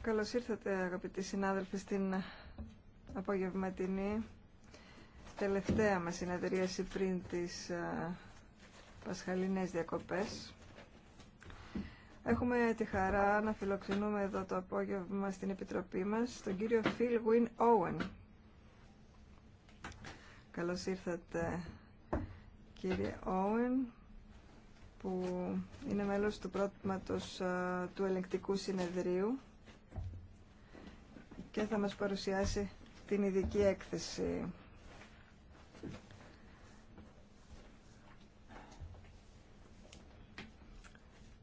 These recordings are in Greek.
Καλώ ήρθατε αγαπητοί συνάδελφοι στην απογευματινή τελευταία μα συνεδρίαση πριν τι ε, πασχαλινές διακοπέ. Έχουμε τη χαρά να φιλοξενούμε εδώ το απόγευμα στην Επιτροπή μα, τον κύριο Φίλ Γουίν Owen. Καλώ ήρθατε κύριε Owen που είναι μέλος του πρότματος του ελεγκτικού συνεδρίου και θα μας παρουσιάσει την ειδική έκθεση.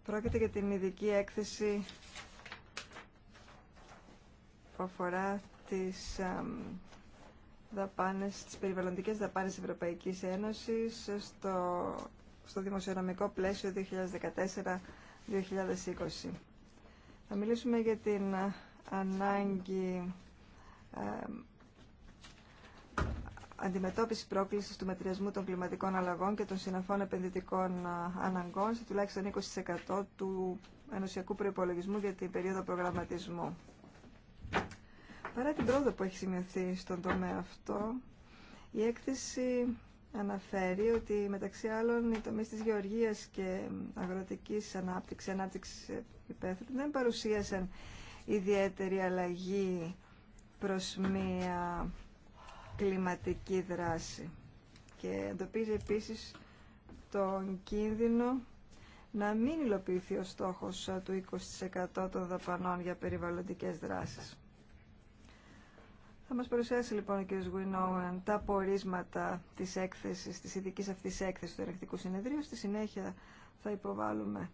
Πρόκειται για την ειδική έκθεση που αφορά τις δαπάνες, τις περιβαλλοντικές δαπάνες Ευρωπαϊκής Ένωσης στο στο δημοσιονομικό πλαίσιο 2014-2020. Θα μιλήσουμε για την ε, ανάγκη ε, αντιμετώπιση πρόκληση του μετριασμού των κλιματικών αλλαγών και των συναφών επενδυτικών ε, αναγκών σε τουλάχιστον 20% του ενωσιακού προϋπολογισμού για την περίοδο προγραμματισμού. Παρά την πρόοδο που έχει σημειωθεί στον τομέα αυτό, η έκθεση αναφέρει ότι μεταξύ άλλων οι τομείς της γεωργίας και αγροτικής ανάπτυξης, ανάπτυξης υπαίθρου δεν παρουσίασαν ιδιαίτερη αλλαγή προς μία κλιματική δράση και εντοπίζει επίσης τον κίνδυνο να μην υλοποιηθεί ο στόχος του 20% των δαπανών για περιβαλλοντικές δράσεις. Θα μας παρουσιάσει λοιπόν ο κ. Γουινόμεν τα πορίσματα της έκθεσης, της ειδικής αυτής έκθεσης του Ερεκτικού Συνεδρίου. Στη συνέχεια θα υποβάλουμε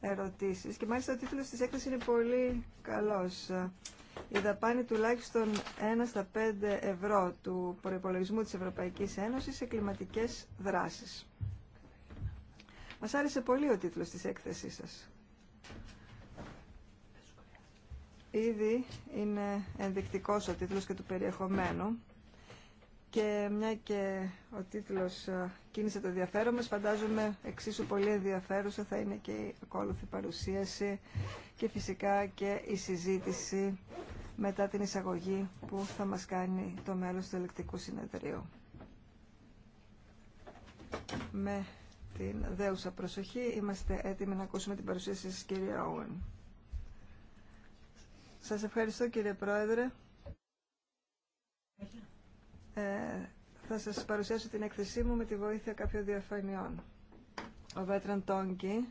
ερωτήσεις. Και μάλιστα ο τίτλος της έκθεσης είναι πολύ καλός. Η δαπάνη τουλάχιστον 1 στα 5 ευρώ του προϋπολογισμού της Ευρωπαϊκής Ένωσης σε κλιματικές δράσεις. Μας άρεσε πολύ ο τίτλος της έκθεσής σας. Ήδη είναι ενδεικτικός ο τίτλος και του περιεχομένου και μια και ο τίτλος ε, κίνησε το ενδιαφέρον μας, φαντάζομαι εξίσου πολύ ενδιαφέρουσα θα είναι και η ακόλουθη παρουσίαση και φυσικά και η συζήτηση μετά την εισαγωγή που θα μας κάνει το μέλος του ελεκτικού συνεδρίου. Με την δέουσα προσοχή είμαστε έτοιμοι να ακούσουμε την παρουσίαση της κυρία σας ευχαριστώ κύριε Πρόεδρε. Ε, θα σας παρουσιάσω την έκθεσή μου με τη βοήθεια κάποιων διαφανειών. Ο Βέτραν Τόγκη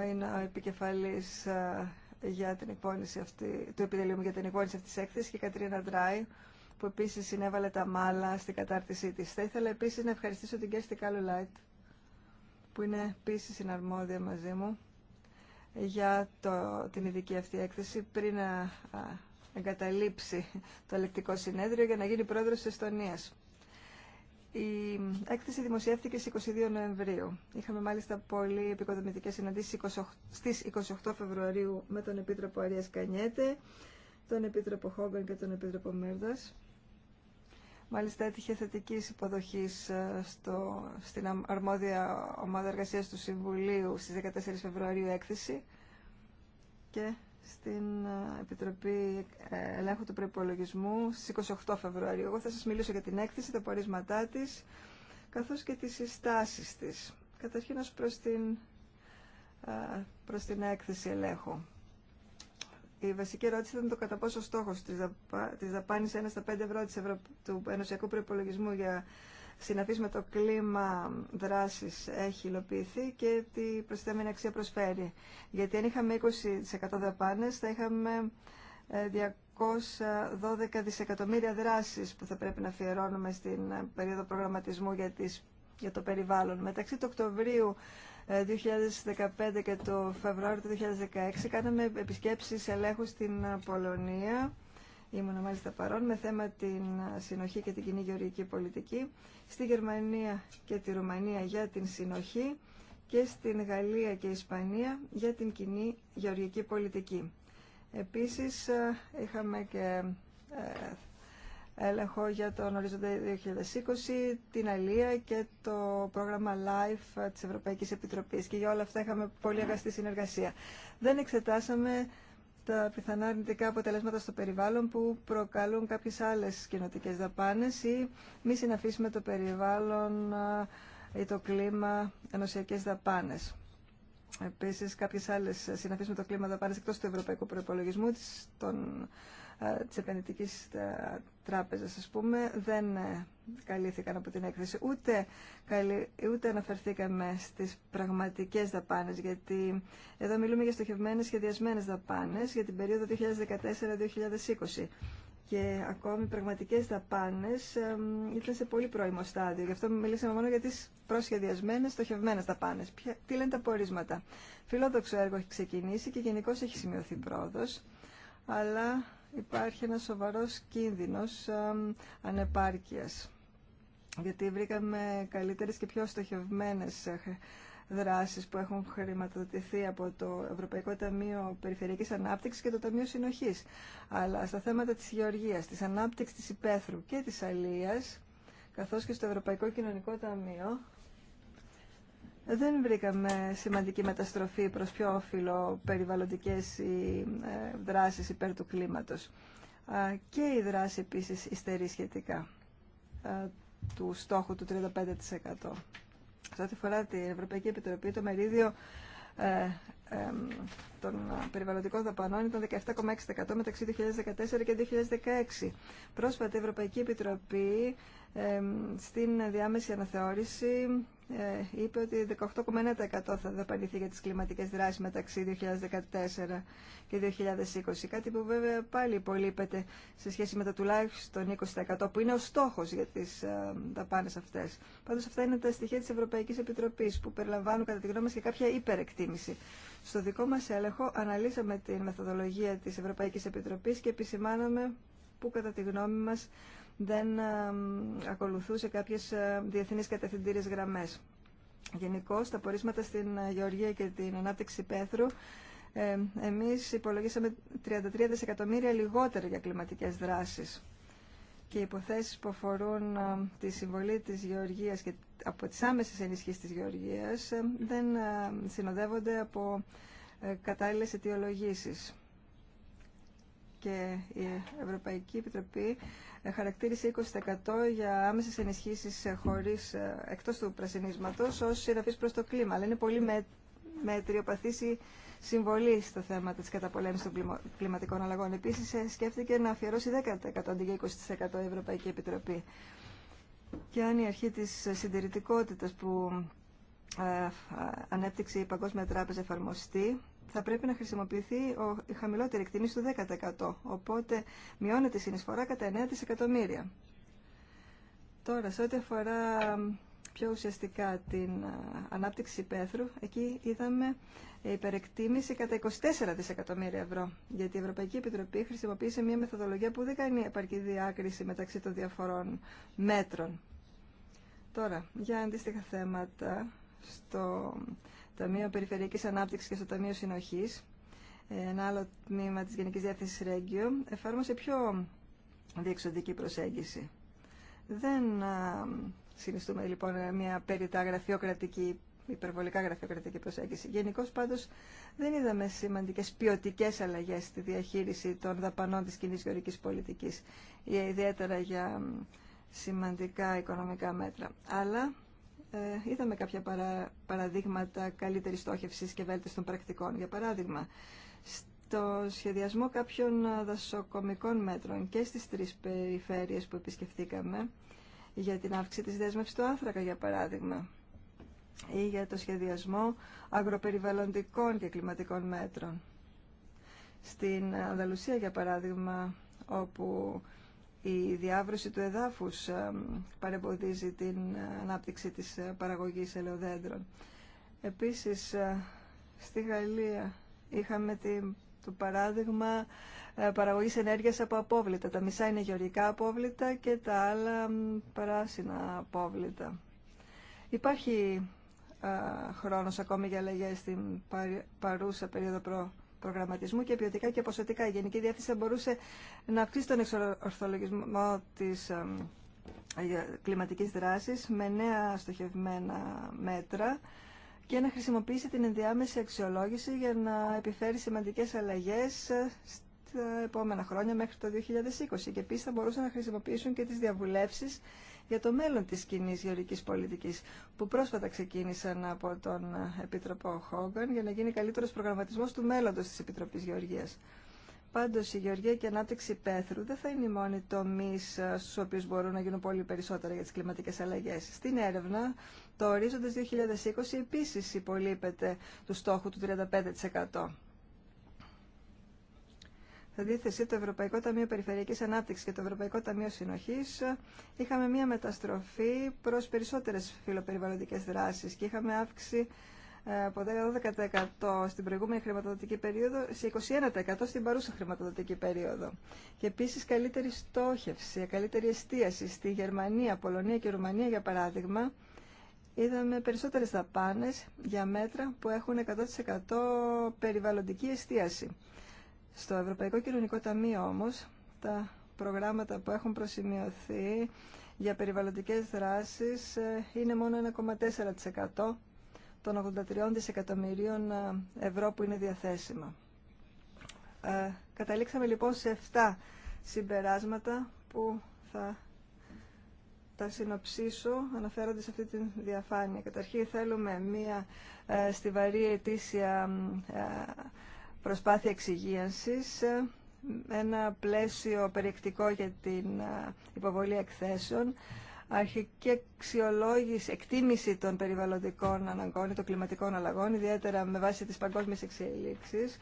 ε, είναι ο επικεφαλής ε, για την υπόνηση αυτή, του επιτελείου μου για την εκπόνηση αυτής της έκθεσης και η Κατρίνα Ντράι που επίσης συνέβαλε τα μάλα στην κατάρτισή της. Θα ήθελα επίσης να ευχαριστήσω την Κέστη Κάλου Λάιτ που είναι επίσης συναρμόδια μαζί μου για το, την ειδική αυτή έκθεση πριν να εγκαταλείψει το ελεκτικό συνέδριο για να γίνει πρόεδρος της Εστονίας. Η έκθεση δημοσιεύτηκε στις 22 Νοεμβρίου. Είχαμε μάλιστα πολύ επικοδομητικές συναντήσεις στις 28 Φεβρουαρίου με τον Επίτροπο Αρίας Κανιέτε, τον Επίτροπο Χόγκαν και τον Επίτροπο Μέρδας. Μάλιστα έτυχε θετική υποδοχή ε, στην αρμόδια ομάδα εργασία του Συμβουλίου στι 14 Φεβρουαρίου έκθεση και στην ε, Επιτροπή ε, Ελέγχου του Προπολογισμού στι 28 Φεβρουαρίου. Εγώ θα σα μιλήσω για την έκθεση, τα πορίσματά τη καθώ και τι συστάσεις τη. Καταρχήν ω προ προς την έκθεση ελέγχου η βασική ερώτηση ήταν το κατά πόσο στόχο τη δαπάνη 1 στα 5 ευρώ της Ευρω... του ενωσιακού προπολογισμού για συναφή με το κλίμα δράση έχει υλοποιηθεί και τι προσθέμενη αξία προσφέρει. Γιατί αν είχαμε 20% δαπάνε, θα είχαμε 212 ε, δισεκατομμύρια δράσεις που θα πρέπει να αφιερώνουμε στην ε, περίοδο προγραμματισμού για, τις... για το περιβάλλον. Μεταξύ του Οκτωβρίου 2015 ε, και το Φεβρουάριο του 2016 κάναμε επισκέψεις ελέγχου στην ε, Πολωνία. Ήμουν μάλιστα παρόν με θέμα την ε, συνοχή και την κοινή γεωργική πολιτική. Στη Γερμανία και τη Ρουμανία για την συνοχή και στην Γαλλία και Ισπανία για την κοινή γεωργική πολιτική. Επίσης είχαμε και έλεγχο για τον ορίζοντα 2020, την Αλία και το πρόγραμμα LIFE της Ευρωπαϊκής Επιτροπής. Και για όλα αυτά είχαμε πολύ αγαστή συνεργασία. Δεν εξετάσαμε τα πιθανά αρνητικά αποτελέσματα στο περιβάλλον που προκαλούν κάποιες άλλες κοινοτικέ δαπάνες ή μη συναφήσουμε το περιβάλλον ή το κλίμα ενωσιακές δαπάνες. Επίσης, κάποιες άλλες συναφή με το κλίμα δαπάνες εκτός του ευρωπαϊκού προπολογισμού των ε, της επενδυτικής ε, τράπεζας, ας πούμε, δεν ε, καλύφθηκαν από την έκθεση. Ούτε, ούτε αναφερθήκαμε στις πραγματικές δαπάνες, γιατί εδώ μιλούμε για στοχευμένες σχεδιασμένες δαπάνες για την περίοδο 2014-2020. Και ακόμη πραγματικές δαπάνες ήταν σε πολύ πρώιμο στάδιο. Γι' αυτό μιλήσαμε μόνο για τις προσχεδιασμένες, στοχευμένες δαπάνες. Ποια, τι λένε τα πορίσματα. Φιλόδοξο έργο έχει ξεκινήσει και γενικώ έχει σημειωθεί πρόοδος, αλλά υπάρχει ένα σοβαρό κίνδυνος ανεπάρκειας. Γιατί βρήκαμε καλύτερες και πιο στοχευμένες ε, δράσεις που έχουν χρηματοδοτηθεί από το Ευρωπαϊκό Ταμείο Περιφερειακής Ανάπτυξης και το Ταμείο Συνοχής. Αλλά στα θέματα της γεωργίας, της ανάπτυξης της υπαίθρου και της αλίας, καθώς και στο Ευρωπαϊκό Κοινωνικό Ταμείο, δεν βρήκαμε σημαντική μεταστροφή προς πιο όφυλο περιβαλλοντικές ε, δράσεις υπέρ του κλίματος. Και η δράση επίσης υστερεί σχετικά του στόχου του 35%. Σε τη φορά την Ευρωπαϊκή Επιτροπή, το μερίδιο ε, των περιβαλλοντικών δαπανών ήταν 17,6% μεταξύ 2014 και 2016. Πρόσφατα η Ευρωπαϊκή Επιτροπή στην διάμεση αναθεώρηση ε, είπε ότι 18,1% θα δαπανηθεί για τις κλιματικές δράσεις μεταξύ 2014 και 2020. Κάτι που βέβαια πάλι υπολείπεται σε σχέση με τα τουλάχιστον 20% που είναι ο στόχος για τις ε, δαπάνες αυτές. Πάντως αυτά είναι τα στοιχεία της Ευρωπαϊκής Επιτροπής που περιλαμβάνουν κατά τη γνώμη μας και κάποια υπερεκτίμηση. Στο δικό μας έλεγχο αναλύσαμε τη μεθοδολογία της Ευρωπαϊκής Επιτροπής και επισημάνομαι που κατά τη γνώμη μας δεν ε, ακολουθούσε κάποιες ε, διεθνείς κατευθυντήριες γραμμές. Γενικώ, τα πορίσματα στην ε, Γεωργία και την ανάπτυξη Πέθρου ε, εμείς υπολογίσαμε 33 δισεκατομμύρια λιγότερα για κλιματικές δράσεις και οι υποθέσεις που αφορούν τη συμβολή της Γεωργίας και από τις άμεσες ενισχύσεις της γεωργίας ε, δεν ε, συνοδεύονται από ε, κατάλληλες αιτιολογήσεις. Και η Ευρωπαϊκή Επιτροπή χαρακτήρισε 20% για άμεσες ενισχύσεις χωρίς, εκτός του πρασινίσματος ως συναφής προς το κλίμα. Αλλά είναι πολύ με, μετριοπαθής η συμβολή στο θέμα της καταπολέμησης των κλιματικών αλλαγών. Επίσης σκέφτηκε να αφιερώσει 10% αντί για 20% η Ευρωπαϊκή Επιτροπή και αν η αρχή της συντηρητικότητας που ε, ανέπτυξε η Παγκόσμια Τράπεζα εφαρμοστεί, θα πρέπει να χρησιμοποιηθεί η χαμηλότερη εκτίμηση του 10%. Οπότε μειώνεται η συνεισφορά κατά 9 δισεκατομμύρια. Τώρα, σε ό,τι αφορά πιο ουσιαστικά την ε, ανάπτυξη πέθρου, εκεί είδαμε ε, υπερεκτίμηση κατά 24 δισεκατομμύρια ευρώ. Γιατί η Ευρωπαϊκή Επιτροπή χρησιμοποίησε μια μεθοδολογία που δεν κάνει επαρκή διάκριση μεταξύ των διαφορών μέτρων. Τώρα, για αντίστοιχα θέματα στο Ταμείο Περιφερειακής Ανάπτυξης και στο Ταμείο Συνοχής, ε, ένα άλλο τμήμα της Γενικής Διεύθυνσης Ρέγγιο, εφάρμοσε πιο διεξοδική προσέγγιση. Δεν συνιστούμε λοιπόν μια περιτά γραφειοκρατική, υπερβολικά γραφειοκρατική προσέγγιση. Γενικώ πάντως δεν είδαμε σημαντικές ποιοτικέ αλλαγές στη διαχείριση των δαπανών της κοινή γεωρικής πολιτικής, ιδιαίτερα για σημαντικά οικονομικά μέτρα. Αλλά ε, είδαμε κάποια παραδείγματα καλύτερης στόχευσης και των πρακτικών. Για παράδειγμα, στο σχεδιασμό κάποιων δασοκομικών μέτρων και στις τρεις περιφέρειες που επισκεφθήκαμε, για την αύξηση της δέσμευσης του άνθρακα, για παράδειγμα, ή για το σχεδιασμό αγροπεριβαλλοντικών και κλιματικών μέτρων. Στην Ανδαλουσία, για παράδειγμα, όπου η διάβρωση του εδάφους ε, παρεμποδίζει την ανάπτυξη της ε, παραγωγής ελαιοδέντρων. Επίσης, ε, στη Γαλλία είχαμε την το παράδειγμα ε, παραγωγής ενέργειας από απόβλητα. Τα μισά είναι γεωργικά απόβλητα και τα άλλα πράσινα απόβλητα. Υπάρχει α, ε, χρόνος ακόμη για αλλαγές στην παρούσα περίοδο προγραμματισμού και ποιοτικά και ποσοτικά. Η Γενική Διεύθυνση θα μπορούσε να αυξήσει τον εξορθολογισμό της α, ε, κλιματικής δράσης με νέα στοχευμένα μέτρα και να χρησιμοποιήσει την ενδιάμεση αξιολόγηση για να επιφέρει σημαντικές αλλαγές στα επόμενα χρόνια μέχρι το 2020 και επίση θα μπορούσαν να χρησιμοποιήσουν και τις διαβουλεύσεις για το μέλλον της κοινή γεωρικής πολιτικής που πρόσφατα ξεκίνησαν από τον Επίτροπο Χόγκαν για να γίνει καλύτερος προγραμματισμός του μέλλοντος της Επιτροπής Γεωργίας. Πάντως η γεωργία και η ανάπτυξη πέθρου δεν θα είναι οι μόνοι τομεί ε, στους οποίους μπορούν να γίνουν πολύ περισσότερα για τις κλιματικές αλλαγές. Στην έρευνα, το ορίζοντας 2020 επίσης υπολείπεται του στόχου του 35%. Θα αντίθεση, το Ευρωπαϊκό Ταμείο Περιφερειακής Ανάπτυξη και το Ευρωπαϊκό Ταμείο Συνοχής είχαμε μία μεταστροφή προ περισσότερε φιλοπεριβαλλοντικέ δράσει και είχαμε αύξηση από 12% στην προηγούμενη χρηματοδοτική περίοδο σε 21% στην παρούσα χρηματοδοτική περίοδο. Και επίσης καλύτερη στόχευση, καλύτερη εστίαση στη Γερμανία, Πολωνία και Ρουμανία για παράδειγμα είδαμε περισσότερες δαπάνες για μέτρα που έχουν 100% περιβαλλοντική εστίαση. Στο Ευρωπαϊκό Κοινωνικό Ταμείο όμως τα προγράμματα που έχουν προσημειωθεί για περιβαλλοντικές δράσεις ε, είναι μόνο 1,4% των 83 δισεκατομμυρίων ε, ευρώ που είναι διαθέσιμα. Ε, καταλήξαμε λοιπόν σε 7 συμπεράσματα που θα τα συνοψίσω αναφέρονται σε αυτή τη διαφάνεια. Καταρχήν θέλουμε μία ε, στιβαρή ετήσια ε, προσπάθεια εξυγίανσης, ε, ένα πλαίσιο περιεκτικό για την υποβολή εκθέσεων, αρχική αξιολόγηση, εκτίμηση των περιβαλλοντικών αναγκών ή των κλιματικών αλλαγών, ιδιαίτερα με βάση τις παγκόσμιες εξελίξεις,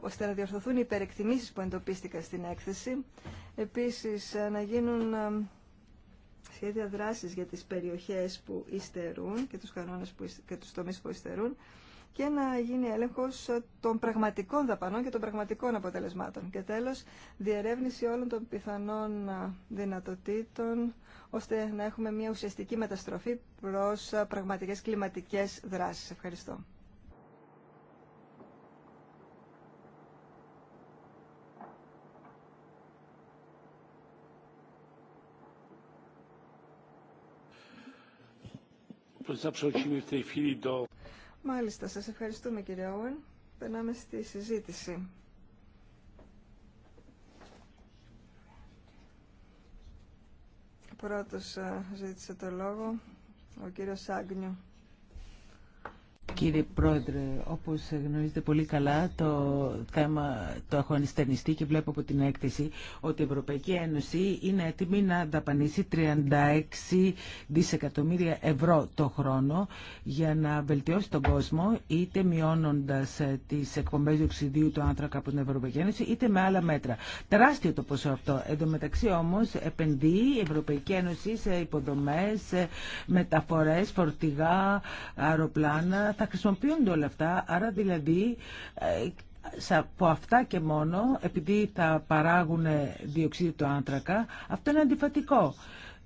ώστε να διορθωθούν οι υπερεκτιμήσεις που εντοπίστηκαν στην έκθεση. Επίσης, ε, να γίνουν ε, σχέδια δράσης για τις περιοχές που υστερούν και τους κανόνες που, και τους τομείς που υστερούν και να γίνει έλεγχος των πραγματικών δαπανών και των πραγματικών αποτελεσμάτων. Και τέλος, διερεύνηση όλων των πιθανών δυνατοτήτων, ώστε να έχουμε μια ουσιαστική μεταστροφή προς πραγματικές κλιματικές δράσεις. Ευχαριστώ. Μάλιστα, σας ευχαριστούμε κύριε Όεν. Περνάμε στη συζήτηση. Πρώτος ε, ζήτησε το λόγο ο κύριος Άγνιου. Κύριε Πρόεδρε, όπως γνωρίζετε πολύ καλά, το θέμα το έχω ανιστερνιστεί και βλέπω από την έκθεση ότι η Ευρωπαϊκή Ένωση είναι έτοιμη να δαπανίσει 36 δισεκατομμύρια ευρώ το χρόνο για να βελτιώσει τον κόσμο, είτε μειώνοντας τις εκπομπές διοξιδίου του άνθρακα από την Ευρωπαϊκή Ένωση, είτε με άλλα μέτρα. Τεράστιο το ποσό αυτό. Εν τω μεταξύ όμως επενδύει η Ευρωπαϊκή Ένωση σε υποδομέ, μεταφορέ, φορτηγά, αεροπλάνα χρησιμοποιούνται όλα αυτά, άρα δηλαδή ε, από αυτά και μόνο, επειδή θα παράγουν διοξείδιο το άνθρακα, αυτό είναι αντιφατικό.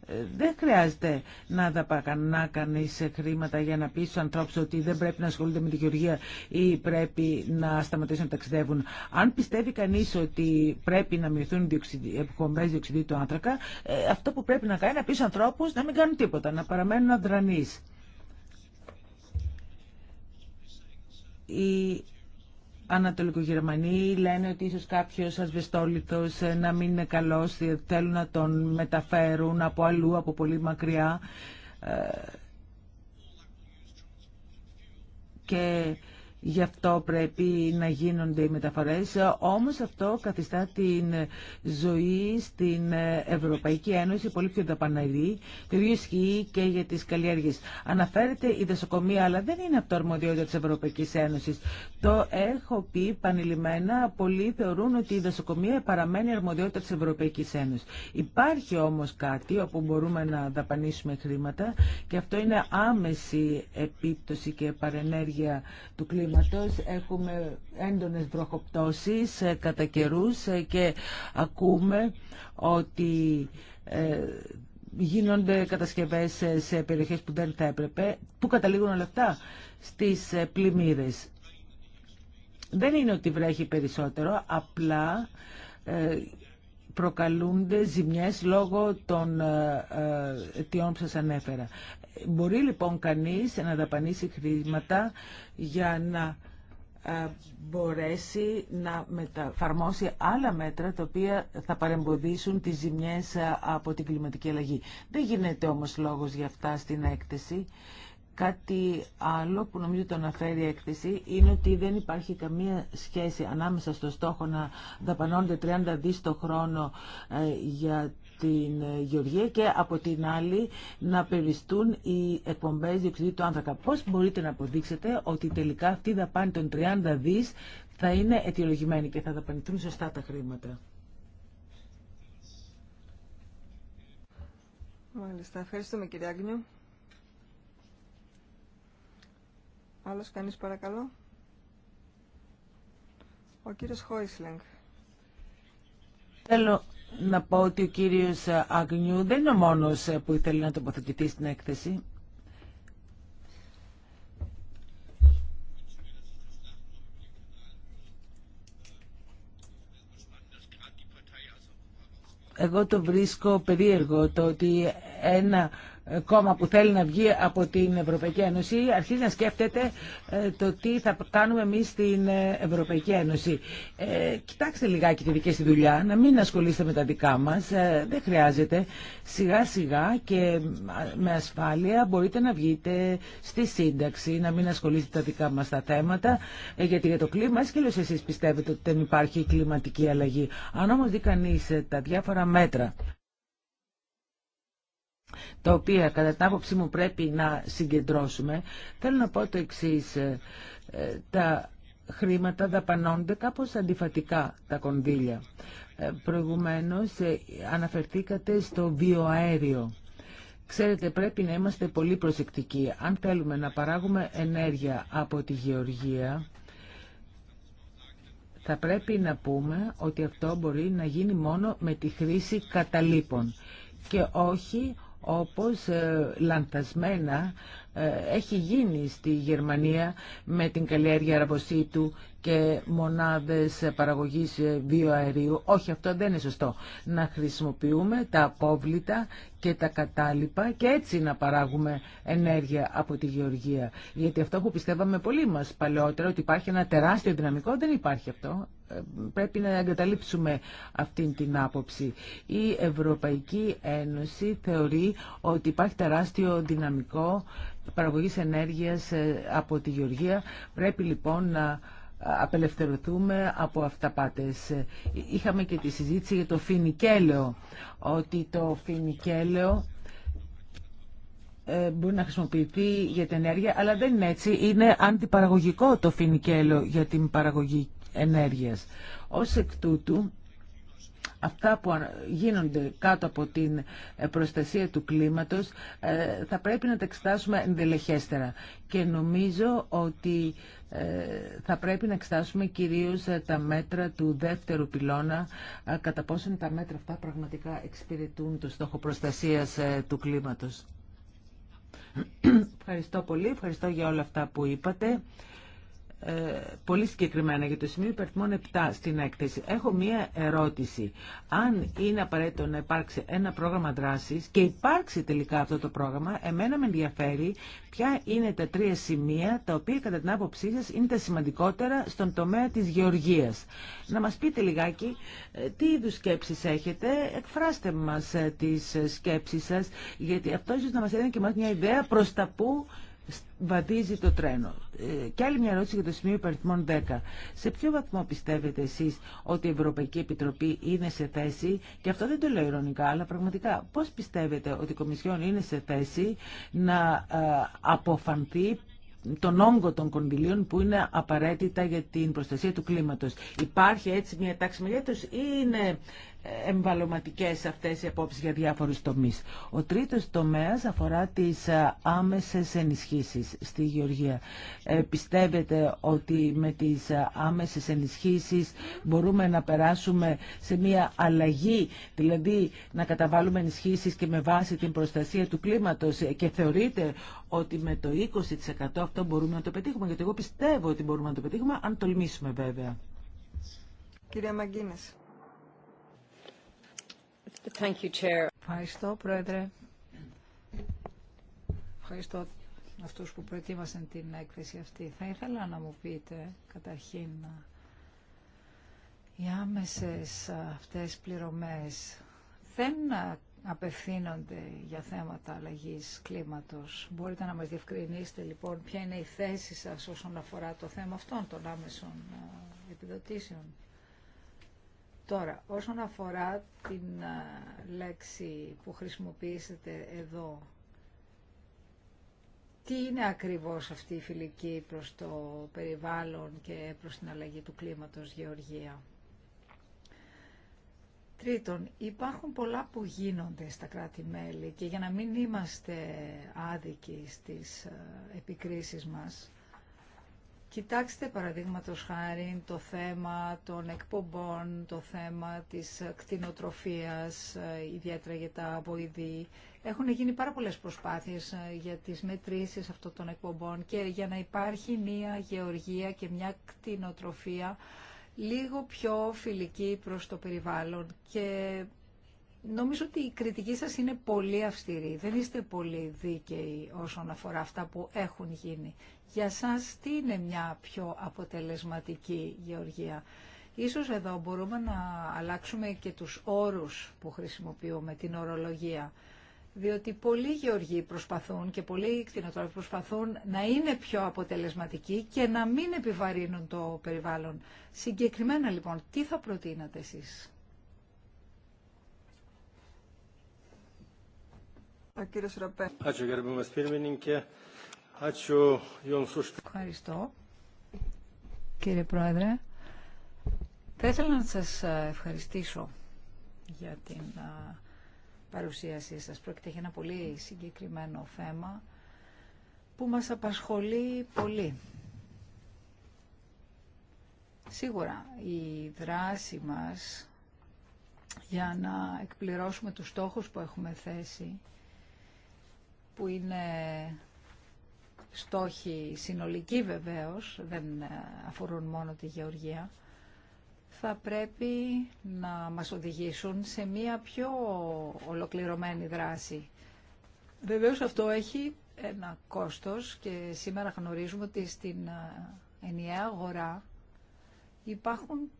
Ε, δεν χρειάζεται να δαπακανά κανεί χρήματα για να πει στου ανθρώπου ότι δεν πρέπει να ασχολούνται με τη χειρουργία ή πρέπει να σταματήσουν να ταξιδεύουν. Αν πιστεύει κανεί ότι πρέπει να μειωθούν οι εκπομπέ διοξιδίου του άνθρακα, ε, αυτό που πρέπει να κάνει είναι να πει στου ανθρώπου να μην κάνουν τίποτα, να παραμένουν αδρανεί. οι Ανατολικογερμανοί λένε ότι ίσως κάποιος ασβεστόλιτος ε, να μην είναι καλός, ε, θέλουν να τον μεταφέρουν από αλλού, από πολύ μακριά. Ε, και Γι' αυτό πρέπει να γίνονται οι μεταφορές. Όμως αυτό καθιστά την ζωή στην Ευρωπαϊκή Ένωση πολύ πιο δαπαναλή. Το ίδιο ισχύει και για τις καλλιέργειες. Αναφέρεται η δασοκομεία, αλλά δεν είναι το αρμοδιότητα της Ευρωπαϊκής Ένωσης. Το έχω πει πανελειμμένα, πολλοί θεωρούν ότι η δασοκομεία παραμένει αρμοδιότητα της Ευρωπαϊκής Ένωσης. Υπάρχει όμως κάτι όπου μπορούμε να δαπανίσουμε χρήματα και αυτό είναι άμεση επίπτωση και παρενέργεια του κλίματος κλίματος έχουμε έντονες βροχοπτώσεις ε, κατά καιρού ε, και ακούμε ότι ε, γίνονται κατασκευές σε περιοχές που δεν θα έπρεπε. Πού καταλήγουν όλα αυτά? Στις πλημμύρες. Δεν είναι ότι βρέχει περισσότερο, απλά προκαλούνται ζημιές λόγω των αιτιών που σας ανέφερα. Μπορεί λοιπόν κανείς να δαπανίσει χρήματα για να ε, μπορέσει να μεταφαρμόσει άλλα μέτρα τα οποία θα παρεμποδίσουν τις ζημιές ε, από την κλιματική αλλαγή. Δεν γίνεται όμως λόγος για αυτά στην έκθεση. Κάτι άλλο που νομίζω το αναφέρει η έκθεση είναι ότι δεν υπάρχει καμία σχέση ανάμεσα στο στόχο να δαπανώνται 30 δις το χρόνο ε, για την ε, γεωργία και από την άλλη να περιστούν οι εκπομπές διοξιδίου του άνθρακα. Πώς μπορείτε να αποδείξετε ότι τελικά αυτή η δαπάνη των 30 δις θα είναι αιτιολογημένη και θα δαπανηθούν σωστά τα χρήματα. Μάλιστα. Ευχαριστούμε κύριε Άγνιου. Άλλος κανείς παρακαλώ. Ο κύριος Χόισλεγκ. Θέλω να πω ότι ο κύριος Αγνιού δεν είναι ο μόνος ε, που ήθελε να τοποθετηθεί στην έκθεση. Εγώ το βρίσκω περίεργο το ότι ένα κόμμα που θέλει να βγει από την Ευρωπαϊκή Ένωση αρχίζει να σκέφτεται ε, το τι θα κάνουμε εμείς στην ε, Ευρωπαϊκή Ένωση. Ε, κοιτάξτε λιγάκι τη δική στη δουλειά, να μην ασχολείστε με τα δικά μας, ε, δεν χρειάζεται. Σιγά σιγά και με ασφάλεια μπορείτε να βγείτε στη σύνταξη, να μην ασχολείστε τα δικά μας τα θέματα, γιατί για το κλίμα, σκύλος εσείς πιστεύετε ότι δεν υπάρχει κλιματική αλλαγή. Αν όμως δει κανεί τα διάφορα μέτρα τα οποία κατά την άποψή μου πρέπει να συγκεντρώσουμε, θέλω να πω το εξή. Ε, ε, τα χρήματα δαπανώνται κάπως αντιφατικά τα κονδύλια. Ε, προηγουμένως αναφερθήκατε στο βιοαέριο. Ξέρετε, πρέπει να είμαστε πολύ προσεκτικοί. Αν θέλουμε να παράγουμε ενέργεια από τη γεωργία, θα πρέπει να πούμε ότι αυτό μπορεί να γίνει μόνο με τη χρήση καταλήπων και όχι όπως ε, λανθασμένα ε, έχει γίνει στη Γερμανία με την καλλιέργεια ραβοσίτου και μονάδες παραγωγής ε, βιοαερίου. Όχι, αυτό δεν είναι σωστό. Να χρησιμοποιούμε τα απόβλητα και τα κατάλοιπα και έτσι να παράγουμε ενέργεια από τη γεωργία. Γιατί αυτό που πιστεύαμε πολύ μας παλαιότερα, ότι υπάρχει ένα τεράστιο δυναμικό, δεν υπάρχει αυτό. Ε, πρέπει να εγκαταλείψουμε αυτή την άποψη. Η Ευρωπαϊκή Ένωση θεωρεί ότι υπάρχει τεράστιο δυναμικό παραγωγής ενέργειας ε, από τη Γεωργία. Πρέπει λοιπόν να ε, απελευθερωθούμε από αυταπάτες. Ε, είχαμε και τη συζήτηση για το φινικέλαιο, ότι το φινικέλαιο μπορεί να χρησιμοποιηθεί για την ενέργεια, αλλά δεν είναι έτσι. Είναι αντιπαραγωγικό το φινικέλαιο για την παραγωγή ενέργειας. Ως εκ τούτου, αυτά που γίνονται κάτω από την ε, προστασία του κλίματος ε, θα πρέπει να τα εξετάσουμε ενδελεχέστερα. Και νομίζω ότι ε, θα πρέπει να εξετάσουμε κυρίως τα μέτρα του δεύτερου πυλώνα, κατά πόσο τα μέτρα αυτά πραγματικά εξυπηρετούν το στόχο προστασίας του κλίματος. Ευχαριστώ πολύ, ευχαριστώ για όλα αυτά που είπατε. Ε, πολύ συγκεκριμένα για το σημείο υπερθμών 7 στην έκθεση. Έχω μία ερώτηση. Αν είναι απαραίτητο να υπάρξει ένα πρόγραμμα δράσης και υπάρξει τελικά αυτό το πρόγραμμα, εμένα με ενδιαφέρει ποια είναι τα τρία σημεία τα οποία κατά την άποψή σας είναι τα σημαντικότερα στον τομέα της γεωργίας. Να μας πείτε λιγάκι ε, τι είδου σκέψεις έχετε, εκφράστε μας ε, τις σκέψεις σας, γιατί αυτό ίσως να μας έδινε και μας μια ιδέα προς τα που βαδίζει το τρένο. Ε, και άλλη μια ερώτηση για το σημείο υπαριθμών 10. Σε ποιο βαθμό πιστεύετε εσεί ότι η Ευρωπαϊκή Επιτροπή είναι σε θέση, και αυτό δεν το λέω ειρωνικά, αλλά πραγματικά, πώ πιστεύετε ότι η Κομισιόν είναι σε θέση να ε, αποφανθεί τον όγκο των κονδυλίων που είναι απαραίτητα για την προστασία του κλίματος. Υπάρχει έτσι μια τάξη μεγέθους ή είναι εμβαλωματικές αυτές οι απόψεις για διάφορους τομείς. Ο τρίτος τομέας αφορά τις ε, άμεσες ενισχύσεις στη Γεωργία. Ε, πιστεύετε ότι με τις ε, άμεσες ενισχύσεις μπορούμε να περάσουμε σε μια αλλαγή, δηλαδή να καταβάλουμε ενισχύσεις και με βάση την προστασία του κλίματος και θεωρείτε ότι με το 20% αυτό μπορούμε να το πετύχουμε, γιατί εγώ πιστεύω ότι μπορούμε να το πετύχουμε, αν τολμήσουμε βέβαια. Κυρία Μαγκίνες. Ευχαριστώ, Πρόεδρε. Ευχαριστώ αυτούς που προετοίμασαν την έκθεση αυτή. Θα ήθελα να μου πείτε, καταρχήν, οι άμεσες αυτές πληρωμές δεν απευθύνονται για θέματα αλλαγής κλίματος. Μπορείτε να μας διευκρινίσετε λοιπόν ποια είναι η θέση σας όσον αφορά το θέμα αυτών των άμεσων ε, επιδοτήσεων. Τώρα, όσον αφορά την ε, λέξη που χρησιμοποιήσετε εδώ, τι είναι ακριβώς αυτή η φιλική προς το περιβάλλον και προς την αλλαγή του κλίματος, Γεωργία. Τρίτον, υπάρχουν πολλά που γίνονται στα κράτη-μέλη και για να μην είμαστε άδικοι στις ε, επικρίσεις μας, Κοιτάξτε παραδείγματο χάρη το θέμα των εκπομπών, το θέμα της κτηνοτροφίας, ε, ιδιαίτερα για τα βοηδή. Έχουν γίνει πάρα πολλές προσπάθειες ε, για τις μετρήσεις αυτών των εκπομπών και για να υπάρχει μια γεωργία και μια κτηνοτροφία λίγο πιο φιλική προς το περιβάλλον και Νομίζω ότι η κριτική σας είναι πολύ αυστηρή. Δεν είστε πολύ δίκαιοι όσον αφορά αυτά που έχουν γίνει. Για σας τι είναι μια πιο αποτελεσματική γεωργία. Ίσως εδώ μπορούμε να αλλάξουμε και τους όρους που χρησιμοποιούμε, την ορολογία. Διότι πολλοί γεωργοί προσπαθούν και πολλοί κτηνοτρόφοι προσπαθούν να είναι πιο αποτελεσματικοί και να μην επιβαρύνουν το περιβάλλον. Συγκεκριμένα λοιπόν, τι θα προτείνατε εσείς. Ευχαριστώ, κύριε Πρόεδρε. Θα ήθελα να σας ε, ευχαριστήσω για την ε, παρουσίασή σας. Πρόκειται για ένα πολύ συγκεκριμένο θέμα που μας απασχολεί πολύ. Σίγουρα η δράση μας για να εκπληρώσουμε τους στόχους που έχουμε θέσει που είναι στόχοι συνολικοί βεβαίως, δεν αφορούν μόνο τη γεωργία, θα πρέπει να μας οδηγήσουν σε μία πιο ολοκληρωμένη δράση. Βεβαίως αυτό έχει ένα κόστος και σήμερα γνωρίζουμε ότι στην ενιαία αγορά υπάρχουν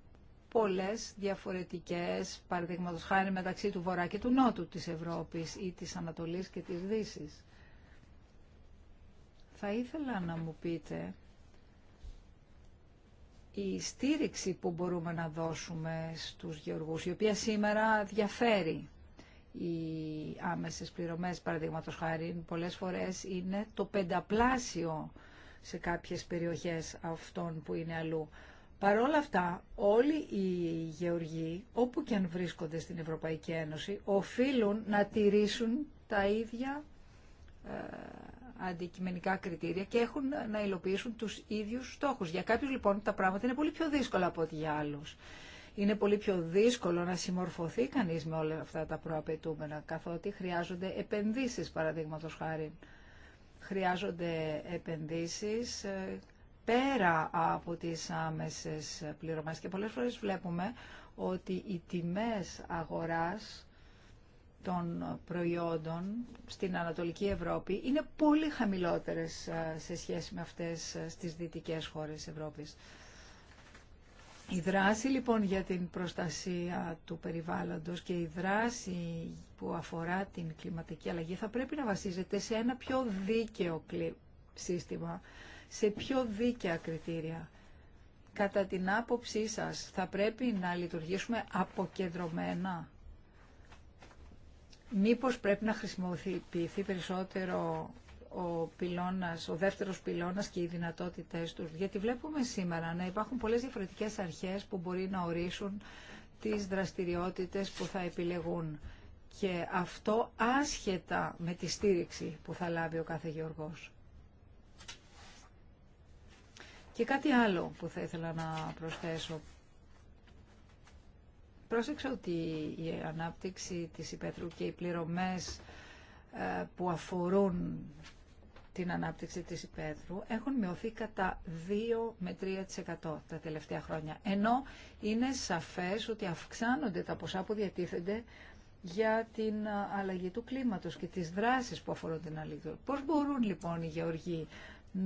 πολλές διαφορετικές, παραδείγματο χάρη μεταξύ του Βορρά και του Νότου της Ευρώπης ή της Ανατολής και της Δύσης θα ήθελα να μου πείτε η στήριξη που μπορούμε να δώσουμε στους γεωργούς, η οποία σήμερα διαφέρει. Οι άμεσες πληρωμές, παραδείγματο χάρη, πολλές φορές είναι το πενταπλάσιο σε κάποιες περιοχές αυτών που είναι αλλού. Παρ' αυτά, όλοι οι γεωργοί, όπου και αν βρίσκονται στην Ευρωπαϊκή Ένωση, οφείλουν να τηρήσουν τα ίδια ε, αντικειμενικά κριτήρια και έχουν να υλοποιήσουν τους ίδιους στόχους. Για κάποιους λοιπόν τα πράγματα είναι πολύ πιο δύσκολα από ό,τι για άλλους. Είναι πολύ πιο δύσκολο να συμμορφωθεί κανείς με όλα αυτά τα προαπαιτούμενα, καθότι χρειάζονται επενδύσεις παραδείγματο χάρη. Χρειάζονται επενδύσεις ε, πέρα από τις άμεσες πληρωμές και πολλές φορές βλέπουμε ότι οι τιμές αγοράς των προϊόντων στην Ανατολική Ευρώπη είναι πολύ χαμηλότερες ε, σε σχέση με αυτές ε, στις δυτικές χώρες Ευρώπης. Η δράση λοιπόν για την προστασία του περιβάλλοντος και η δράση που αφορά την κλιματική αλλαγή θα πρέπει να βασίζεται σε ένα πιο δίκαιο σύστημα, σε πιο δίκαια κριτήρια. Κατά την άποψή σας θα πρέπει να λειτουργήσουμε αποκεντρωμένα Μήπως πρέπει να χρησιμοποιηθεί περισσότερο ο πυλώνας, ο δεύτερος πυλώνας και οι δυνατότητές τους. Γιατί βλέπουμε σήμερα να υπάρχουν πολλές διαφορετικές αρχές που μπορεί να ορίσουν τις δραστηριότητες που θα επιλεγούν. Και αυτό άσχετα με τη στήριξη που θα λάβει ο κάθε γεωργός. Και κάτι άλλο που θα ήθελα να προσθέσω Πρόσεξα ότι η ανάπτυξη της Υπέτρου και οι πληρωμές ε, που αφορούν την ανάπτυξη της Υπέτρου έχουν μειωθεί κατά 2 με 3% τα τελευταία χρόνια. Ενώ είναι σαφές ότι αυξάνονται τα ποσά που διατίθενται για την ε, αλλαγή του κλίματος και τις δράσεις που αφορούν την αλληλεγγύη. Πώς μπορούν λοιπόν οι γεωργοί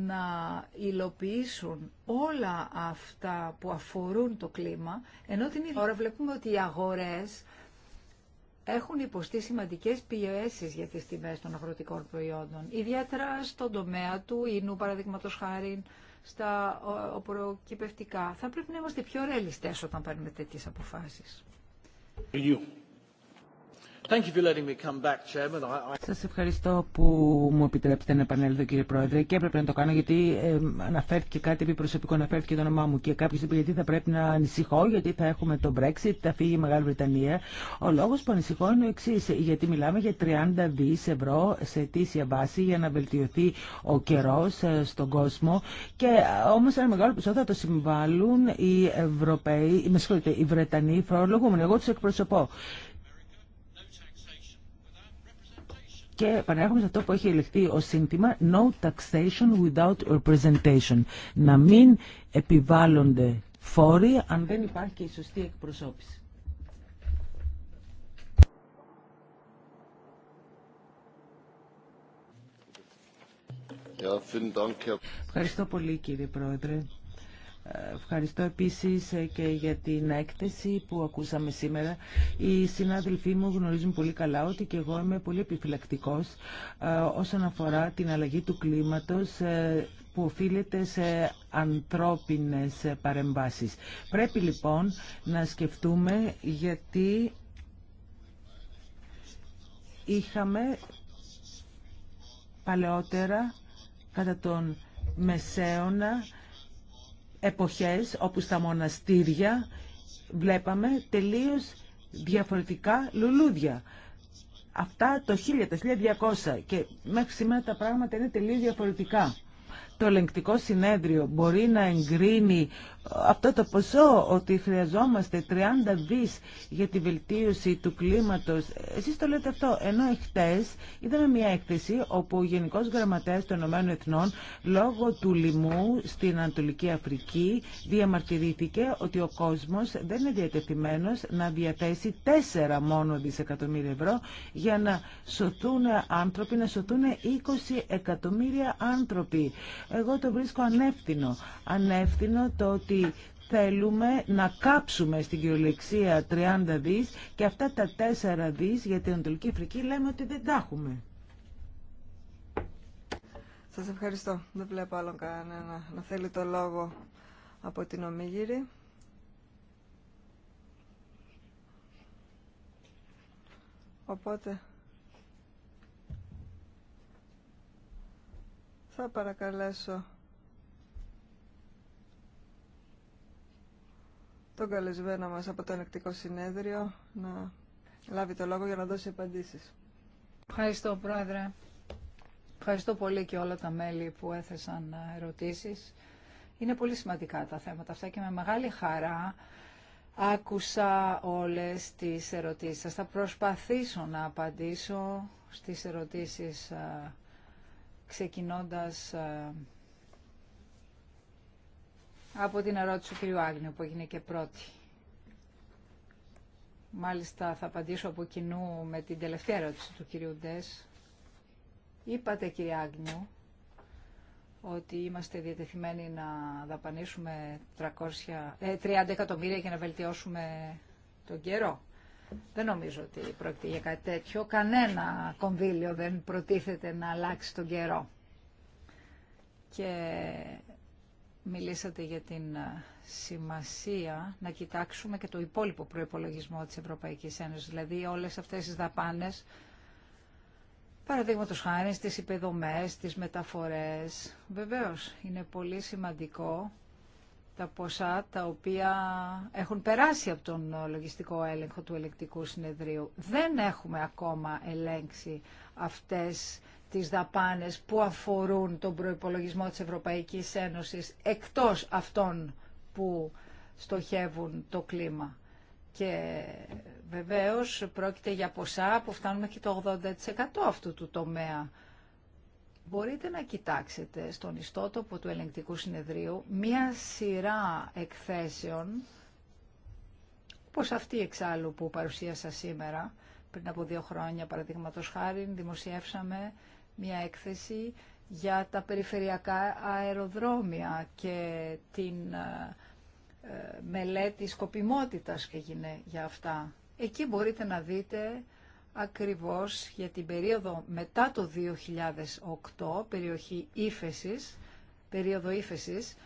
να υλοποιήσουν όλα αυτά που αφορούν το κλίμα, ενώ την ίδια ώρα βλέπουμε ότι οι αγορές έχουν υποστεί σημαντικές πιέσεις για τις τιμές των αγροτικών προϊόντων, ιδιαίτερα στον τομέα του ίνου, παραδείγματος χάρη, στα οπροκυπευτικά. Θα πρέπει να είμαστε πιο ρεαλιστές όταν παίρνουμε τέτοιες αποφάσεις. Σας ευχαριστώ που μου επιτρέψετε να επανέλθω κύριε Πρόεδρε και έπρεπε να το κάνω γιατί ε, αναφέρθηκε κάτι επί προσωπικό, αναφέρθηκε το όνομά μου και κάποιος είπε γιατί θα πρέπει να ανησυχώ γιατί θα έχουμε το Brexit, θα φύγει η Μεγάλη Βρετανία. Ο λόγος που ανησυχώ είναι ο εξή, γιατί μιλάμε για 30 δις ευρώ σε αιτήσια βάση για να βελτιωθεί ο καιρό ε, στον κόσμο και ε, όμως ένα μεγάλο ποσό θα το συμβάλλουν οι Ευρωπαίοι, ε, με συγχωρείτε, οι Βρετανοί φορολογούμενοι. Εγώ τους εκπροσωπώ. Και παρέχουμε σε αυτό που έχει ελεγχθεί ως σύνθημα «No taxation without representation». Να μην επιβάλλονται φόροι αν δεν υπάρχει και η σωστή εκπροσώπηση. Ευχαριστώ πολύ κύριε Πρόεδρε. Ευχαριστώ επίσης ε, και για την έκθεση που ακούσαμε σήμερα. Οι συνάδελφοί μου γνωρίζουν πολύ καλά ότι και εγώ είμαι πολύ επιφυλακτικός ε, όσον αφορά την αλλαγή του κλίματος ε, που οφείλεται σε ανθρώπινες παρεμβάσεις. Πρέπει λοιπόν να σκεφτούμε γιατί είχαμε παλαιότερα κατά τον Μεσαίωνα εποχές όπου στα μοναστήρια βλέπαμε τελείως διαφορετικά λουλούδια. Αυτά το 1000, 1200 και μέχρι σήμερα τα πράγματα είναι τελείως διαφορετικά. Το ελεγκτικό συνέδριο μπορεί να εγκρίνει αυτό το ποσό ότι χρειαζόμαστε 30 δις για τη βελτίωση του κλίματος. Εσείς το λέτε αυτό, ενώ εχθές είδαμε μια έκθεση όπου ο Γενικός Γραμματέας των Ηνωμένων Εθνών λόγω του λοιμού στην Ανατολική Αφρική διαμαρτυρήθηκε ότι ο κόσμος δεν είναι διατεθειμένος να διαθέσει 4 μόνο δισεκατομμύρια ευρώ για να σωθούν άνθρωποι, να σωθούν 20 εκατομμύρια άνθρωποι. Εγώ το βρίσκω ανεύθυνο. Ανεύθυνο το ότι θέλουμε να κάψουμε στην κυριολεξία 30 δις και αυτά τα 4 δις για την Ανατολική Αφρική λέμε ότι δεν τα έχουμε. Σας ευχαριστώ. Δεν βλέπω άλλον κανένα να θέλει το λόγο από την Ομίγυρη. Οπότε θα παρακαλέσω τον καλεσμένο μας από το Ενεκτικό Συνέδριο να λάβει το λόγο για να δώσει απαντήσεις. Ευχαριστώ Πρόεδρε. Ευχαριστώ πολύ και όλα τα μέλη που έθεσαν ε, ερωτήσεις. Είναι πολύ σημαντικά τα θέματα αυτά και με μεγάλη χαρά άκουσα όλες τις ερωτήσεις Θα προσπαθήσω να απαντήσω στις ερωτήσεις ε, ξεκινώντας ε, από την ερώτηση του κύριου Άγνιου που έγινε και πρώτη. Μάλιστα θα απαντήσω από κοινού με την τελευταία ερώτηση του κυρίου Ντές. Είπατε κύριε Άγνιου ότι είμαστε διατεθειμένοι να δαπανίσουμε 300, 30 ε, εκατομμύρια για να βελτιώσουμε τον καιρό. Δεν νομίζω ότι πρόκειται για κάτι τέτοιο. Κανένα κονδύλιο δεν προτίθεται να αλλάξει τον καιρό. Και Μιλήσατε για την ε, σημασία να κοιτάξουμε και το υπόλοιπο προϋπολογισμό της Ευρωπαϊκής Ένωσης, δηλαδή όλες αυτές τις δαπάνες, παραδείγματο χάρη στις υπεδομές, τις μεταφορές. Βεβαίως, είναι πολύ σημαντικό τα ποσά τα οποία έχουν περάσει από τον ε, λογιστικό έλεγχο του ελεκτικού συνεδρίου. Δεν έχουμε ακόμα ελέγξει αυτές τις δαπάνες που αφορούν τον προϋπολογισμό της Ευρωπαϊκής Ένωσης εκτός αυτών που στοχεύουν το κλίμα. Και βεβαίως πρόκειται για ποσά που φτάνουν και το 80% αυτού του τομέα. Μπορείτε να κοιτάξετε στον ιστότοπο του ελεγκτικού συνεδρίου μία σειρά εκθέσεων, όπως αυτή εξάλλου που παρουσίασα σήμερα, πριν από δύο χρόνια παραδείγματο χάρη, δημοσιεύσαμε μια έκθεση για τα περιφερειακά αεροδρόμια και την ε, ε, μελέτη σκοπιμότητας που έγινε για αυτά. Εκεί μπορείτε να δείτε ακριβώς για την περίοδο μετά το 2008, περιοχή ύφεσης, περίοδο ύφεσης,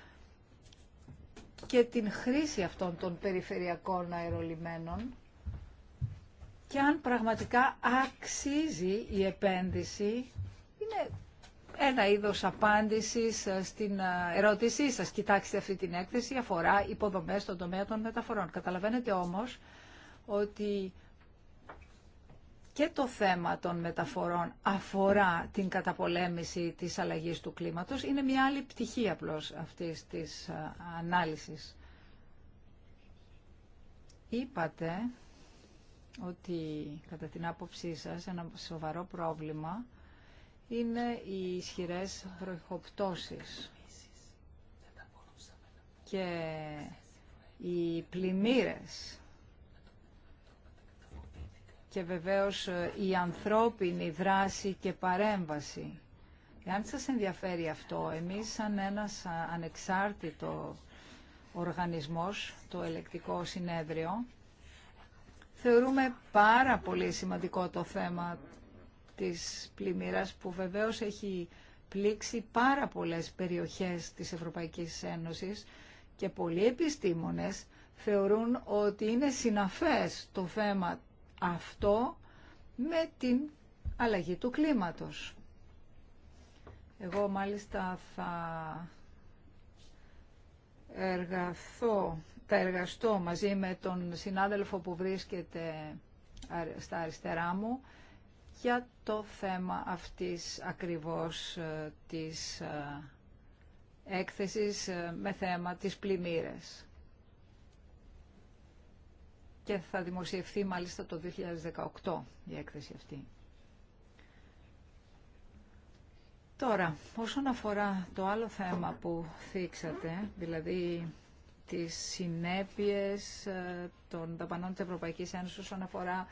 και την χρήση αυτών των περιφερειακών αερολιμένων και αν πραγματικά αξίζει η επένδυση είναι ένα είδος απάντησης ε, στην ε, ερώτησή σας. Κοιτάξτε αυτή την έκθεση, αφορά υποδομές στον τομέα των μεταφορών. Καταλαβαίνετε όμως ότι και το θέμα των μεταφορών αφορά την καταπολέμηση της αλλαγής του κλίματος. Είναι μια άλλη πτυχή απλώς αυτής της ε, ανάλυσης. Είπατε ότι κατά την άποψή σας ένα σοβαρό πρόβλημα είναι οι ισχυρές βροχοπτώσεις και οι πλημμύρες και βεβαίως ε, η ανθρώπινη δράση και παρέμβαση. Εάν σας ενδιαφέρει αυτό, εμείς σαν ένας ανεξάρτητο οργανισμός, το ελεκτικό συνέδριο, θεωρούμε πάρα πολύ σημαντικό το θέμα της πλημμύρας που βεβαίως έχει πλήξει πάρα πολλές περιοχές της Ευρωπαϊκής Ένωσης και πολλοί επιστήμονες θεωρούν ότι είναι συναφές το θέμα αυτό με την αλλαγή του κλίματος. Εγώ μάλιστα θα θα εργαστώ μαζί με τον συνάδελφο που βρίσκεται στα αριστερά μου για το θέμα αυτής ακριβώς ε, της ε, έκθεσης ε, με θέμα τις πλημμύρες. Και θα δημοσιευθεί μάλιστα το 2018 η έκθεση αυτή. Τώρα, όσον αφορά το άλλο θέμα που θίξατε, δηλαδή τις συνέπειες των δαπανών της Ευρωπαϊκής Ένωσης όσον αφορά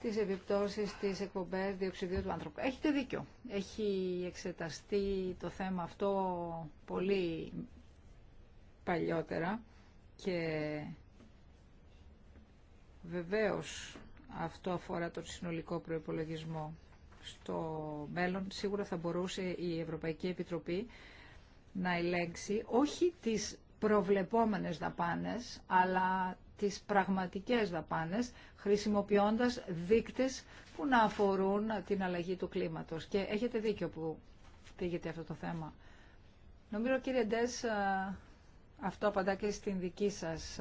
τι επιπτώσει, τη εκπομπέ, διοξιδίου του άνθρωπου. Έχετε δίκιο. Έχει εξεταστεί το θέμα αυτό πολύ παλιότερα και βεβαίω αυτό αφορά τον συνολικό προπολογισμό στο μέλλον. Σίγουρα θα μπορούσε η Ευρωπαϊκή Επιτροπή να ελέγξει όχι τις προβλεπόμενες δαπάνες, αλλά τις πραγματικές δαπάνες, χρησιμοποιώντας δείκτες που να αφορούν την αλλαγή του κλίματος. Και έχετε δίκιο που πήγεται αυτό το θέμα. Νομίζω, κύριε Ντές, αυτό απαντά και στην δική σας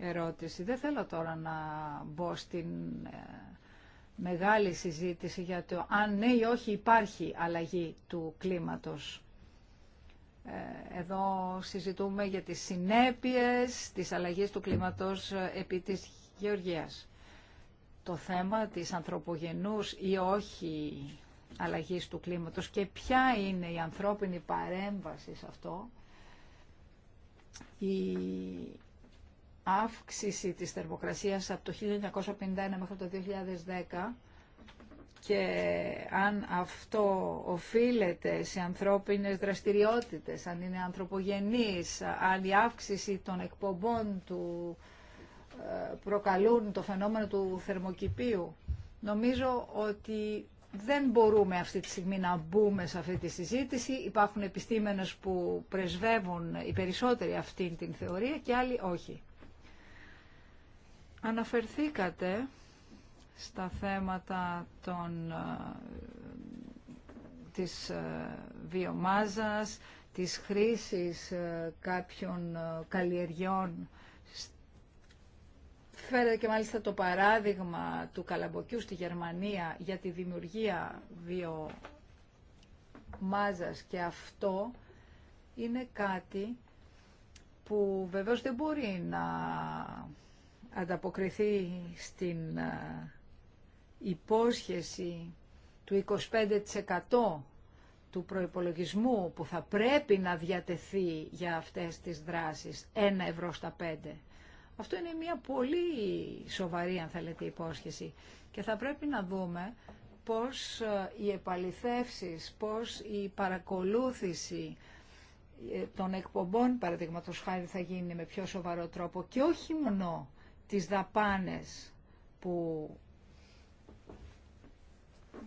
ερώτηση. Δεν θέλω τώρα να μπω στην ε, μεγάλη συζήτηση για το αν ναι ή όχι υπάρχει αλλαγή του κλίματος. Ε, εδώ συζητούμε για τις συνέπειες της αλλαγής του κλίματος ε, επί της γεωργίας. Το θέμα της ανθρωπογενούς ή όχι αλλαγής του κλίματος και ποια είναι η ανθρώπινη παρέμβαση σε αυτό. Η αύξηση της θερμοκρασίας από το 1951 μέχρι το 2010 και αν αυτό οφείλεται σε ανθρώπινες δραστηριότητες, αν είναι ανθρωπογενής, αν η αύξηση των εκπομπών του ε, προκαλούν το φαινόμενο του θερμοκηπίου. Νομίζω ότι δεν μπορούμε αυτή τη στιγμή να μπούμε σε αυτή τη συζήτηση. Υπάρχουν επιστήμενες που πρεσβεύουν οι περισσότεροι αυτήν την θεωρία και άλλοι όχι. Αναφερθήκατε στα θέματα των, ε, της ε, βιομάζας, της χρήσης ε, κάποιων καλλιεργιών. Φέρετε και μάλιστα το παράδειγμα του Καλαμποκιού στη Γερμανία για τη δημιουργία βιομάζας και αυτό είναι κάτι που βεβαίως δεν μπορεί να ανταποκριθεί στην η υπόσχεση του 25% του προϋπολογισμού που θα πρέπει να διατεθεί για αυτές τις δράσεις, ένα ευρώ στα 5. Αυτό είναι μια πολύ σοβαρή, αν θέλετε, υπόσχεση. Και θα πρέπει να δούμε πώς ε, οι επαληθεύσεις, πώς η παρακολούθηση ε, των εκπομπών, παραδείγματο χάρη, θα γίνει με πιο σοβαρό τρόπο και όχι μόνο τις δαπάνες που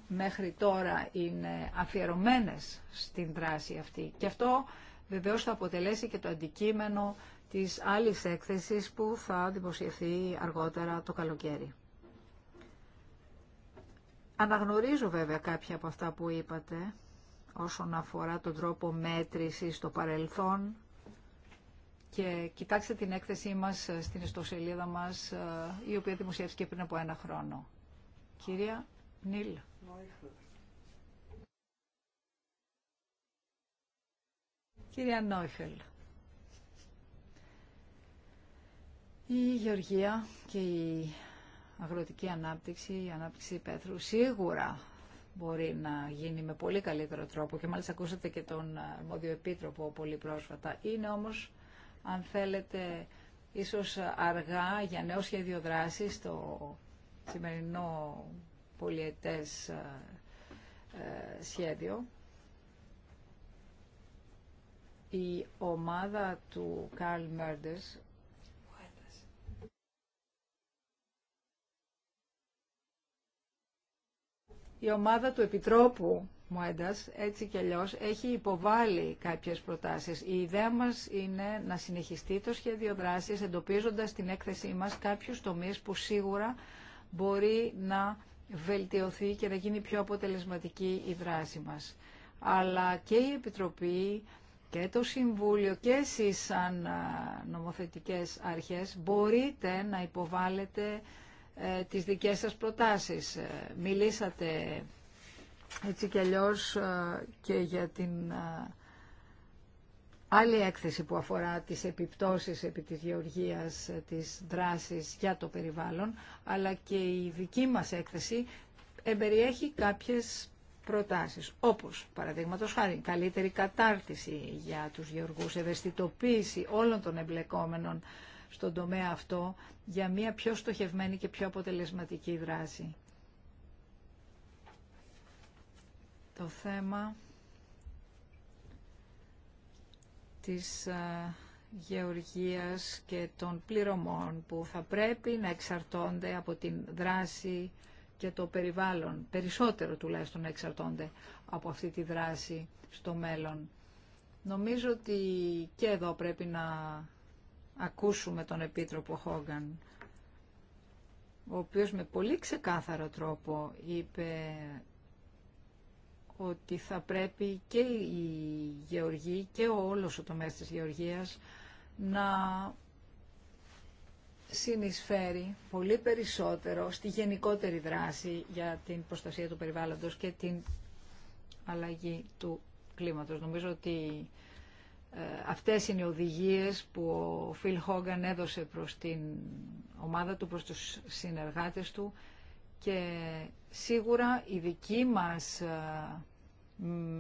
μέχρι τώρα είναι αφιερωμένες στην δράση αυτή. Και αυτό βεβαίως θα αποτελέσει και το αντικείμενο της άλλης έκθεσης που θα δημοσιευθεί αργότερα το καλοκαίρι. Αναγνωρίζω βέβαια κάποια από αυτά που είπατε όσον αφορά τον τρόπο μέτρησης στο παρελθόν και κοιτάξτε την έκθεσή μας ε, στην ιστοσελίδα μας ε, η οποία δημοσιεύτηκε πριν από ένα χρόνο. Κυρία Νίλ. Κυρία Νόιφελ. Η γεωργία και η αγροτική ανάπτυξη, η ανάπτυξη πέθρου σίγουρα μπορεί να γίνει με πολύ καλύτερο τρόπο και μάλιστα ακούσατε και τον Μόδιο Επίτροπο πολύ πρόσφατα. Είναι όμως, αν θέλετε, ίσως αργά για νέο σχέδιο δράσης το σημερινό πολιετές ε, ε, σχέδιο. Η ομάδα του Καρλ Μέρντες Η ομάδα του Επιτρόπου Μουέντας, έτσι και αλλιώ έχει υποβάλει κάποιες προτάσεις. Η ιδέα μας είναι να συνεχιστεί το σχέδιο δράσης, εντοπίζοντας στην έκθεσή μας κάποιους τομείς που σίγουρα μπορεί να βελτιωθεί και να γίνει πιο αποτελεσματική η δράση μας. Αλλά και η Επιτροπή και το Συμβούλιο και εσείς σαν νομοθετικές αρχές μπορείτε να υποβάλλετε ε, τις δικές σας προτάσεις. Ε, μιλήσατε έτσι κι αλλιώς ε, και για την άλλη έκθεση που αφορά τις επιπτώσεις επί της γεωργίας της δράσης για το περιβάλλον, αλλά και η δική μας έκθεση εμπεριέχει κάποιες προτάσεις, όπως παραδείγματο χάρη καλύτερη κατάρτιση για τους γεωργούς, ευαισθητοποίηση όλων των εμπλεκόμενων στον τομέα αυτό για μια πιο στοχευμένη και πιο αποτελεσματική δράση. Το θέμα της ε, γεωργίας και των πληρωμών που θα πρέπει να εξαρτώνται από την δράση και το περιβάλλον, περισσότερο τουλάχιστον να εξαρτώνται από αυτή τη δράση στο μέλλον. Νομίζω ότι και εδώ πρέπει να ακούσουμε τον Επίτροπο Χόγκαν, ο οποίος με πολύ ξεκάθαρο τρόπο είπε ότι θα πρέπει και η γεωργία και όλος ο τομέας της γεωργίας να συνεισφέρει πολύ περισσότερο στη γενικότερη δράση για την προστασία του περιβάλλοντος και την αλλαγή του κλίματος. Νομίζω ότι ε, αυτές είναι οι οδηγίες που ο Φιλ Χόγκαν έδωσε προς την ομάδα του, προς τους συνεργάτες του και σίγουρα η δική μας ε,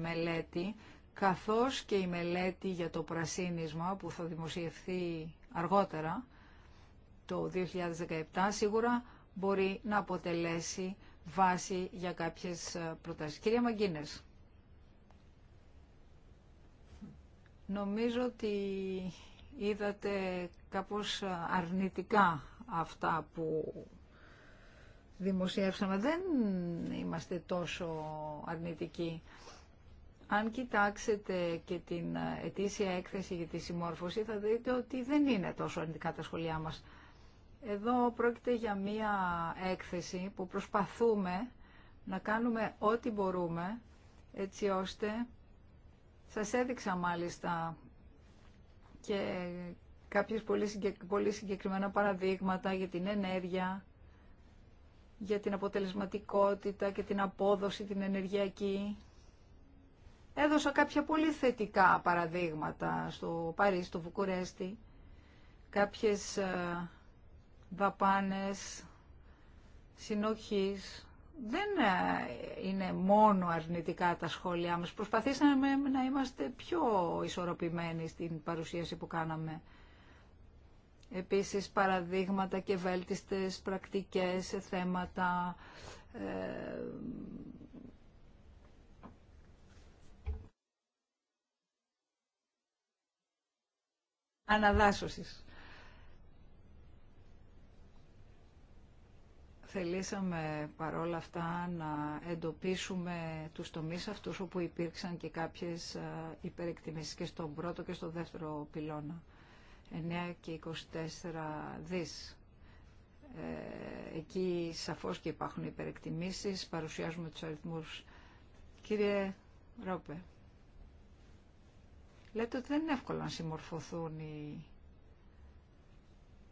μελέτη, καθώς και η μελέτη για το πρασίνισμα που θα δημοσιευθεί αργότερα, το 2017, σίγουρα μπορεί να αποτελέσει βάση για κάποιες ε, προτάσεις. Κυρία Μαγκίνες, νομίζω ότι είδατε κάπως ε, αρνητικά αυτά που δημοσιεύσαμε δεν είμαστε τόσο αρνητικοί. Αν κοιτάξετε και την ετήσια έκθεση για τη συμμόρφωση θα δείτε ότι δεν είναι τόσο αρνητικά τα σχολεία μας. Εδώ πρόκειται για μία έκθεση που προσπαθούμε να κάνουμε ό,τι μπορούμε έτσι ώστε σας έδειξα μάλιστα και κάποιες πολύ, συγκεκριμένα παραδείγματα για την ενέργεια, για την αποτελεσματικότητα και την απόδοση την ενεργειακή. Έδωσα κάποια πολύ θετικά παραδείγματα στο Παρίσι, στο Βουκουρέστι. Κάποιες ε, δαπάνες συνοχής δεν ε, είναι μόνο αρνητικά τα σχόλιά μας. Προσπαθήσαμε να είμαστε πιο ισορροπημένοι στην παρουσίαση που κάναμε. Επίσης παραδείγματα και βέλτιστες πρακτικές σε θέματα ε, αναδάσωσης. Θελήσαμε παρόλα αυτά να εντοπίσουμε τους τομείς αυτούς όπου υπήρξαν και κάποιες ε, υπερεκτιμήσεις και στον πρώτο και στο δεύτερο πυλώνα. 9 και 24 δις. Ε, εκεί σαφώς και υπάρχουν υπερεκτιμήσεις, παρουσιάζουμε τους αριθμούς. Κύριε Ρόπε, λέτε ότι δεν είναι εύκολο να συμμορφωθούν οι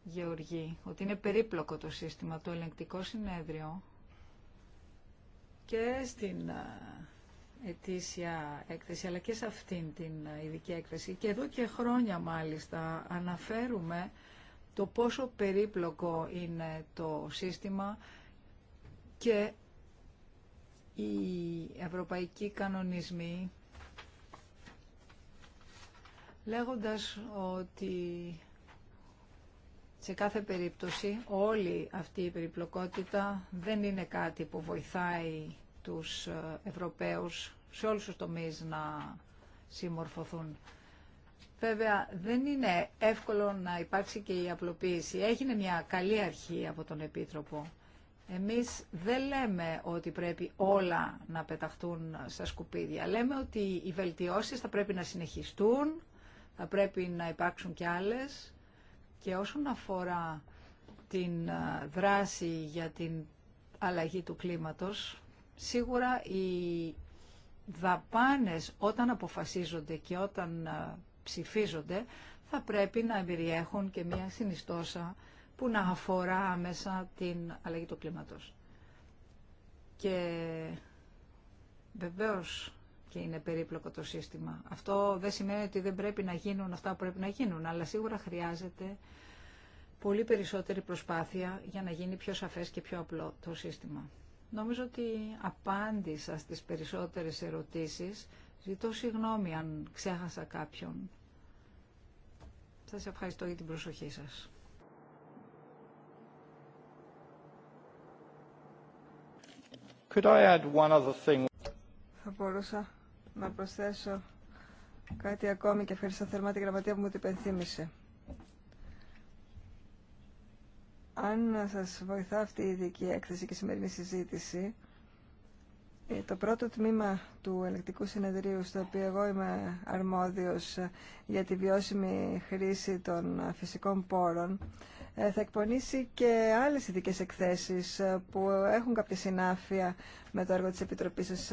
γεωργοί, ότι είναι περίπλοκο το σύστημα, το ελεγκτικό συνέδριο και στην ε, ετήσια έκθεση, αλλά και σε αυτήν την ειδική έκθεση. Και εδώ και χρόνια μάλιστα αναφέρουμε το πόσο περίπλοκο είναι το σύστημα και οι ευρωπαϊκοί κανονισμοί λέγοντας ότι σε κάθε περίπτωση όλη αυτή η περιπλοκότητα δεν είναι κάτι που βοηθάει τους ε, Ευρωπαίους σε όλους τους τομείς να συμμορφωθούν. Βέβαια δεν είναι εύκολο να υπάρξει και η απλοποίηση. Έγινε μια καλή αρχή από τον Επίτροπο. Εμείς δεν λέμε ότι πρέπει όλα να πεταχτούν στα σκουπίδια. Λέμε ότι οι βελτιώσεις θα πρέπει να συνεχιστούν, θα πρέπει να υπάρξουν και άλλες. Και όσον αφορά την ε, δράση για την αλλαγή του κλίματος, Σίγουρα οι δαπάνες όταν αποφασίζονται και όταν ε, ψηφίζονται θα πρέπει να εμπεριέχουν και μια συνιστόσα που να αφορά άμεσα την αλλαγή του κλίματος. Και βεβαίως και είναι περίπλοκο το σύστημα. Αυτό δεν σημαίνει ότι δεν πρέπει να γίνουν αυτά που πρέπει να γίνουν, αλλά σίγουρα χρειάζεται πολύ περισσότερη προσπάθεια για να γίνει πιο σαφές και πιο απλό το σύστημα. Νομίζω ότι απάντησα στις περισσότερες ερωτήσεις. Ζητώ συγγνώμη αν ξέχασα κάποιον. Σας ευχαριστώ για την προσοχή σας. Could I add one other thing? Θα μπορούσα να προσθέσω κάτι ακόμη και ευχαριστώ θερμά την γραμματεία που μου την υπενθύμησε. αν σας βοηθά αυτή η ειδική έκθεση και η σημερινή συζήτηση, ε, το πρώτο τμήμα του ελεκτικού συνεδρίου, στο οποίο εγώ είμαι αρμόδιος ε, για τη βιώσιμη χρήση των ε, φυσικών πόρων, θα εκπονήσει και άλλες ειδικέ εκθέσεις που έχουν κάποια συνάφεια με το έργο της Επιτροπής σας.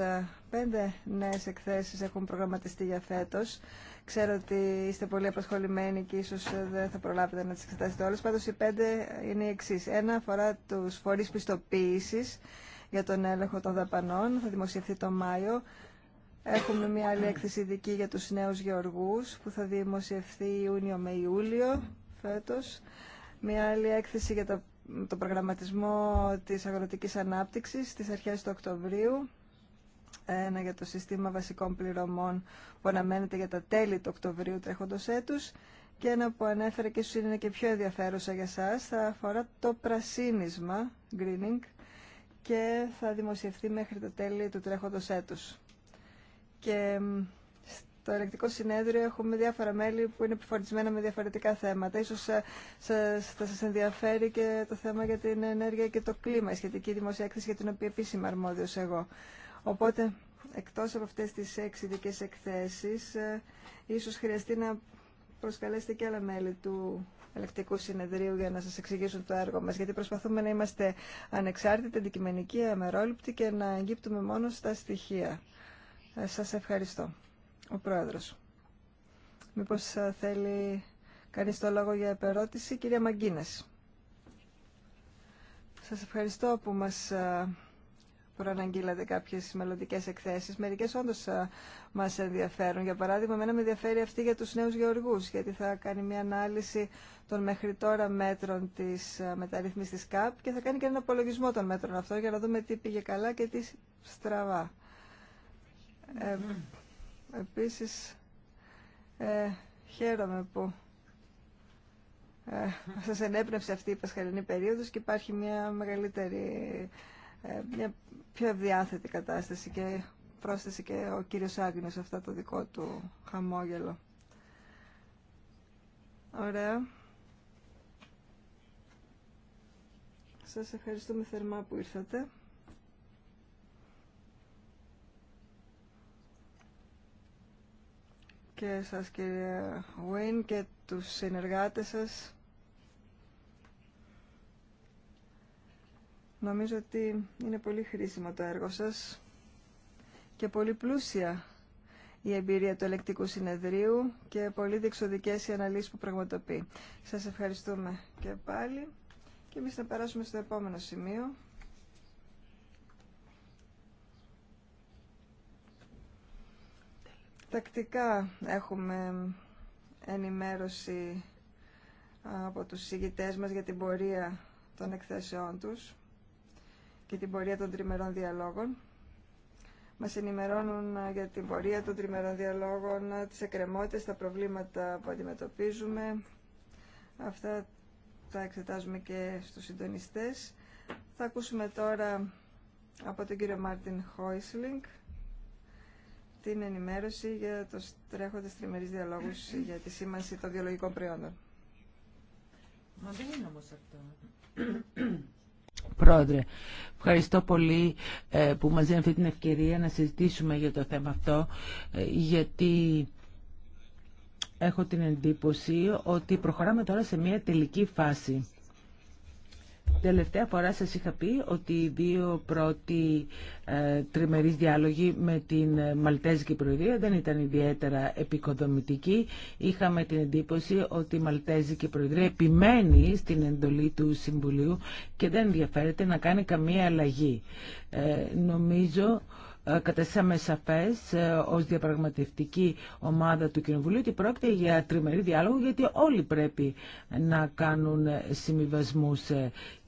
Πέντε νέες εκθέσεις έχουν προγραμματιστεί για φέτος Ξέρω ότι είστε πολύ απασχολημένοι και ίσω ε, δεν θα προλάβετε να τι εξετάσετε όλε. Πάντω, οι πέντε είναι οι εξή. Ένα αφορά του φορεί πιστοποίηση για τον έλεγχο των δαπανών. Θα δημοσιευθεί το Μάιο. Έχουμε μια άλλη έκθεση ειδική για τους νέου γεωργούς που θα δημοσιευθεί Ιούνιο με Ιούλιο φέτος. Μια άλλη έκθεση για το, το προγραμματισμό τη αγροτική ανάπτυξη στι αρχέ του Οκτωβρίου. Ένα για το σύστημα βασικών πληρωμών που αναμένεται για τα τέλη του Οκτωβρίου τρέχοντος έτους και ένα που ανέφερε και ίσως είναι και πιο ενδιαφέρουσα για σας θα αφορά το πρασίνισμα, greening, και θα δημοσιευθεί μέχρι τα τέλη του τρέχοντος έτους. Και στο ελεκτικό συνέδριο έχουμε διάφορα μέλη που είναι επιφορτισμένα με διαφορετικά θέματα. Ίσως ε, θα σας ενδιαφέρει και το θέμα για την ενέργεια και το κλίμα, η σχετική δημοσία έκθεση για την οποία επίσημα αρμόδιος εγώ. Οπότε, εκτός από αυτές τις έξι δικές εκθέσεις, ε, ίσως χρειαστεί να προσκαλέσετε και άλλα μέλη του Ελεκτικού Συνεδρίου για να σας εξηγήσουν το έργο μας, γιατί προσπαθούμε να είμαστε ανεξάρτητοι, αντικειμενικοί, αμερόληπτοι και να εγκύπτουμε μόνο στα στοιχεία. Ε, σας ευχαριστώ. Ο Πρόεδρος. Μήπως ε, θέλει κανείς το λόγο για επερώτηση. Κυρία Μαγκίνες. Σας ευχαριστώ που μας προαναγγείλατε κάποιε μελλοντικέ εκθέσει. Μερικέ όντω ε, μα ενδιαφέρουν. Για παράδειγμα, εμένα με ενδιαφέρει αυτή για του νέου γεωργού, γιατί θα κάνει μια ανάλυση των μέχρι τώρα μέτρων τη ε, μεταρρύθμιση τη ΚΑΠ και θα κάνει και έναν απολογισμό των μέτρων αυτών για να δούμε τι πήγε καλά και τι στραβά. Ε, Επίση, ε, χαίρομαι που ε, σας ενέπνευσε αυτή η πασχαλινή περίοδος και υπάρχει μια μεγαλύτερη ε, μια πιο ευδιάθετη κατάσταση και πρόσθεσε και ο κύριος Άγγινος αυτά το δικό του χαμόγελο. Ωραία. Σας ευχαριστούμε θερμά που ήρθατε. Και σας κύριε Βουίν και τους συνεργάτες σας. Νομίζω ότι είναι πολύ χρήσιμο το έργο σας και πολύ πλούσια η εμπειρία του ελεκτικού συνεδρίου και πολύ διεξοδικές οι αναλύσεις που πραγματοποιεί. Σας ευχαριστούμε και πάλι και εμείς θα περάσουμε στο επόμενο σημείο. Τακτικά έχουμε ενημέρωση από τους συγγητές μας για την πορεία των εκθέσεών τους και την πορεία των τριμερών διαλόγων. Μας ενημερώνουν ε, για την πορεία των τριμερών διαλόγων, ε, τις εκκρεμότητες, τα προβλήματα που αντιμετωπίζουμε. Αυτά τα εξετάζουμε και στους συντονιστές. Θα ακούσουμε τώρα από τον κύριο Μάρτιν Χόισλινγκ την ενημέρωση για τους τρέχοντες τριμερείς διαλόγου για τη σήμανση των βιολογικών προϊόντων. Μα Πρόεδρε, ευχαριστώ πολύ ε, που μας δίνει την ευκαιρία να συζητήσουμε για το θέμα αυτό, ε, γιατί έχω την εντύπωση ότι προχωράμε τώρα σε μια τελική φάση. Τελευταία φορά σας είχα πει ότι οι δύο πρώτοι ε, τριμερείς διάλογοι με την Μαλτέζικη Προεδρία δεν ήταν ιδιαίτερα επικοδομητικοί. Είχαμε την εντύπωση ότι η Μαλτέζικη Προεδρία επιμένει στην εντολή του Συμβουλίου και δεν ενδιαφέρεται να κάνει καμία αλλαγή. Ε, νομίζω ε, καταστήσαμε σαφέ ε, ως διαπραγματευτική ομάδα του Κοινοβουλίου ότι πρόκειται για τριμερή διάλογο γιατί όλοι πρέπει να κάνουν συμβιβασμούς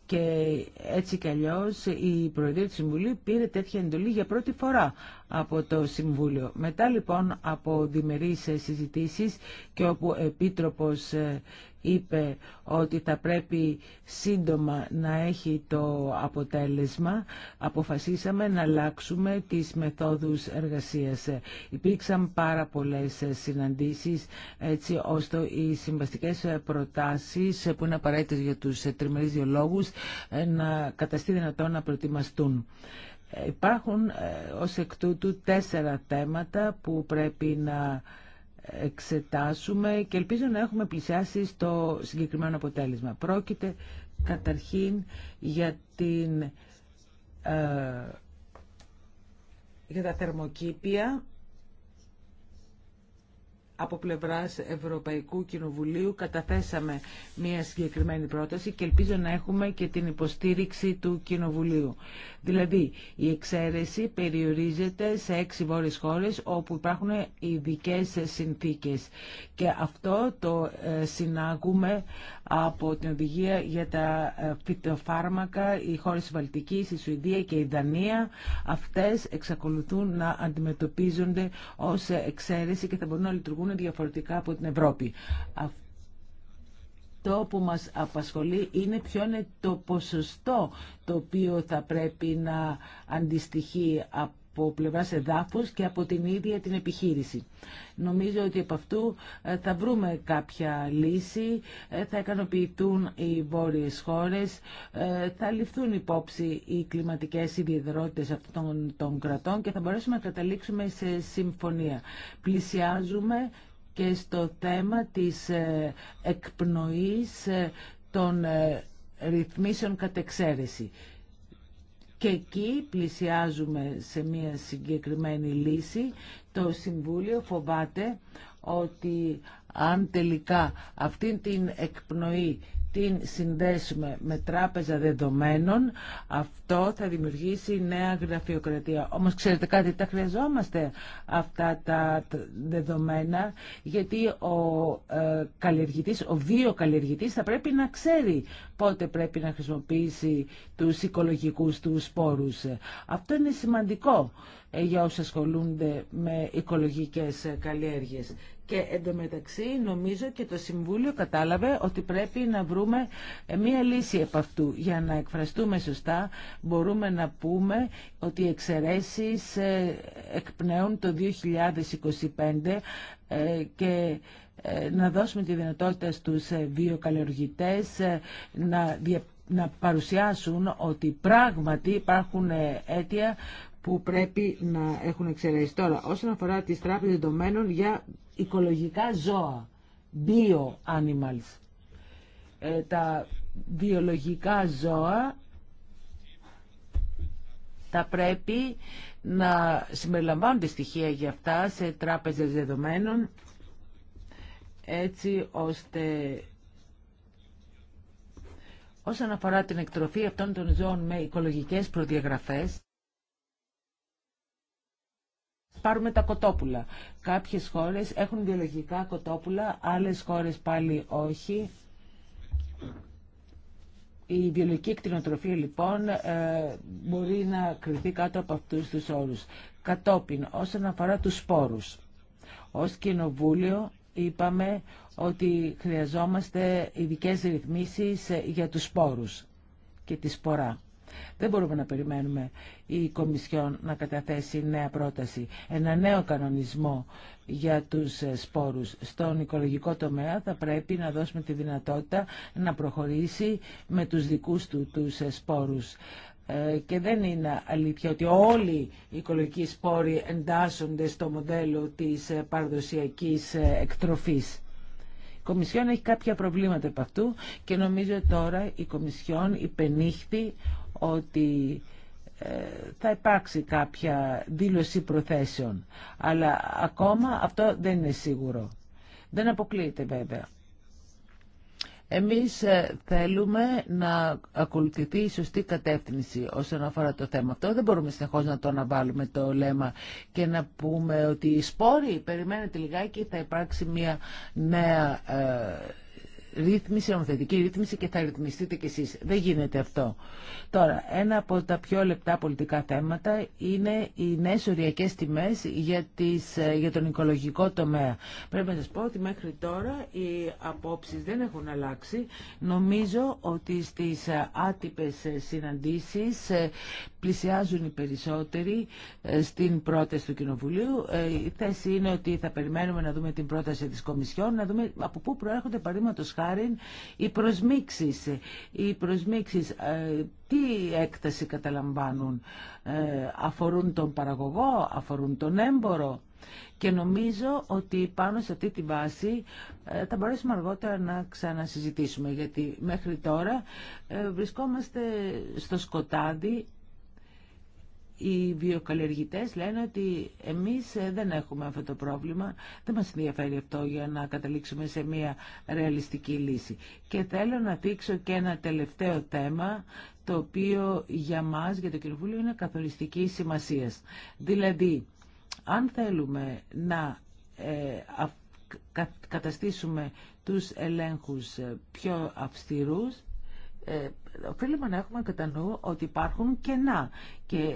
και έτσι κι αλλιώς η Προεδρία του Συμβουλίου πήρε τέτοια εντολή για πρώτη φορά από το Συμβούλιο. Μετά λοιπόν από διμερείς ε, συζητήσεις και όπου ο Επίτροπος ε, είπε ότι θα πρέπει σύντομα να έχει το αποτέλεσμα, αποφασίσαμε να αλλάξουμε τις μεθόδους εργασίας. Υπήρξαν πάρα πολλές ε, συναντήσεις, έτσι ώστε οι συμβαστικές προτάσεις που είναι απαραίτητες για τους τριμερείς διολόγους να καταστεί δυνατόν να προετοιμαστούν. Υπάρχουν ε, ως εκ τούτου τέσσερα θέματα που πρέπει να εξετάσουμε και ελπίζω να έχουμε πλησιάσει στο συγκεκριμένο αποτέλεσμα. Πρόκειται καταρχήν για, την, ε, για τα θερμοκήπια από πλευράς Ευρωπαϊκού Κοινοβουλίου καταθέσαμε μια συγκεκριμένη πρόταση και ελπίζω να έχουμε και την υποστήριξη του Κοινοβουλίου. Δηλαδή, η εξαίρεση περιορίζεται σε έξι βόρειες χώρες όπου υπάρχουν ειδικέ συνθήκες και αυτό το ε, συνάγουμε από την οδηγία για τα ε, φυτοφάρμακα, οι χώρες Βαλτική, η Σουηδία και η Δανία. Αυτές εξακολουθούν να αντιμετωπίζονται ως εξαίρεση και θα μπορούν να λειτουργούν λειτουργούν διαφορετικά από την Ευρώπη. Το που μας απασχολεί είναι ποιο είναι το ποσοστό το οποίο θα πρέπει να αντιστοιχεί από από πλευρά εδάφους και από την ίδια την επιχείρηση. Νομίζω ότι από αυτού ε, θα βρούμε κάποια λύση, ε, θα ικανοποιηθούν οι βόρειε χώρε, ε, θα ληφθούν υπόψη οι κλιματικές ιδιαιτερότητε αυτών των κρατών και θα μπορέσουμε να καταλήξουμε σε συμφωνία. Πλησιάζουμε και στο θέμα της εκπνοής των ρυθμίσεων κατεξαίρεση. Και εκεί πλησιάζουμε σε μια συγκεκριμένη λύση. Το Συμβούλιο φοβάται ότι αν τελικά αυτή την εκπνοή την συνδέσουμε με τράπεζα δεδομένων, αυτό θα δημιουργήσει νέα γραφειοκρατία. Όμως ξέρετε κάτι, τα χρειαζόμαστε αυτά τα δεδομένα, γιατί ο ε, καλλιεργητής, ο καλλιεργητής θα πρέπει να ξέρει πότε πρέπει να χρησιμοποιήσει τους οικολογικούς του σπόρους. Αυτό είναι σημαντικό ε, για όσους ασχολούνται με οικολογικές καλλιέργειες. Και εντωμεταξύ νομίζω και το Συμβούλιο κατάλαβε ότι πρέπει να βρούμε ε, μία λύση από αυτού. Για να εκφραστούμε σωστά μπορούμε να πούμε ότι οι εξαιρέσεις ε, εκπνέουν το 2025 ε, και να δώσουμε τη δυνατότητα στους βιοκαλλιεργητές να να παρουσιάσουν ότι πράγματι υπάρχουν αίτια που πρέπει να έχουν εξαιρέσει. Τώρα, όσον αφορά τις τράπεζες δεδομένων για οικολογικά ζώα, bio-animals, ε, τα βιολογικά ζώα θα πρέπει να συμπεριλαμβάνονται στοιχεία για αυτά σε τράπεζες δεδομένων έτσι ώστε όσον αφορά την εκτροφή αυτών των ζώων με οικολογικές προδιαγραφές πάρουμε τα κοτόπουλα. Κάποιες χώρες έχουν βιολογικά κοτόπουλα, άλλες χώρες πάλι όχι. Η βιολογική εκτινοτροφία λοιπόν ε, μπορεί να κρυθεί κάτω από αυτούς τους όρους. Κατόπιν, όσον αφορά τους σπόρους, ως κοινοβούλιο είπαμε ότι χρειαζόμαστε ειδικές ρυθμίσεις ε, για τους σπόρους και τη σπορά. Δεν μπορούμε να περιμένουμε η Κομισιόν να καταθέσει νέα πρόταση, ένα νέο κανονισμό για τους ε, σπόρους. Στον οικολογικό τομέα θα πρέπει να δώσουμε τη δυνατότητα να προχωρήσει με τους δικούς του τους ε, σπόρους. Ε, και δεν είναι αλήθεια ότι όλοι οι οικολογικοί σπόροι εντάσσονται στο μοντέλο της παραδοσιακής εκτροφής. Η Κομισιόν έχει κάποια προβλήματα από αυτού και νομίζω τώρα η Κομισιόν υπενήχθη ότι ε, θα υπάρξει κάποια δήλωση προθέσεων. Αλλά ακόμα αυτό δεν είναι σίγουρο. Δεν αποκλείεται βέβαια. Εμείς ε, θέλουμε να ακολουθηθεί η σωστή κατεύθυνση όσον αφορά το θέμα αυτό. Δεν μπορούμε συνεχώς να το αναβάλουμε το λέμα και να πούμε ότι οι σπόροι, περιμένετε λιγάκι, θα υπάρξει μια νέα ε, ρύθμιση, νομοθετική ρύθμιση και θα ρυθμιστείτε κι εσείς. Δεν γίνεται αυτό. Τώρα, ένα από τα πιο λεπτά πολιτικά θέματα είναι οι νέες οριακές τιμές για, ε, για τον οικολογικό τομέα. Πρέπει να σας πω ότι μέχρι τώρα οι απόψεις δεν έχουν αλλάξει. Νομίζω ότι στις ε, άτυπες ε, συναντήσεις πλησιάζουν οι περισσότεροι στην πρόταση του Κοινοβουλίου. Η θέση είναι ότι θα περιμένουμε να δούμε την πρόταση της Κομισιόν, να δούμε από πού προέρχονται παραδείγματος οι προσμίξεις. Οι προσμίξεις ε, τι έκταση καταλαμβάνουν. Ε, αφορούν τον παραγωγό, αφορούν τον έμπορο. Και νομίζω ότι πάνω σε αυτή τη βάση ε, θα μπορέσουμε αργότερα να ξανασυζητήσουμε, γιατί μέχρι τώρα βρισκόμαστε στο σκοτάδι οι βιοκαλλιεργητές λένε ότι εμείς ε, δεν έχουμε αυτό το πρόβλημα, δεν μας ενδιαφέρει αυτό για να καταλήξουμε σε μια ρεαλιστική λύση. Και θέλω να δείξω και ένα τελευταίο θέμα, το οποίο για μας, για το Κοινοβούλιο, είναι καθοριστική σημασία. Δηλαδή, αν θέλουμε να ε, καταστήσουμε τους ελέγχους ε, πιο αυστηρούς, οφείλουμε να έχουμε κατά νου ότι υπάρχουν κενά και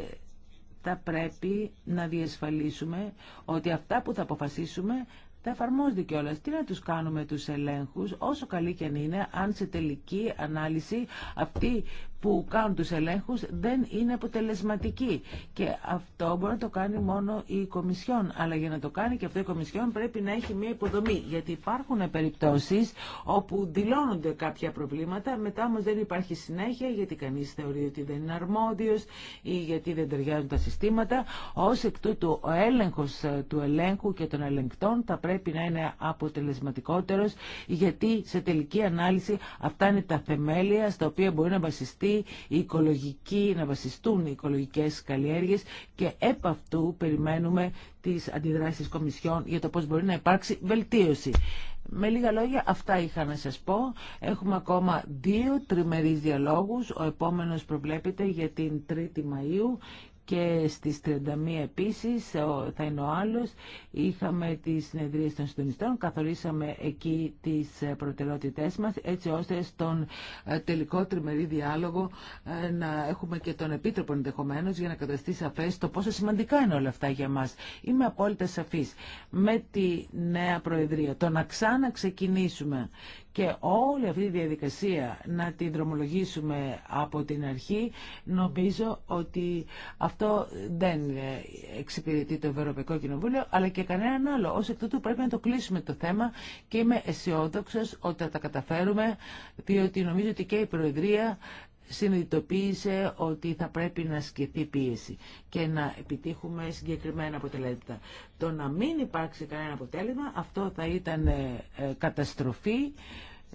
θα πρέπει να διασφαλίσουμε ότι αυτά που θα αποφασίσουμε θα εφαρμόζονται κιόλα. Τι να τους κάνουμε τους ελέγχου, όσο καλή και αν είναι, αν σε τελική ανάλυση αυτή που κάνουν τους ελέγχους δεν είναι αποτελεσματική. Και αυτό μπορεί να το κάνει μόνο η Κομισιόν. Αλλά για να το κάνει και αυτό η Κομισιόν πρέπει να έχει μια υποδομή. Γιατί υπάρχουν περιπτώσεις όπου δηλώνονται κάποια προβλήματα, μετά όμως δεν υπάρχει συνέχεια γιατί κανείς θεωρεί ότι δεν είναι αρμόδιος ή γιατί δεν ταιριάζουν τα συστήματα. Ως εκ τούτου ο έλεγχος ε, του ελέγχου και των ελεγκτών θα πρέπει να είναι αποτελεσματικότερος γιατί σε τελική ανάλυση αυτά είναι τα θεμέλια στα οποία μπορεί να βασιστεί να βασιστούν οι οικολογικές καλλιέργειες και επ' αυτού περιμένουμε τις αντιδράσεις της για το πώς μπορεί να υπάρξει βελτίωση. Με λίγα λόγια, αυτά είχα να σας πω. Έχουμε ακόμα δύο τριμερείς διαλόγους. Ο επόμενος προβλέπεται για την 3η Μαΐου και στις 31 επίσης θα είναι ο άλλος. Είχαμε τις συνεδρίες των συντονιστών, καθορίσαμε εκεί τις ε, προτεραιότητές μας έτσι ώστε στον ε, τελικό τριμερή διάλογο ε, να έχουμε και τον Επίτροπο ενδεχομένω για να καταστεί σαφές το πόσο σημαντικά είναι όλα αυτά για μας. Είμαι απόλυτα σαφής. Με τη νέα Προεδρία, το να ξαναξεκινήσουμε και όλη αυτή τη διαδικασία να την δρομολογήσουμε από την αρχή, νομίζω ότι αυτό δεν εξυπηρετεί το Ευρωπαϊκό Κοινοβούλιο, αλλά και κανέναν άλλο. Ως εκ τούτου πρέπει να το κλείσουμε το θέμα και είμαι αισιόδοξο ότι θα τα καταφέρουμε, διότι νομίζω ότι και η Προεδρία συνειδητοποίησε ότι θα πρέπει να σκεφτεί πίεση και να επιτύχουμε συγκεκριμένα αποτελέσματα. Το να μην υπάρξει κανένα αποτέλεσμα, αυτό θα ήταν ε, ε, καταστροφή,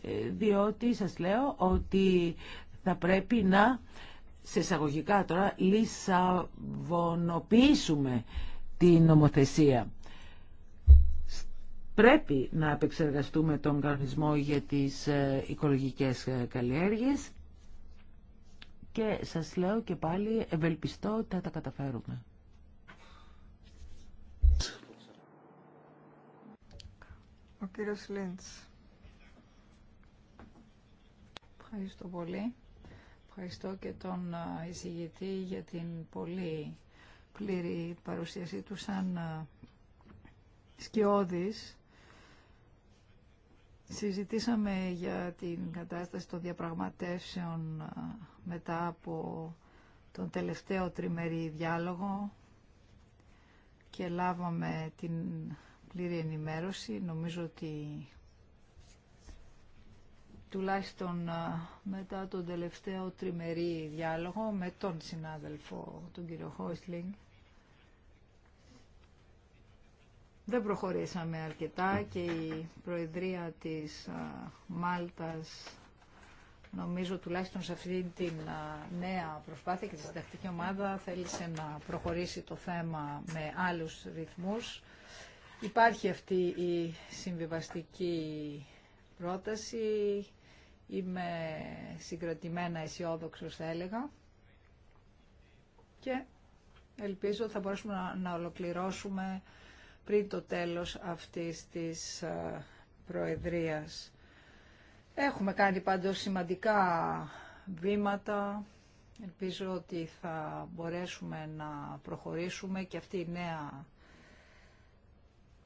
ε, διότι σας λέω ότι θα πρέπει να, σε εισαγωγικά τώρα, λισαβονοποιήσουμε την νομοθεσία. Πρέπει να επεξεργαστούμε τον κανονισμό για τις οικολογικές καλλιέργειες και σας λέω και πάλι ευελπιστώ ότι θα τα καταφέρουμε. Ο κύριος Λίντς. Ευχαριστώ πολύ. Ευχαριστώ και τον εισηγητή για την πολύ πλήρη παρουσίασή του σαν σκιώδης Συζητήσαμε για την κατάσταση των διαπραγματεύσεων μετά από τον τελευταίο τριμερή διάλογο και λάβαμε την πλήρη ενημέρωση. Νομίζω ότι τουλάχιστον μετά τον τελευταίο τριμερή διάλογο με τον συνάδελφο, τον κύριο Χόισλινγκ, Δεν προχωρήσαμε αρκετά και η Προεδρία της Μάλτας νομίζω τουλάχιστον σε αυτή την νέα προσπάθεια και τη συντακτική ομάδα θέλησε να προχωρήσει το θέμα με άλλους ρυθμούς. Υπάρχει αυτή η συμβιβαστική πρόταση. Είμαι συγκρατημένα αισιόδοξο θα έλεγα. Και ελπίζω θα μπορέσουμε να ολοκληρώσουμε πριν το τέλος αυτής της ε, Προεδρίας. Έχουμε κάνει πάντως σημαντικά βήματα. Ελπίζω ότι θα μπορέσουμε να προχωρήσουμε και αυτή η νέα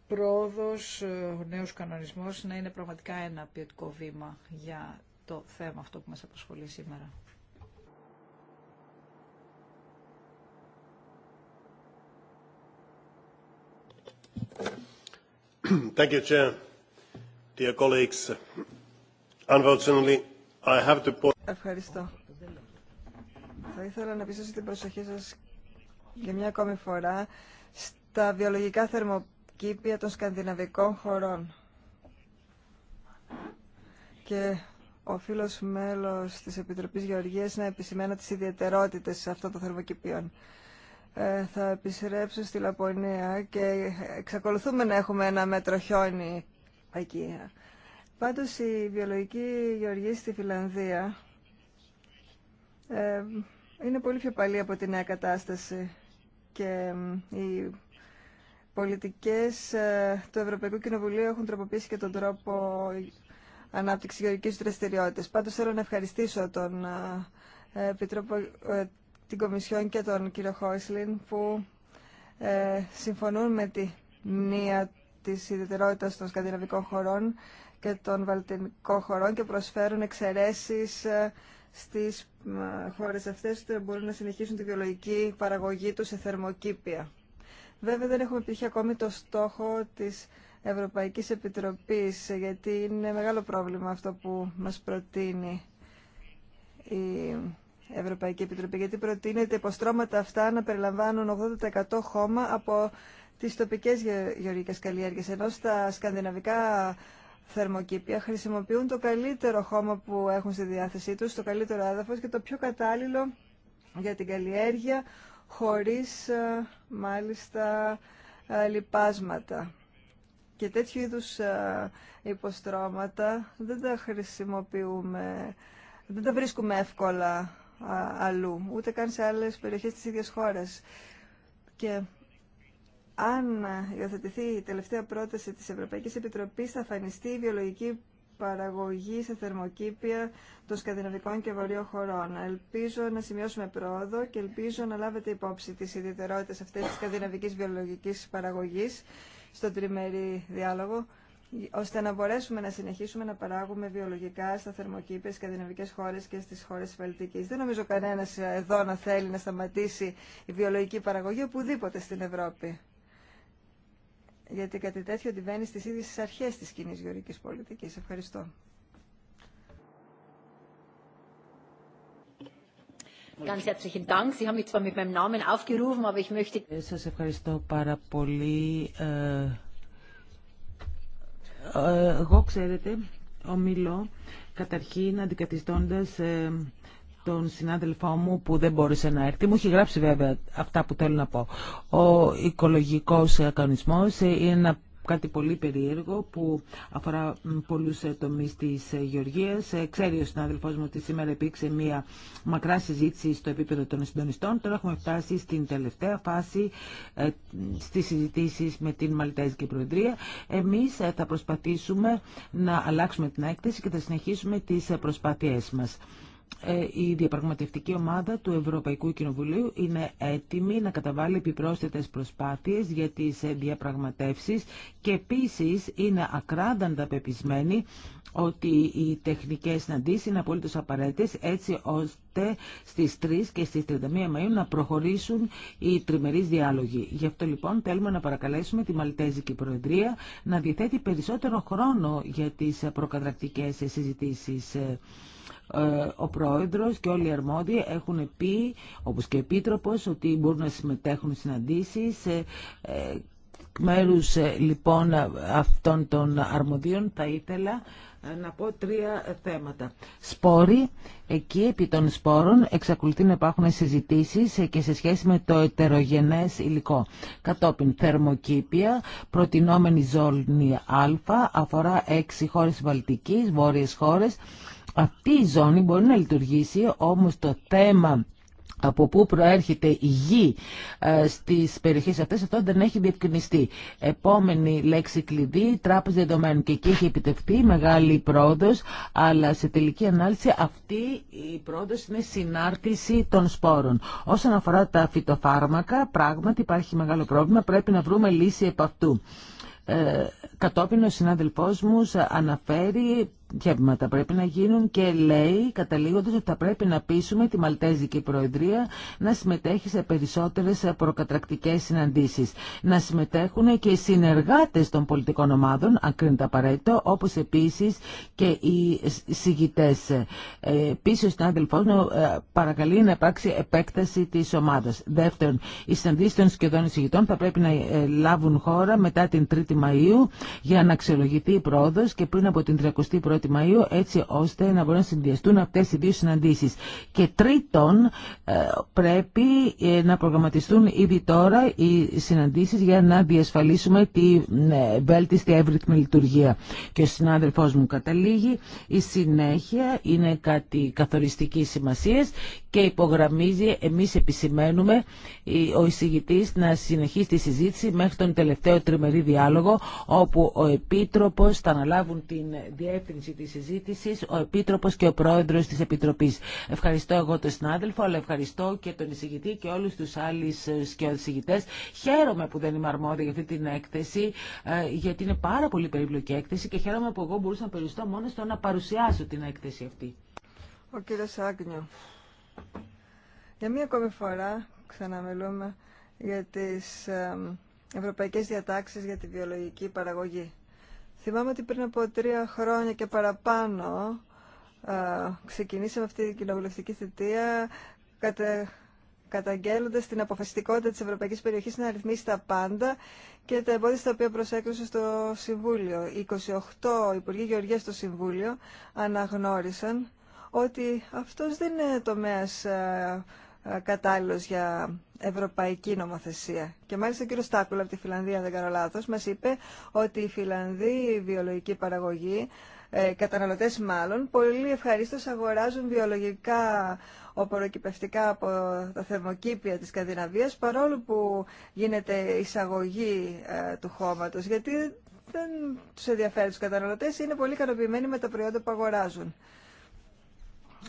πρόοδος, ε, ο νέος κανονισμός να είναι πραγματικά ένα ποιοτικό βήμα για το θέμα αυτό που μας απασχολεί σήμερα. Ευχαριστώ. Θα ήθελα να επιστρέψω την προσοχή σα για μια ακόμη φορά στα βιολογικά θερμοκήπια των σκανδιναβικών χωρών. Και ο φίλο μέλο της Επιτροπή Γεωργίας να επισημαίνω τι ιδιαιτερότητες αυτών των θερμοκηπίων. Ε, θα επιστρέψω στη Λαπωνία και εξακολουθούμε να έχουμε ένα μέτρο χιόνι εκεί. Πάντως η βιολογική γεωργία στη Φιλανδία ε, είναι πολύ πιο παλή από τη νέα κατάσταση και οι πολιτικές ε, του Ευρωπαϊκού Κοινοβουλίου έχουν τροποποιήσει και τον τρόπο ανάπτυξης γεωργικής δραστηριότητας. Πάντως θέλω να ευχαριστήσω τον ε, Επιτρόπο την Κομισιόν και τον κύριο Χόισλιν που ε, συμφωνούν με τη μνήα της ιδιαιτερότητας των σκανδιναβικών χωρών και των βαλτινικών χωρών και προσφέρουν εξαιρέσεις ε, στις χώρες αυτές που μπορούν να συνεχίσουν τη βιολογική παραγωγή τους σε θερμοκήπια. Βέβαια δεν έχουμε επιτύχει ακόμη το στόχο της Ευρωπαϊκής Επιτροπής γιατί είναι μεγάλο πρόβλημα αυτό που μας προτείνει η Ευρωπαϊκή Επιτροπή, γιατί προτείνεται υποστρώματα αυτά να περιλαμβάνουν 80% χώμα από τις τοπικές γεωργικές καλλιέργειες, ενώ στα σκανδιναβικά θερμοκήπια χρησιμοποιούν το καλύτερο χώμα που έχουν στη διάθεσή τους, το καλύτερο έδαφος και το πιο κατάλληλο για την καλλιέργεια, χωρίς ε, μάλιστα ε, λιπάσματα. Και τέτοιου είδους ε, υποστρώματα δεν τα χρησιμοποιούμε, δεν τα βρίσκουμε εύκολα αλλού, ούτε καν σε άλλες περιοχές της ίδιας χώρας. Και αν υιοθετηθεί η τελευταία πρόταση της Ευρωπαϊκής Επιτροπής θα φανιστεί η βιολογική παραγωγή σε θερμοκήπια των σκανδιναβικών και βορείων χωρών. Ελπίζω να σημειώσουμε πρόοδο και ελπίζω να λάβετε υπόψη τις ιδιαιτερότητες αυτές της σκανδιναβικής βιολογικής παραγωγής στον τριμερή διάλογο ώστε να μπορέσουμε να συνεχίσουμε να παράγουμε βιολογικά στα θερμοκήπια, στι σκανδιναβικέ χώρε και στι χώρε τη Βαλτική. Δεν νομίζω κανένα εδώ να θέλει να σταματήσει η βιολογική παραγωγή οπουδήποτε στην Ευρώπη. Γιατί κάτι τέτοιο αντιβαίνει στι ίδιε αρχέ τη κοινή γεωργική πολιτική. Ευχαριστώ. Σα ευχαριστώ πάρα πολύ. Ε, εγώ, ξέρετε, ομιλώ καταρχήν αντικαθιστώντας ε, τον συνάδελφό μου που δεν μπόρεσε να έρθει. Μου έχει γράψει βέβαια αυτά που θέλω να πω. Ο οικολογικός ε, κανονισμός ε, είναι ένα κάτι πολύ περίεργο που αφορά πολλούς ε, τομείς της ε, γεωργίας. Ε, ξέρει ο συνάδελφός μου ότι σήμερα υπήρξε μια μακρά συζήτηση στο επίπεδο των συντονιστών. Τώρα έχουμε φτάσει στην τελευταία φάση στις συζητήσεις με την Μαλτέζικη Προεδρία. Εμείς θα προσπαθήσουμε να αλλάξουμε την έκθεση και θα συνεχίσουμε τις προσπάθειές μας. Ε, η διαπραγματευτική ομάδα του Ευρωπαϊκού Κοινοβουλίου είναι έτοιμη να καταβάλει επιπρόσθετες προσπάθειες για τις διαπραγματεύσεις και επίσης είναι ακράδαντα πεπισμένη ότι οι τεχνικές συναντήσεις είναι απολύτως απαραίτητες έτσι ώστε στις 3 και στις 31 Μαΐου να προχωρήσουν οι τριμερείς διάλογοι. Γι' αυτό λοιπόν θέλουμε να παρακαλέσουμε τη Μαλτέζικη Προεδρία να διαθέτει περισσότερο χρόνο για τις προκατρακτικές συζητήσεις ε, ε, ο πρόεδρος και όλοι οι αρμόδιοι έχουν πει, όπως και ο επίτροπος, ότι μπορούν να συμμετέχουν συναντήσεις ε, ε, μέρους λοιπόν αυτών των αρμοδίων θα ήθελα να πω τρία θέματα. Σπόροι, εκεί επί των σπόρων εξακολουθεί να υπάρχουν συζητήσεις και σε σχέση με το ετερογενές υλικό. Κατόπιν θερμοκήπια, προτινόμενη ζώνη α, αφορά έξι χώρες Βαλτικής, βόρειες χώρες, αυτή η ζώνη μπορεί να λειτουργήσει, όμως το θέμα από πού προέρχεται η γη ε, στις περιοχές αυτές, αυτό δεν έχει διευκρινιστεί. Επόμενη λέξη κλειδί, τράπεζα δεδομένων. Και εκεί έχει επιτευχθεί μεγάλη πρόοδος, αλλά σε τελική ανάλυση αυτή η πρόοδος είναι συνάρτηση των σπόρων. Όσον αφορά τα φυτοφάρμακα, πράγματι υπάρχει μεγάλο πρόβλημα, πρέπει να βρούμε λύση επ' αυτού. Ε, Κατόπιν ο συνάδελφός μου αναφέρει ποια βήματα πρέπει να γίνουν και λέει καταλήγοντας ότι θα πρέπει να πείσουμε τη Μαλτέζικη Προεδρία να συμμετέχει σε περισσότερες προκατρακτικές συναντήσεις. Να συμμετέχουν και οι συνεργάτες των πολιτικών ομάδων, αν κρίνεται απαραίτητο, όπως επίσης και οι συγητές. Ε, επίσης, ο συνάδελφός μου ε, παρακαλεί να υπάρξει επέκταση της ομάδας. Δεύτερον, οι συναντήσεις των σχεδόν συγητών θα πρέπει να ε, λάβουν χώρα μετά την 3η Μαΐου για να αξιολογηθεί η πρόοδο και πριν από την 31η Μαΐου έτσι ώστε να μπορούν να συνδυαστούν αυτές οι δύο συναντήσεις. Και τρίτον ε, πρέπει ε, να προγραμματιστούν ήδη τώρα οι συναντήσεις για να διασφαλίσουμε τη ε, βέλτιστη εύρυθμη λειτουργία. Και ο συνάδελφός μου καταλήγει, η συνέχεια είναι κάτι καθοριστική σημασία και υπογραμμίζει, εμείς επισημαίνουμε, ο εισηγητής να συνεχίσει τη συζήτηση μέχρι τον τελευταίο τριμερή διάλογο όπου όπου ο Επίτροπος θα αναλάβουν την διεύθυνση της συζήτησης, ο Επίτροπος και ο Πρόεδρος της Επιτροπής. Ευχαριστώ εγώ τον συνάδελφο, αλλά ευχαριστώ και τον εισηγητή και όλους τους άλλους ε, σκιοδησηγητές. Χαίρομαι που δεν είμαι αρμόδια για αυτή την έκθεση, ε, γιατί είναι πάρα πολύ περίπλοκη έκθεση και χαίρομαι που εγώ μπορούσα να περιστώ μόνο στο να παρουσιάσω την έκθεση αυτή. Ο κύριος Άγνιο. Για μία ακόμη φορά ξαναμιλούμε για τις ε, ευρωπαϊκές διατάξεις για τη βιολογική παραγωγή. Θυμάμαι ότι πριν από τρία χρόνια και παραπάνω ξεκινήσαμε αυτή την κοινοβουλευτική θητεία κατε, καταγγέλλοντας την αποφασιστικότητα της Ευρωπαϊκής Περιοχής να ρυθμίσει τα πάντα και τα εμπόδια στα οποία προσέκλωσε στο Συμβούλιο. 28 Υπουργοί Γεωργίας στο Συμβούλιο αναγνώρισαν ότι αυτός δεν είναι τομέας ε, κατάλληλος για ευρωπαϊκή νομοθεσία. Και μάλιστα ο κ. Στάκουλα από τη Φιλανδία, αν δεν κάνω λάθος, μας είπε ότι οι Φιλανδοί βιολογική παραγωγή, ε, καταναλωτές μάλλον, πολύ ευχαρίστως αγοράζουν βιολογικά οποροκυπευτικά από τα θερμοκήπια της Σκανδιναβίας, παρόλο που γίνεται εισαγωγή ε, του χώματος, γιατί δεν τους ενδιαφέρει τους καταναλωτές, είναι πολύ ικανοποιημένοι με τα προϊόντα που αγοράζουν.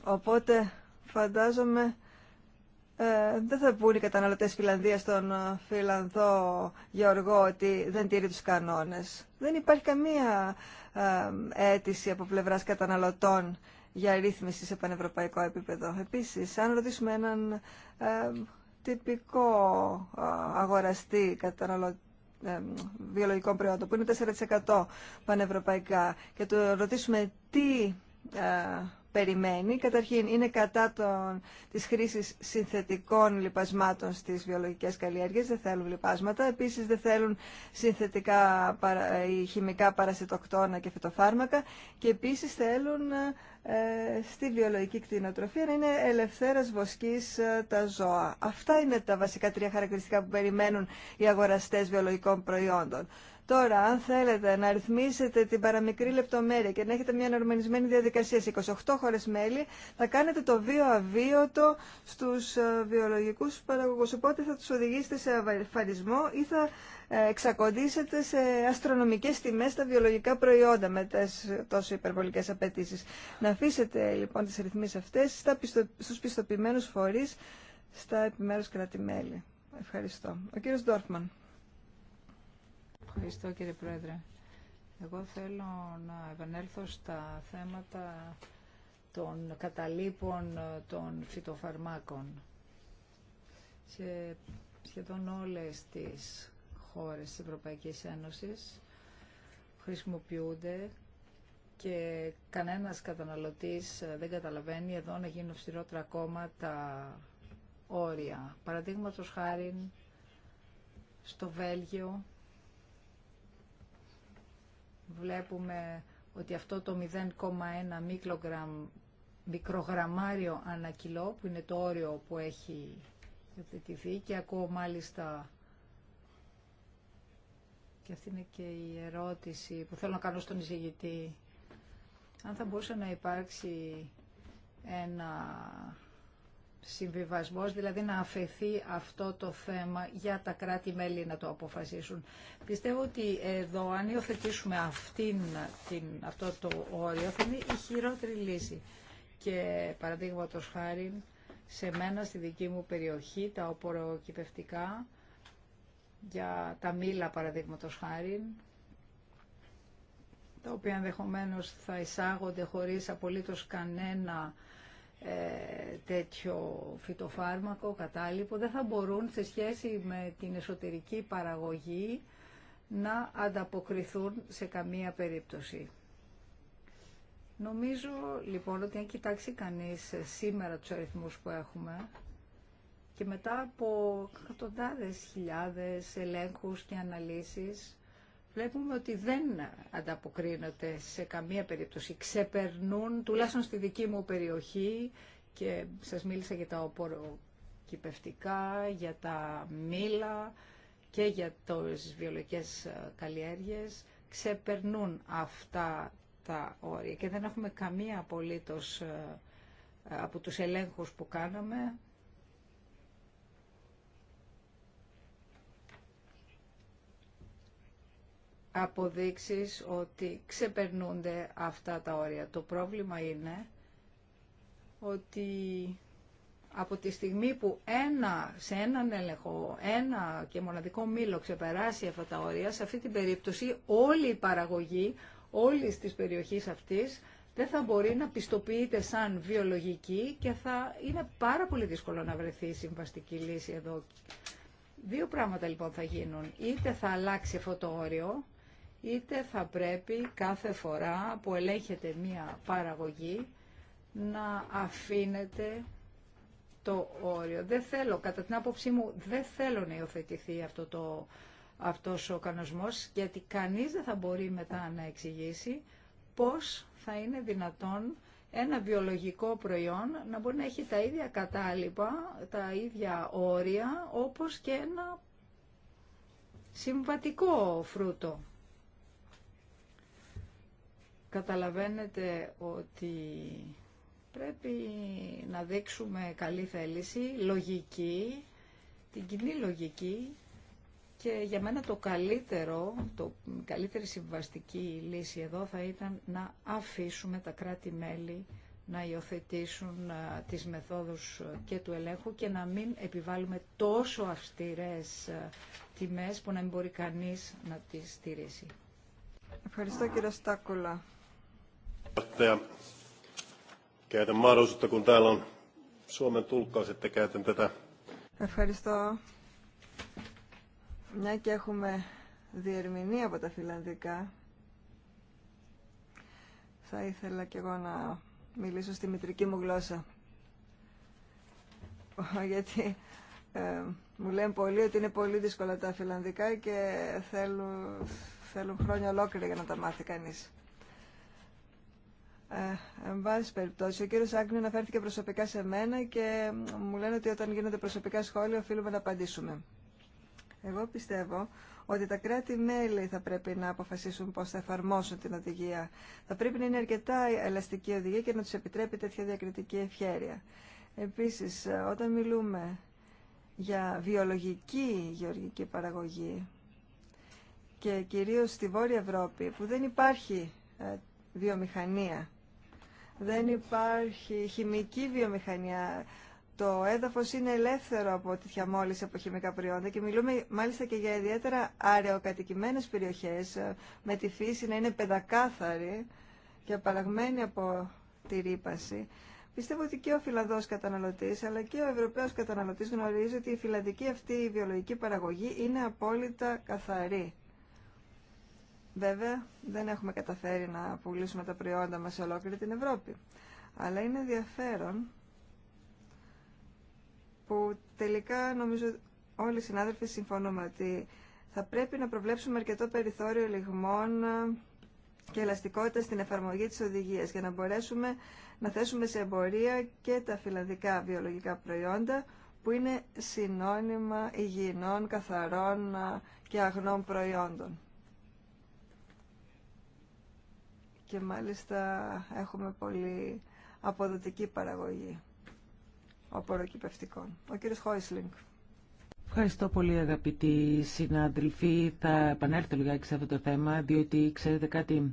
Οπότε φαντάζομαι ε, δεν θα πούνε οι καταναλωτέ Φιλανδία στον ε, Φιλανδό Γεωργό ότι δεν τηρεί τους κανόνες. Δεν υπάρχει καμία ε, αίτηση από πλευρά καταναλωτών για ρύθμιση σε πανευρωπαϊκό επίπεδο. Επίσης, αν ρωτήσουμε έναν ε, τυπικό αγοραστή καταναλωτή, βιολογικών προϊόντων, που είναι 4% πανευρωπαϊκά, και του ρωτήσουμε τι περιμένει. Καταρχήν είναι κατά των, της χρήσης συνθετικών λιπασμάτων στις βιολογικές καλλιέργειες, δεν θέλουν λιπάσματα. Επίσης δεν θέλουν συνθετικά ή ε, χημικά παρασιτοκτόνα και φυτοφάρμακα και επίσης θέλουν ε, στη βιολογική κτηνοτροφία να είναι ελευθέρας βοσκής ε, τα ζώα. Αυτά είναι τα βασικά τρία χαρακτηριστικά που περιμένουν οι αγοραστές βιολογικών προϊόντων. Τώρα, αν θέλετε να ρυθμίσετε την παραμικρή λεπτομέρεια και να έχετε μια ενορμανισμένη διαδικασία σε 28 χώρες μέλη, θα κάνετε το βίο αβίωτο στους ε, βιολογικούς παραγωγούς. Οπότε θα τους οδηγήσετε σε αβαριφαρισμό ή θα ε, εξακοντήσετε σε αστρονομικές τιμές τα βιολογικά προϊόντα με τις τόσο υπερβολικές απαιτήσει. Να αφήσετε λοιπόν τις ρυθμίσεις αυτές στου πιστοποιημένου στους πιστοποιημένους στα επιμέρους κράτη-μέλη. Ευχαριστώ. Ο κύριο Ντόρφμαν. Ευχαριστώ κύριε Πρόεδρε. Εγώ θέλω να επανέλθω στα θέματα των καταλήπων των φυτοφαρμάκων. Σε σχεδόν όλες τις χώρες της Ευρωπαϊκής Ένωσης χρησιμοποιούνται και κανένας καταναλωτής δεν καταλαβαίνει εδώ να γίνουν αυστηρότερα ακόμα τα όρια. Παραδείγματος χάρη στο Βέλγιο βλέπουμε ότι αυτό το 0,1 μικρογραμμάριο ανά κιλό, που είναι το όριο που έχει θετηθεί και ακούω μάλιστα και αυτή είναι και η ερώτηση που θέλω να κάνω στον εισηγητή αν θα μπορούσε να υπάρξει ένα συμβιβασμός, δηλαδή να αφαιθεί αυτό το θέμα για τα κράτη-μέλη να το αποφασίσουν. Πιστεύω ότι εδώ αν υιοθετήσουμε αυτήν, την, αυτό το όριο θα είναι η χειρότερη λύση. Και παραδείγματος χάρη σε μένα στη δική μου περιοχή τα οποροκυπευτικά για τα μήλα παραδείγματος χάρη τα οποία ενδεχομένω θα εισάγονται χωρίς απολύτως κανένα ε, τέτοιο φυτοφάρμακο κατάλοιπο δεν θα μπορούν σε σχέση με την εσωτερική παραγωγή να ανταποκριθούν σε καμία περίπτωση. Νομίζω λοιπόν ότι αν κοιτάξει κανείς σήμερα τους αριθμούς που έχουμε και μετά από εκατοντάδες χιλιάδες ελέγχους και αναλύσεις βλέπουμε ότι δεν ανταποκρίνονται σε καμία περίπτωση. Ξεπερνούν, τουλάχιστον στη δική μου περιοχή, και σας μίλησα για τα οποροκυπευτικά, για τα μήλα και για τις βιολογικές ε, καλλιέργειες, ξεπερνούν αυτά τα όρια και δεν έχουμε καμία απολύτως ε, ε, από τους ελέγχους που κάναμε αποδείξεις ότι ξεπερνούνται αυτά τα όρια. Το πρόβλημα είναι ότι από τη στιγμή που ένα, σε έναν έλεγχο, ένα και μοναδικό μήλο ξεπεράσει αυτά τα όρια, σε αυτή την περίπτωση όλη η παραγωγή όλης της περιοχής αυτής δεν θα μπορεί να πιστοποιείται σαν βιολογική και θα είναι πάρα πολύ δύσκολο να βρεθεί η συμβαστική λύση εδώ. Δύο πράγματα λοιπόν θα γίνουν. Είτε θα αλλάξει αυτό το όριο, είτε θα πρέπει κάθε φορά που ελέγχεται μία παραγωγή να αφήνεται το όριο. Δεν θέλω, κατά την άποψή μου, δεν θέλω να υιοθετηθεί αυτό το, αυτός ο κανονισμός, γιατί κανείς δεν θα μπορεί μετά να εξηγήσει πώς θα είναι δυνατόν ένα βιολογικό προϊόν να μπορεί να έχει τα ίδια κατάλοιπα, τα ίδια όρια, όπως και ένα συμβατικό φρούτο. Καταλαβαίνετε ότι πρέπει να δείξουμε καλή θέληση, λογική, την κοινή λογική και για μένα το καλύτερο, το καλύτερη συμβαστική λύση εδώ θα ήταν να αφήσουμε τα κράτη-μέλη να υιοθετήσουν τις μεθόδους και του ελέγχου και να μην επιβάλλουμε τόσο αυστηρές τιμές που να μην μπορεί κανείς να τις στηρίσει. Ευχαριστώ κύριε Στάκολα. Ευχαριστώ. Μια και έχουμε διερμηνή από τα φιλανδικά, θα ήθελα κι εγώ να μιλήσω στη μητρική μου γλώσσα. Γιατί ε, μου λένε πολύ ότι είναι πολύ δύσκολα τα φιλανδικά και θέλουν, χρόνια ολόκληρα για να τα μάθει κανείς. Ε, εν πάση περιπτώσει, ο κύριο Άγνιου αναφέρθηκε προσωπικά σε μένα και μου λένε ότι όταν γίνονται προσωπικά σχόλια οφείλουμε να απαντήσουμε. Εγώ πιστεύω ότι τα κράτη-μέλη θα πρέπει να αποφασίσουν πώ θα εφαρμόσουν την οδηγία. Θα πρέπει να είναι αρκετά ελαστική οδηγία και να του επιτρέπει τέτοια διακριτική ευχέρεια. Επίση, ε, όταν μιλούμε για βιολογική γεωργική παραγωγή και κυρίως στη Βόρεια Ευρώπη που δεν υπάρχει ε, βιομηχανία δεν υπάρχει χημική βιομηχανία. Το έδαφος είναι ελεύθερο από τη μόλις από χημικά προϊόντα και μιλούμε μάλιστα και για ιδιαίτερα αραιοκατοικημένες περιοχές ε, με τη φύση να είναι πεντακάθαρη και απαραγμένη από τη ρήπαση. Πιστεύω ότι και ο φυλαδός καταναλωτής αλλά και ο Ευρωπαίος καταναλωτής γνωρίζει ότι η φυλαδική αυτή η βιολογική παραγωγή είναι απόλυτα καθαρή. Βέβαια, δεν έχουμε καταφέρει να πουλήσουμε τα προϊόντα μας σε ολόκληρη την Ευρώπη. Αλλά είναι ενδιαφέρον που τελικά νομίζω όλοι οι συνάδελφοι συμφωνούμε ότι θα πρέπει να προβλέψουμε αρκετό περιθώριο λιγμών ε, και ελαστικότητα στην εφαρμογή της οδηγίας για να μπορέσουμε να θέσουμε σε εμπορία και τα φιλανδικά βιολογικά προϊόντα που είναι συνώνυμα υγιεινών, καθαρών ε, και αγνών προϊόντων. και μάλιστα έχουμε πολύ αποδοτική παραγωγή απορροκυπευτικών. Ο κύριος Χόισλινγκ. Ευχαριστώ πολύ αγαπητοί συνάδελφοι. Θα επανέλθω λιγάκι σε αυτό το θέμα, διότι ξέρετε κάτι,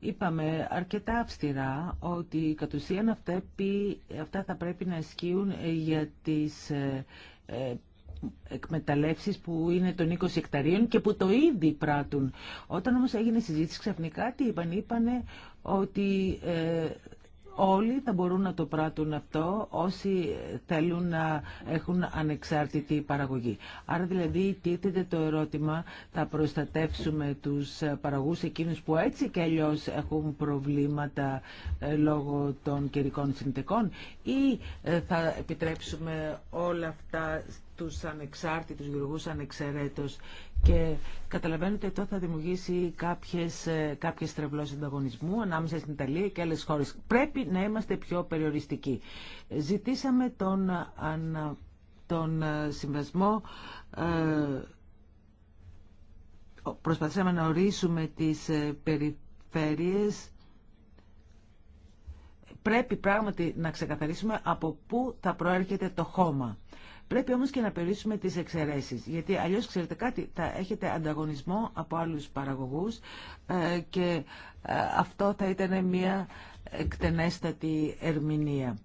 είπαμε αρκετά αυστηρά ότι κατ' ουσίαν αυτά, θα πρέπει να ισχύουν για τις ε, ε, εκμεταλλεύσεις που είναι των 20 εκταρίων και που το ήδη πράττουν. Όταν όμως έγινε συζήτηση ξαφνικά τι είπαν, είπανε ότι ε, όλοι θα μπορούν να το πράττουν αυτό όσοι θέλουν να έχουν ανεξάρτητη παραγωγή. Άρα δηλαδή τίθεται το ερώτημα θα προστατεύσουμε τους παραγωγούς εκείνους που έτσι και αλλιώ έχουν προβλήματα ε, λόγω των καιρικών συνθηκών ή ε, θα επιτρέψουμε όλα αυτά τους ανεξάρτητους γεωργούς ανεξαιρέτως και καταλαβαίνετε ότι αυτό θα δημιουργήσει κάποιες, ε, κάποιες τρευλώσεις ανταγωνισμού ανάμεσα στην Ιταλία και άλλες χώρες. Πρέπει να είμαστε πιο περιοριστικοί. Ζητήσαμε τον, τον ε, συμβασμό ε, προσπαθήσαμε να ορίσουμε τις ε, περιφέρειες πρέπει πράγματι να ξεκαθαρίσουμε από πού θα προέρχεται το χώμα. Πρέπει όμως και να περιορίσουμε τις εξαιρέσεις, γιατί αλλιώς ξέρετε κάτι, θα έχετε ανταγωνισμό από άλλους παραγωγούς ε, και ε, αυτό θα ήταν μια εκτενέστατη ερμηνεία.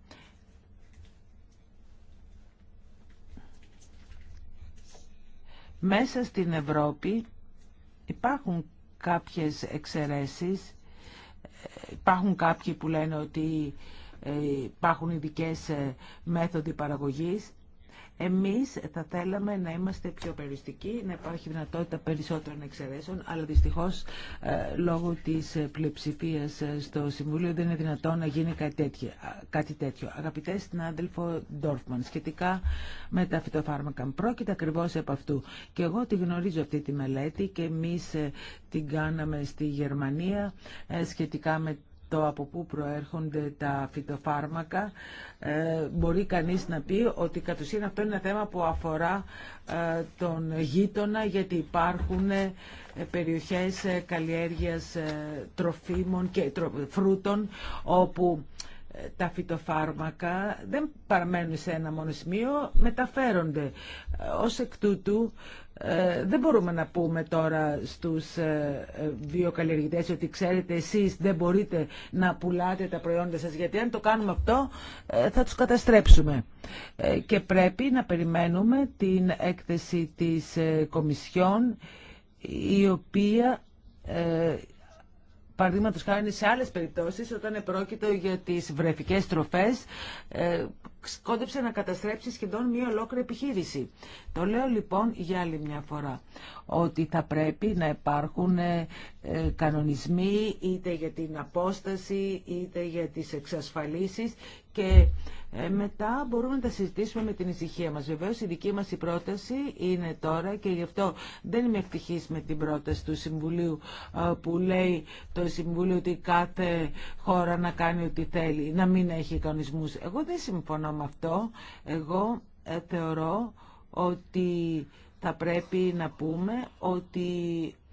Μέσα στην Ευρώπη υπάρχουν κάποιες εξαιρέσεις, ε, υπάρχουν κάποιοι που λένε ότι υπάρχουν ειδικέ μέθοδοι παραγωγής, εμείς θα θέλαμε να είμαστε πιο περιστικοί, να υπάρχει δυνατότητα περισσότερων εξαιρέσεων, αλλά δυστυχώς ε, λόγω της πλειοψηφία ε, στο Συμβούλιο δεν είναι δυνατόν να γίνει κάτι τέτοιο. Κάτι τέτοιο. Αγαπητέ συνάδελφο Ντόρφμαν, σχετικά με τα φυτοφάρμακα, πρόκειται ακριβώς από αυτού. Και εγώ τη γνωρίζω αυτή τη μελέτη και εμείς ε, την κάναμε στη Γερμανία σχετικά με το από πού προέρχονται τα φυτοφάρμακα, ε, μπορεί κανείς να πει ότι κατ' ουσίαν αυτό είναι ένα θέμα που αφορά ε, τον γείτονα, γιατί υπάρχουν ε, περιοχές καλλιέργειας τροφίμων και φρούτων, όπου τα φυτοφάρμακα δεν παραμένουν σε ένα μόνο σημείο, μεταφέρονται. Ως εκ τούτου ε, δεν μπορούμε να πούμε τώρα στους ε, ε, βιοκαλλιεργητές ότι ξέρετε εσείς δεν μπορείτε να πουλάτε τα προϊόντα σας γιατί αν το κάνουμε αυτό ε, θα τους καταστρέψουμε. Και πρέπει να περιμένουμε την έκθεση της Κομισιόν η οποία Παραδείγματο χάρη σε άλλε περιπτώσει, όταν επρόκειτο για τι βρεφικέ τροφέ, ε, σκόντεψε να καταστρέψει σχεδόν μία ολόκληρη επιχείρηση. Το λέω λοιπόν για άλλη μια φορά, ότι θα πρέπει να υπάρχουν ε, ε, κανονισμοί είτε για την απόσταση είτε για τι εξασφαλίσει και ε, μετά μπορούμε να τα συζητήσουμε με την ησυχία μας. Βεβαίως η δική μας η πρόταση είναι τώρα και γι' αυτό δεν είμαι ευτυχής με την πρόταση του Συμβουλίου ε, που λέει το Συμβούλιο ότι κάθε χώρα να κάνει ό,τι θέλει, να μην έχει κανονισμούς. Εγώ δεν συμφωνώ με αυτό. Εγώ ε, θεωρώ ότι θα πρέπει να πούμε ότι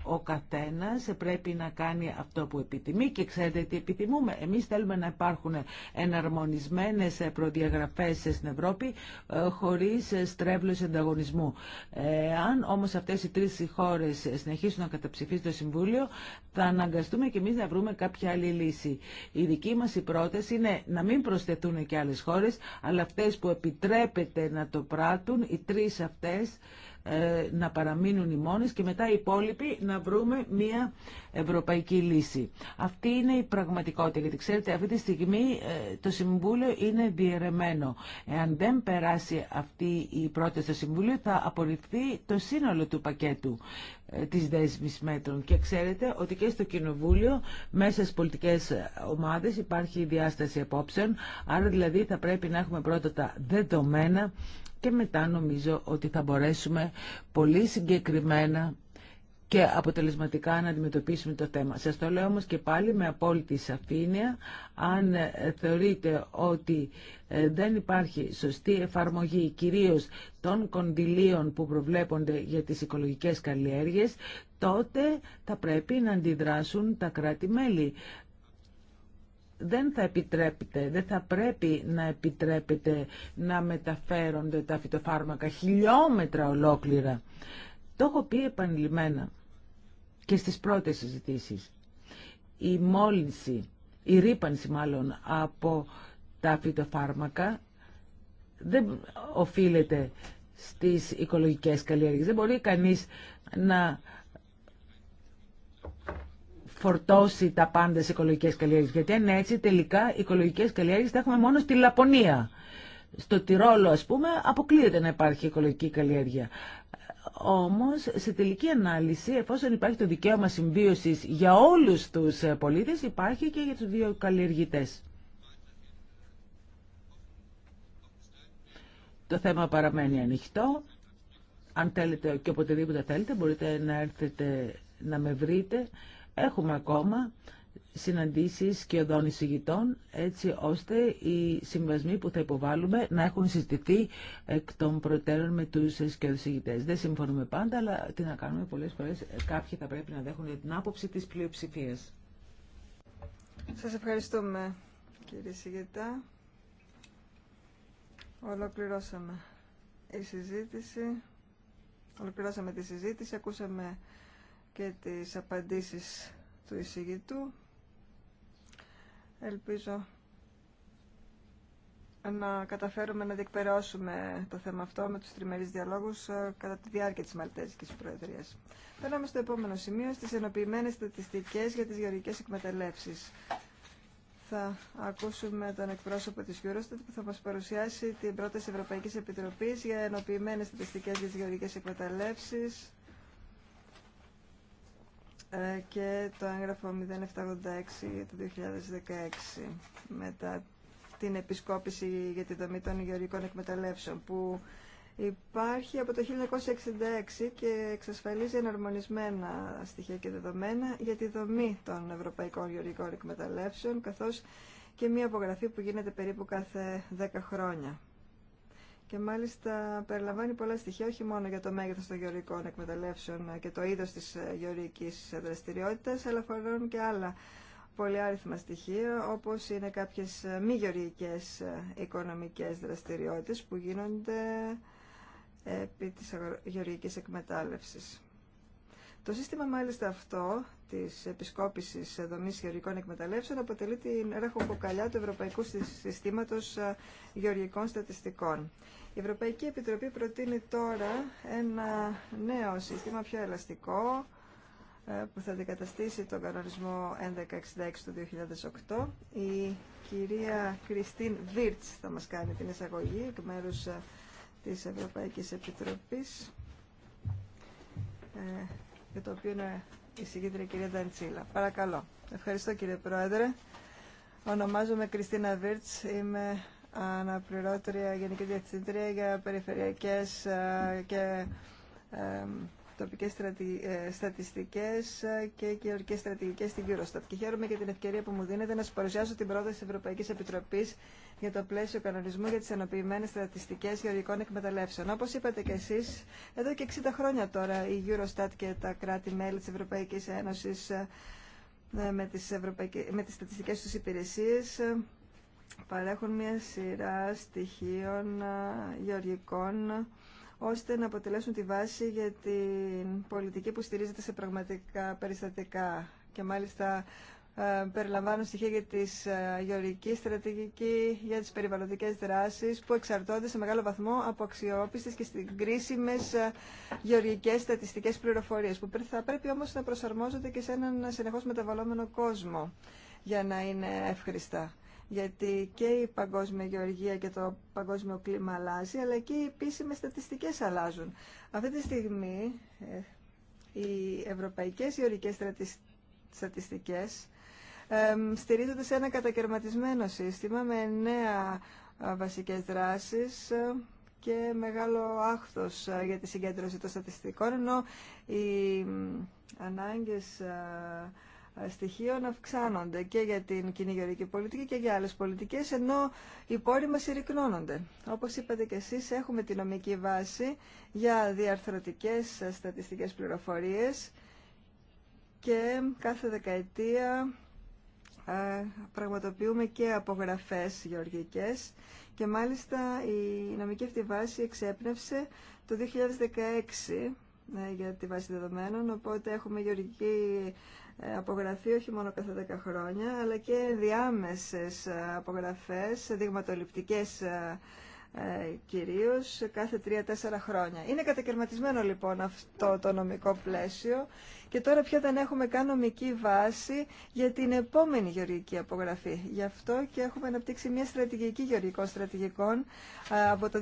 ο καθένας πρέπει να κάνει αυτό που επιθυμεί και ξέρετε τι επιθυμούμε. Εμείς θέλουμε να υπάρχουν εναρμονισμένες προδιαγραφές στην Ευρώπη ε, χωρίς στρέβλωση ανταγωνισμού. Ε, αν όμως αυτές οι τρεις χώρες συνεχίσουν να καταψηφίσουν το Συμβούλιο θα αναγκαστούμε και εμείς να βρούμε κάποια άλλη λύση. Η δική μας πρόταση είναι να μην προσθεθούν και άλλες χώρες αλλά αυτές που επιτρέπεται να το πράττουν, οι τρεις αυτές ε, να παραμείνουν οι μόνες και μετά οι υπόλοιποι να βρούμε μια ευρωπαϊκή λύση. Αυτή είναι η πραγματικότητα, γιατί ξέρετε αυτή τη στιγμή ε, το Συμβούλιο είναι διαιρεμένο. Εάν δεν περάσει αυτή η πρόταση στο Συμβούλιο θα απορριφθεί το σύνολο του πακέτου ε, της δέσμης μέτρων. Και ξέρετε ότι και στο Κοινοβούλιο μέσα στις πολιτικές ομάδες υπάρχει διάσταση απόψεων, άρα δηλαδή θα πρέπει να έχουμε πρώτα τα δεδομένα και μετά νομίζω ότι θα μπορέσουμε πολύ συγκεκριμένα και αποτελεσματικά να αντιμετωπίσουμε το θέμα. Σας το λέω όμως και πάλι με απόλυτη σαφήνεια, αν ε, θεωρείτε ότι ε, δεν υπάρχει σωστή εφαρμογή κυρίως των κονδυλίων που προβλέπονται για τις οικολογικές καλλιέργειες, τότε θα πρέπει να αντιδράσουν τα κράτη-μέλη δεν θα επιτρέπεται, δεν θα πρέπει να επιτρέπεται να μεταφέρονται τα φυτοφάρμακα χιλιόμετρα ολόκληρα. Το έχω πει επανειλημμένα και στις πρώτες συζητήσει. Η μόλυνση, η ρήπανση μάλλον από τα φυτοφάρμακα δεν οφείλεται στις οικολογικές καλλιέργειες. Δεν μπορεί κανείς να φορτώσει τα πάντα σε οικολογικέ καλλιέργειε. Γιατί αν έτσι τελικά οικολογικέ καλλιέργειε θα έχουμε μόνο στη Λαπωνία. Στο Τυρόλο α πούμε αποκλείεται να υπάρχει οικολογική καλλιέργεια. Όμω, σε τελική ανάλυση, εφόσον υπάρχει το δικαίωμα συμβίωση για όλου του πολίτε υπάρχει και για τους καλλιεργητέ. Το θέμα παραμένει ανοιχτό. Αν θέλετε και οποτεδήποτε θέλετε, μπορείτε να έρθετε να με βρείτε Έχουμε ακόμα συναντήσεις και οδών εισηγητών, έτσι ώστε οι συμβασμοί που θα υποβάλουμε να έχουν συζητηθεί εκ των προτέρων με τους εισηγητές. Δεν συμφωνούμε πάντα, αλλά τι να κάνουμε, πολλές φορές κάποιοι θα πρέπει να δέχουν την άποψη της πλειοψηφία. Σας ευχαριστούμε κύριε Σιγητά. Ολοκληρώσαμε η συζήτηση. Ολοκληρώσαμε τη συζήτηση, ακούσαμε και τις απαντήσεις του εισηγητού. Ελπίζω να καταφέρουμε να διεκπαιρεώσουμε το θέμα αυτό με τους τριμερείς διαλόγους ε, κατά τη διάρκεια της Μαλτέζικης Προεδρίας. Περνάμε στο επόμενο σημείο, στις ενοποιημένες στατιστικές για τις γεωργικές εκμεταλλεύσεις. Θα ακούσουμε τον εκπρόσωπο της Eurostat που θα μας παρουσιάσει την πρόταση Ευρωπαϊκής Επιτροπής για ενοποιημένες στατιστικές για τις γεωργικές εκμεταλλεύσεις ε, και το έγγραφο 0786 του 2016 μετά την επισκόπηση για τη δομή των γεωργικών εκμεταλλεύσεων που υπάρχει από το 1966 και εξασφαλίζει εναρμονισμένα στοιχεία και δεδομένα για τη δομή των ευρωπαϊκών γεωργικών εκμεταλλεύσεων καθώς και μια απογραφή που γίνεται περίπου κάθε 10 χρόνια και μάλιστα περιλαμβάνει πολλά στοιχεία όχι μόνο για το μέγεθος των γεωργικών εκμεταλλεύσεων και το είδος της γεωργικής δραστηριότητας, αλλά αφορούν και άλλα πολύ πολυάριθμα στοιχεία, όπως είναι κάποιες μη γεωργικές οικονομικές δραστηριότητες που γίνονται επί της γεωργικής εκμετάλλευσης. Το σύστημα μάλιστα αυτό της επισκόπησης δομή γεωργικών εκμεταλλεύσεων αποτελεί την ραχοκοκαλιά του Ευρωπαϊκού Συστήματος ε, Γεωργικών Στατιστικών. Η Ευρωπαϊκή Επιτροπή προτείνει τώρα ένα νέο σύστημα πιο ελαστικό ε, που θα αντικαταστήσει τον κανονισμό 1166 του 2008. Η κυρία Κριστίν Βίρτς θα μας κάνει την εισαγωγή εκ μέρους ε, της Ευρωπαϊκής Επιτροπής για το οποίο είναι η συγκέντρια κυρία Νταντσίλα. Παρακαλώ. Ευχαριστώ κύριε Πρόεδρε. Ονομάζομαι Κριστίνα Βίρτς, είμαι αναπληρώτρια Γενική Διευθυντρία για Περιφερειακές ε, και ε, τοπικές ε, στατιστικές ε, και γεωργικές στρατηγικές στην Eurostat. Και χαίρομαι για την ευκαιρία που μου δίνετε να σας παρουσιάσω την πρόταση της Ευρωπαϊκής Επιτροπής για το πλαίσιο κανονισμού για τις ενοποιημένες στατιστικές γεωργικών εκμεταλλεύσεων. Όπως είπατε και εσείς, εδώ και 60 χρόνια τώρα η Eurostat και τα κράτη-μέλη της Ευρωπαϊκής Ένωσης ε, με τις, ευρωπαϊκές, με τις στατιστικές υπηρεσίες παρέχουν μια σειρά στοιχείων γεωργικών ώστε να αποτελέσουν τη βάση για την πολιτική που στηρίζεται σε πραγματικά περιστατικά και μάλιστα ε, περιλαμβάνουν στοιχεία για τη ε, γεωργική στρατηγική, για τις περιβαλλοντικές δράσεις που εξαρτώνται σε μεγάλο βαθμό από αξιόπιστες και συγκρίσιμες ε, γεωργικές στατιστικές πληροφορίες που θα πρέπει όμως να προσαρμόζονται και σε έναν συνεχώς μεταβαλλόμενο κόσμο για να είναι εύχριστα γιατί και η παγκόσμια γεωργία και το παγκόσμιο κλίμα αλλάζει, αλλά και οι επίσημες στατιστικές αλλάζουν. Αυτή τη στιγμή ε, οι ευρωπαϊκές γεωργικές στατιστικές στηρίζονται σε ένα κατακαιρματισμένο σύστημα με νέα ε, βασικές δράσεις ε, και μεγάλο άχθος για τη συγκέντρωση των στατιστικών, ενώ οι ανάγκες στοιχείων αυξάνονται και για την κοινή γεωργική πολιτική και για άλλες πολιτικές, ενώ οι πόροι μας συρρυκνώνονται. Όπως είπατε και εσείς, έχουμε τη νομική βάση για διαρθρωτικές στατιστικές πληροφορίες και κάθε δεκαετία ε, πραγματοποιούμε και απογραφές γεωργικές και μάλιστα η νομική αυτή βάση εξέπνευσε το 2016 ε, για τη βάση δεδομένων, οπότε έχουμε γεωργική ε, Απογραφεί όχι μόνο κάθε 10 χρόνια, αλλά και διάμεσες ε, απογραφές, δειγματοληπτικές ε, ε, κυρίως κάθε τρία-τέσσερα χρόνια. Είναι κατακαιρματισμένο λοιπόν αυτό το νομικό πλαίσιο και τώρα πια δεν έχουμε καν νομική βάση για την επόμενη γεωργική απογραφή. Γι' αυτό και έχουμε αναπτύξει μια στρατηγική γεωργικών στρατηγικών ε, από το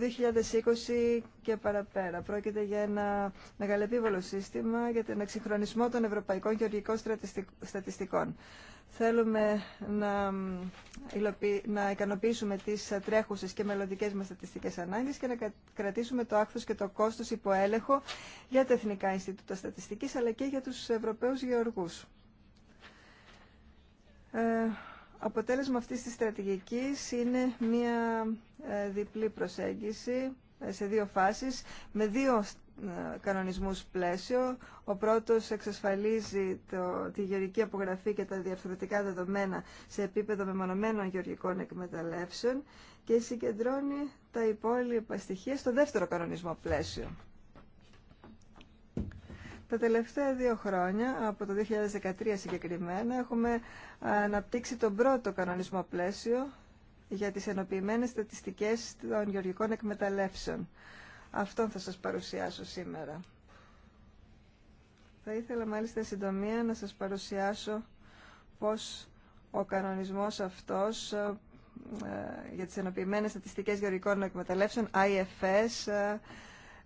2020 και παραπέρα. Πρόκειται για ένα μεγαλεπίβολο σύστημα για τον εξυγχρονισμό των ευρωπαϊκών γεωργικών στατιστικών θέλουμε να, να ικανοποιήσουμε τις τρέχουσες και μελλοντικές μας στατιστικές ανάγκες και να κρατήσουμε το άκθος και το κόστος υποέλεγχο για τα Εθνικά Ινστιτούτα Στατιστικής αλλά και για τους Ευρωπαίους Γεωργούς. Ε, αποτέλεσμα αυτής της στρατηγικής είναι μια ε, διπλή προσέγγιση σε δύο φάσεις με δύο ε, κανονισμούς πλαίσιο. Ο πρώτος εξασφαλίζει το, τη γεωργική απογραφή και τα διαφορετικά δεδομένα σε επίπεδο μεμονωμένων γεωργικών εκμεταλλεύσεων και συγκεντρώνει τα υπόλοιπα στοιχεία στο δεύτερο κανονισμό πλαίσιο. Τα τελευταία δύο χρόνια, από το 2013 συγκεκριμένα, έχουμε αναπτύξει τον πρώτο κανονισμό πλαίσιο για τις ενοποιημένες στατιστικές των γεωργικών εκμεταλλεύσεων. Αυτόν θα σας παρουσιάσω σήμερα. Θα ήθελα μάλιστα συντομία να σας παρουσιάσω πώς ο κανονισμός αυτός ε, για τις ενοποιημένες στατιστικές γεωργικών εκμεταλλεύσεων, IFS,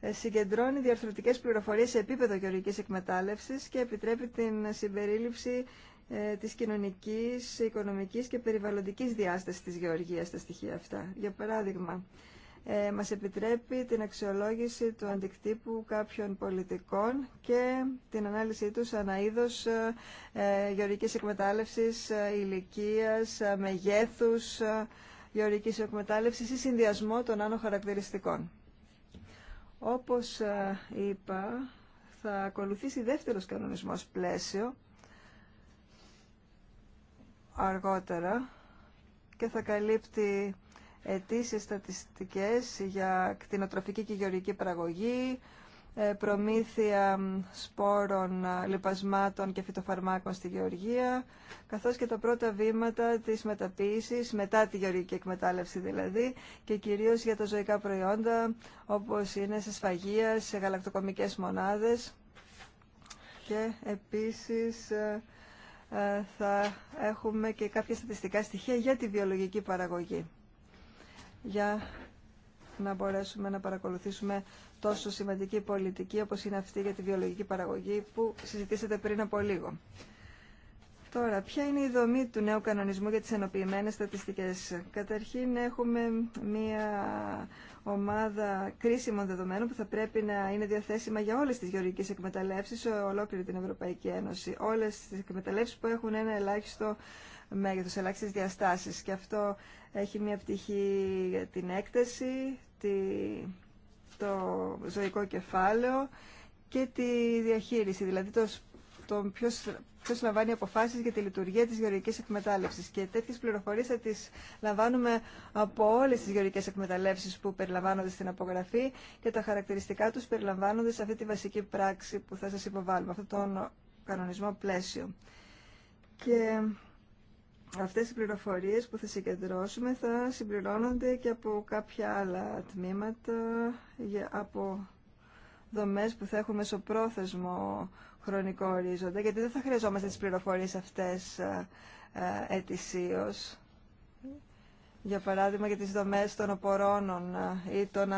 ε, συγκεντρώνει διαρθρωτικές πληροφορίες σε επίπεδο γεωργικής εκμετάλλευσης και επιτρέπει την συμπερίληψη ε, της κοινωνικής, οικονομικής και περιβαλλοντικής διάστασης της γεωργίας τα στοιχεία αυτά. Για παράδειγμα, ε, μας επιτρέπει την αξιολόγηση του αντικτύπου κάποιων πολιτικών και την ανάλυση τους ανα ε, ε, γεωργικής εκμετάλλευσης, ε, ηλικίας, ε, μεγέθους ε, γεωργικής εκμετάλλευσης ή συνδυασμό των άνω χαρακτηριστικών. Όπως είπα, θα ακολουθήσει δεύτερος κανονισμός πλαίσιο αργότερα και θα καλύπτει αιτήσει στατιστικές για κτηνοτροφική και γεωργική παραγωγή, ε, προμήθεια σπόρων, ε, λιπασμάτων και φυτοφαρμάκων στη γεωργία, καθώς και τα πρώτα βήματα της μεταποίησης, μετά τη γεωργική εκμετάλλευση δηλαδή, και κυρίως για τα ζωικά προϊόντα, όπως είναι σε σφαγεία, σε γαλακτοκομικές μονάδες και επίσης ε, ε, θα έχουμε και κάποια στατιστικά στοιχεία για τη βιολογική παραγωγή. Για να μπορέσουμε να παρακολουθήσουμε τόσο σημαντική πολιτική όπως είναι αυτή για τη βιολογική παραγωγή που συζητήσατε πριν από λίγο. Τώρα, ποια είναι η δομή του νέου κανονισμού για τις ενοποιημένες στατιστικές. Καταρχήν έχουμε μία ομάδα κρίσιμων δεδομένων που θα πρέπει να είναι διαθέσιμα για όλες τις γεωργικές εκμεταλλεύσεις σε ολόκληρη την Ευρωπαϊκή Ένωση. Όλες τις εκμεταλλεύσεις που έχουν ένα ελάχιστο μέγεθος, ελάχιστες διαστάσεις. Και αυτό έχει μία πτυχή την έκταση, τη, το ζωικό κεφάλαιο και τη διαχείριση, δηλαδή το, τον ποιο λαμβάνει αποφάσει για τη λειτουργία τη γεωργική εκμετάλλευση. Και τέτοιε πληροφορίε θα τι λαμβάνουμε από όλε τι γεωργικέ εκμεταλλεύσει που περιλαμβάνονται στην απογραφή και τα χαρακτηριστικά του περιλαμβάνονται σε αυτή τη βασική πράξη που θα σα υποβάλουμε, αυτόν τον κανονισμό πλαίσιο. Και αυτές οι πληροφορίες που θα συγκεντρώσουμε θα συμπληρώνονται και από κάποια άλλα τμήματα, από δομές που θα έχουμε στο πρόθεσμό χρονικό ορίζοντα, γιατί δεν θα χρειαζόμαστε τις πληροφορίες αυτές ε, ε, ετησίως. Για παράδειγμα, για τις δομές των οπορώνων ε, ή των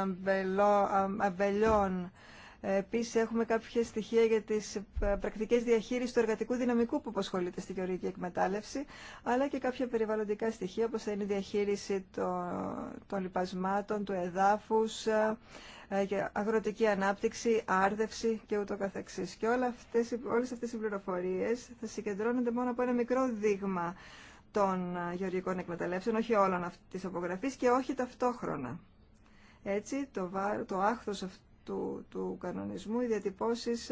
αμπελιών Επίση έχουμε κάποια στοιχεία για τις ε, πρακτικές διαχείρισης του εργατικού δυναμικού που απασχολείται στη γεωργική εκμετάλλευση, αλλά και κάποια περιβαλλοντικά στοιχεία όπως θα είναι η διαχείριση των, λοιπασμάτων, του εδάφους, ε, ε, αγροτική ανάπτυξη, άρδευση και ούτω καθεξής. Και όλα αυτές, όλες αυτές οι πληροφορίες θα συγκεντρώνονται μόνο από ένα μικρό δείγμα των γεωργικών εκμεταλλεύσεων, όχι όλων αυτής της απογραφής και όχι ταυτόχρονα. Έτσι, το, το άχθος του, του κανονισμού οι διατυπώσεις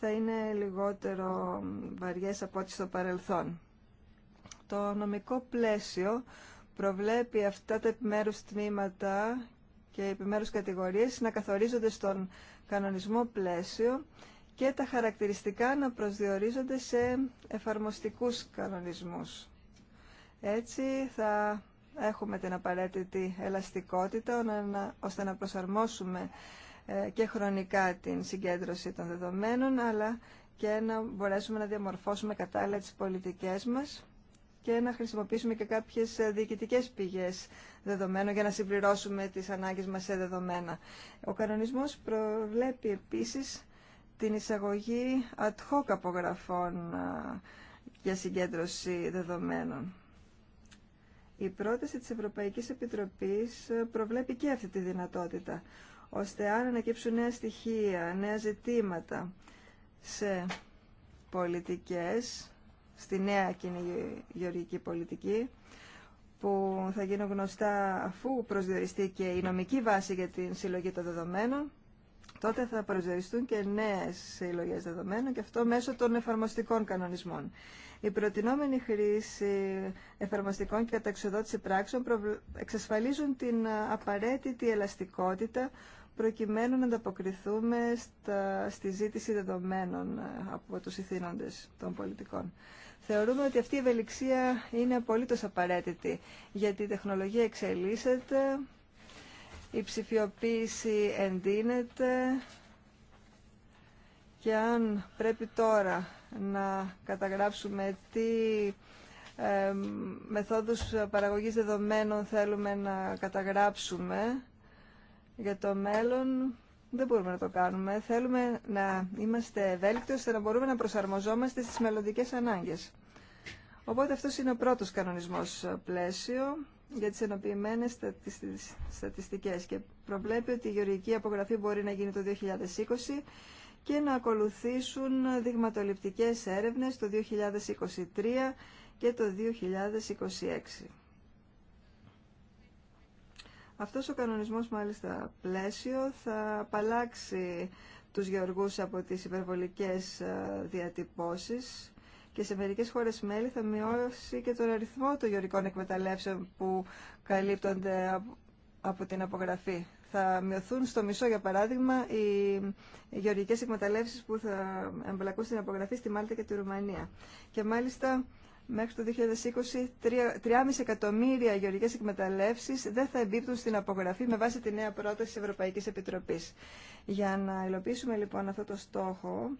θα είναι λιγότερο βαριές από ό,τι στο παρελθόν. Το νομικό πλαίσιο προβλέπει αυτά τα επιμέρους τμήματα και επιμέρους κατηγορίες να καθορίζονται στον κανονισμό πλαίσιο και τα χαρακτηριστικά να προσδιορίζονται σε εφαρμοστικούς κανονισμούς. Έτσι θα έχουμε την απαραίτητη ελαστικότητα ώστε να προσαρμόσουμε ε, και χρονικά την συγκέντρωση των δεδομένων, αλλά και να μπορέσουμε να διαμορφώσουμε κατάλληλα τις πολιτικές μας και να χρησιμοποιήσουμε και κάποιες ε, διοικητικές πηγές δεδομένων για να συμπληρώσουμε τις ανάγκες μας σε δεδομένα. Ο κανονισμός προβλέπει επίσης την εισαγωγή ad hoc απογραφών ε, για συγκέντρωση δεδομένων. Η πρόταση της Ευρωπαϊκής Επιτροπής προβλέπει και αυτή τη δυνατότητα ώστε αν ανακύψουν νέα στοιχεία, νέα ζητήματα σε πολιτικές, στη νέα κοινή γεωργική πολιτική, που θα γίνουν γνωστά αφού προσδιοριστεί και η νομική βάση για την συλλογή των δεδομένων, τότε θα προσδιοριστούν και νέες συλλογές δεδομένων και αυτό μέσω των εφαρμοστικών κανονισμών. Η προτινόμενη χρήση εφαρμοστικών και καταξιοδότηση πράξεων εξασφαλίζουν την ε, απαραίτητη ελαστικότητα προκειμένου να ανταποκριθούμε στα, στη ζήτηση δεδομένων ε, από τους ηθήνοντες των πολιτικών. Θεωρούμε ότι αυτή η ευελιξία είναι απολύτως απαραίτητη, γιατί η τεχνολογία εξελίσσεται, η ψηφιοποίηση εντείνεται και αν πρέπει τώρα να καταγράψουμε τι ε, μεθόδους παραγωγής δεδομένων θέλουμε να καταγράψουμε για το μέλλον. Δεν μπορούμε να το κάνουμε. Θέλουμε να είμαστε ευέλικτοι ώστε να μπορούμε να προσαρμοζόμαστε στις μελλοντικέ ανάγκες. Οπότε αυτός είναι ο πρώτος κανονισμός πλαίσιο για τις ενοποιημένες στατιστικές και προβλέπει ότι η γεωργική απογραφή μπορεί να γίνει το 2020 και να ακολουθήσουν δειγματοληπτικές έρευνες το 2023 και το 2026. Αυτός ο κανονισμός μάλιστα πλαίσιο θα απαλλάξει τους γεωργούς από τις υπερβολικές ε, διατυπώσεις και σε μερικές χώρες μέλη θα μειώσει και τον αριθμό των γεωργικών εκμεταλλεύσεων που καλύπτονται από την απογραφή θα μειωθούν στο μισό, για παράδειγμα, οι γεωργικές εκμεταλλευσει που θα εμπλακούν στην απογραφή στη Μάλτα και τη Ρουμανία. Και μάλιστα μέχρι το 2020 3,5 εκατομμύρια γεωργικές εκμεταλλεύσεις δεν θα εμπίπτουν στην απογραφή με βάση τη νέα πρόταση της Ευρωπαϊκής Επιτροπής. Για να υλοποιήσουμε λοιπόν αυτό το στόχο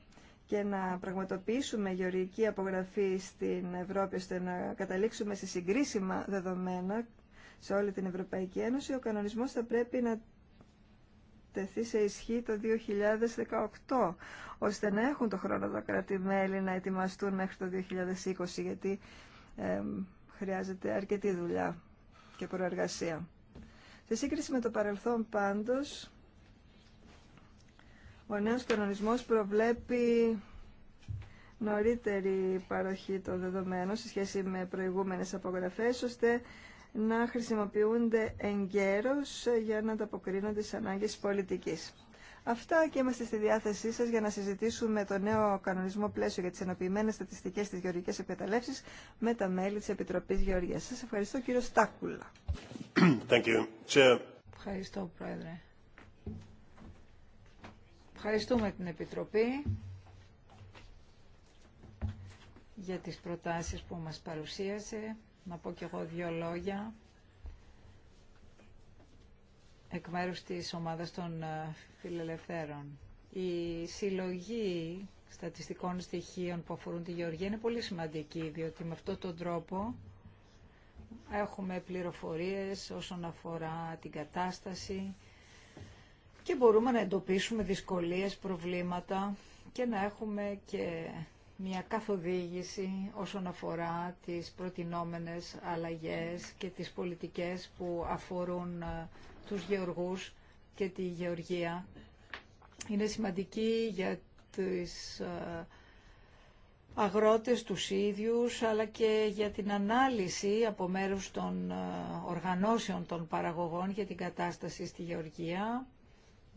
και να πραγματοποιήσουμε γεωργική απογραφή στην Ευρώπη ώστε να καταλήξουμε σε συγκρίσιμα δεδομένα σε όλη την Ευρωπαϊκή Ένωση, ο κανονισμός θα πρέπει να τεθεί σε ισχύ το 2018, ώστε να έχουν το χρόνο τα κράτη-μέλη να ετοιμαστούν μέχρι το 2020, γιατί ε, χρειάζεται αρκετή δουλειά και προεργασία. Σε σύγκριση με το παρελθόν πάντως, ο νέος κανονισμός προβλέπει νωρίτερη παροχή των δεδομένων σε σχέση με προηγούμενες απογραφές, ώστε να χρησιμοποιούνται εγκαίρως για να ανταποκρίνονται στις ανάγκες πολιτικής. Αυτά και είμαστε στη διάθεσή σας για να συζητήσουμε το νέο κανονισμό πλαίσιο για τις ενοποιημένες στατιστικές της γεωργικής εκμεταλλεύσης με τα μέλη της Επιτροπής Γεωργίας. Σας ευχαριστώ κύριο Στάκουλα. Thank you. Ευχαριστώ Πρόεδρε. Ευχαριστούμε την Επιτροπή για τις προτάσεις που μας παρουσίασε να πω κι εγώ δύο λόγια εκ μέρους της ομάδας των ε, φιλελευθέρων. Η συλλογή στατιστικών στοιχείων που αφορούν τη γεωργία είναι πολύ σημαντική, διότι με αυτόν τον τρόπο έχουμε πληροφορίες όσον αφορά την κατάσταση και μπορούμε να εντοπίσουμε δυσκολίες, προβλήματα και να έχουμε και μια καθοδήγηση όσον αφορά τις προτινόμενες αλλαγές και τις πολιτικές που αφορούν ε, τους γεωργούς και τη γεωργία. Είναι σημαντική για τις ε, αγρότες τους ίδιους, αλλά και για την ανάλυση από μέρους των ε, οργανώσεων των παραγωγών για την κατάσταση στη γεωργία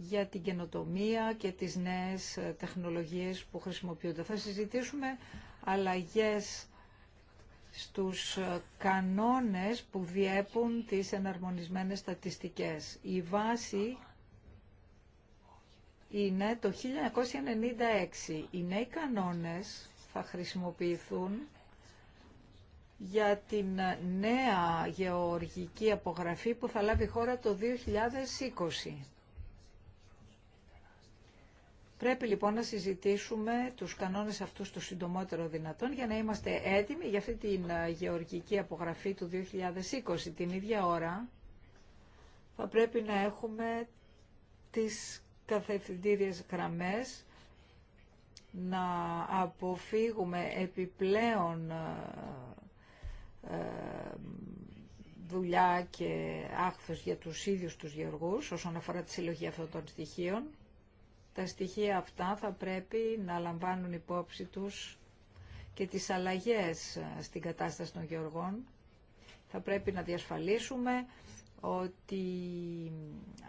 για την καινοτομία και τις νέες ε, τεχνολογίες που χρησιμοποιούνται. Θα συζητήσουμε αλλαγές στους ε, κανόνες που διέπουν τις εναρμονισμένες στατιστικές. Η βάση είναι το 1996. Οι νέοι κανόνες θα χρησιμοποιηθούν για την ε, νέα γεωργική απογραφή που θα λάβει χώρα το 2020. Πρέπει λοιπόν να συζητήσουμε τους κανόνες αυτούς το συντομότερο δυνατόν για να είμαστε έτοιμοι για αυτή την ε, γεωργική απογραφή του 2020. Την ίδια ώρα θα πρέπει να έχουμε τις καθευθυντήριες γραμμές να αποφύγουμε επιπλέον ε, ε, δουλειά και άχθος για τους ίδιους τους γεωργούς όσον αφορά τη συλλογή αυτών των στοιχείων τα στοιχεία αυτά θα πρέπει να λαμβάνουν υπόψη τους και τις αλλαγές ε, στην κατάσταση των γεωργών. Θα πρέπει να διασφαλίσουμε ότι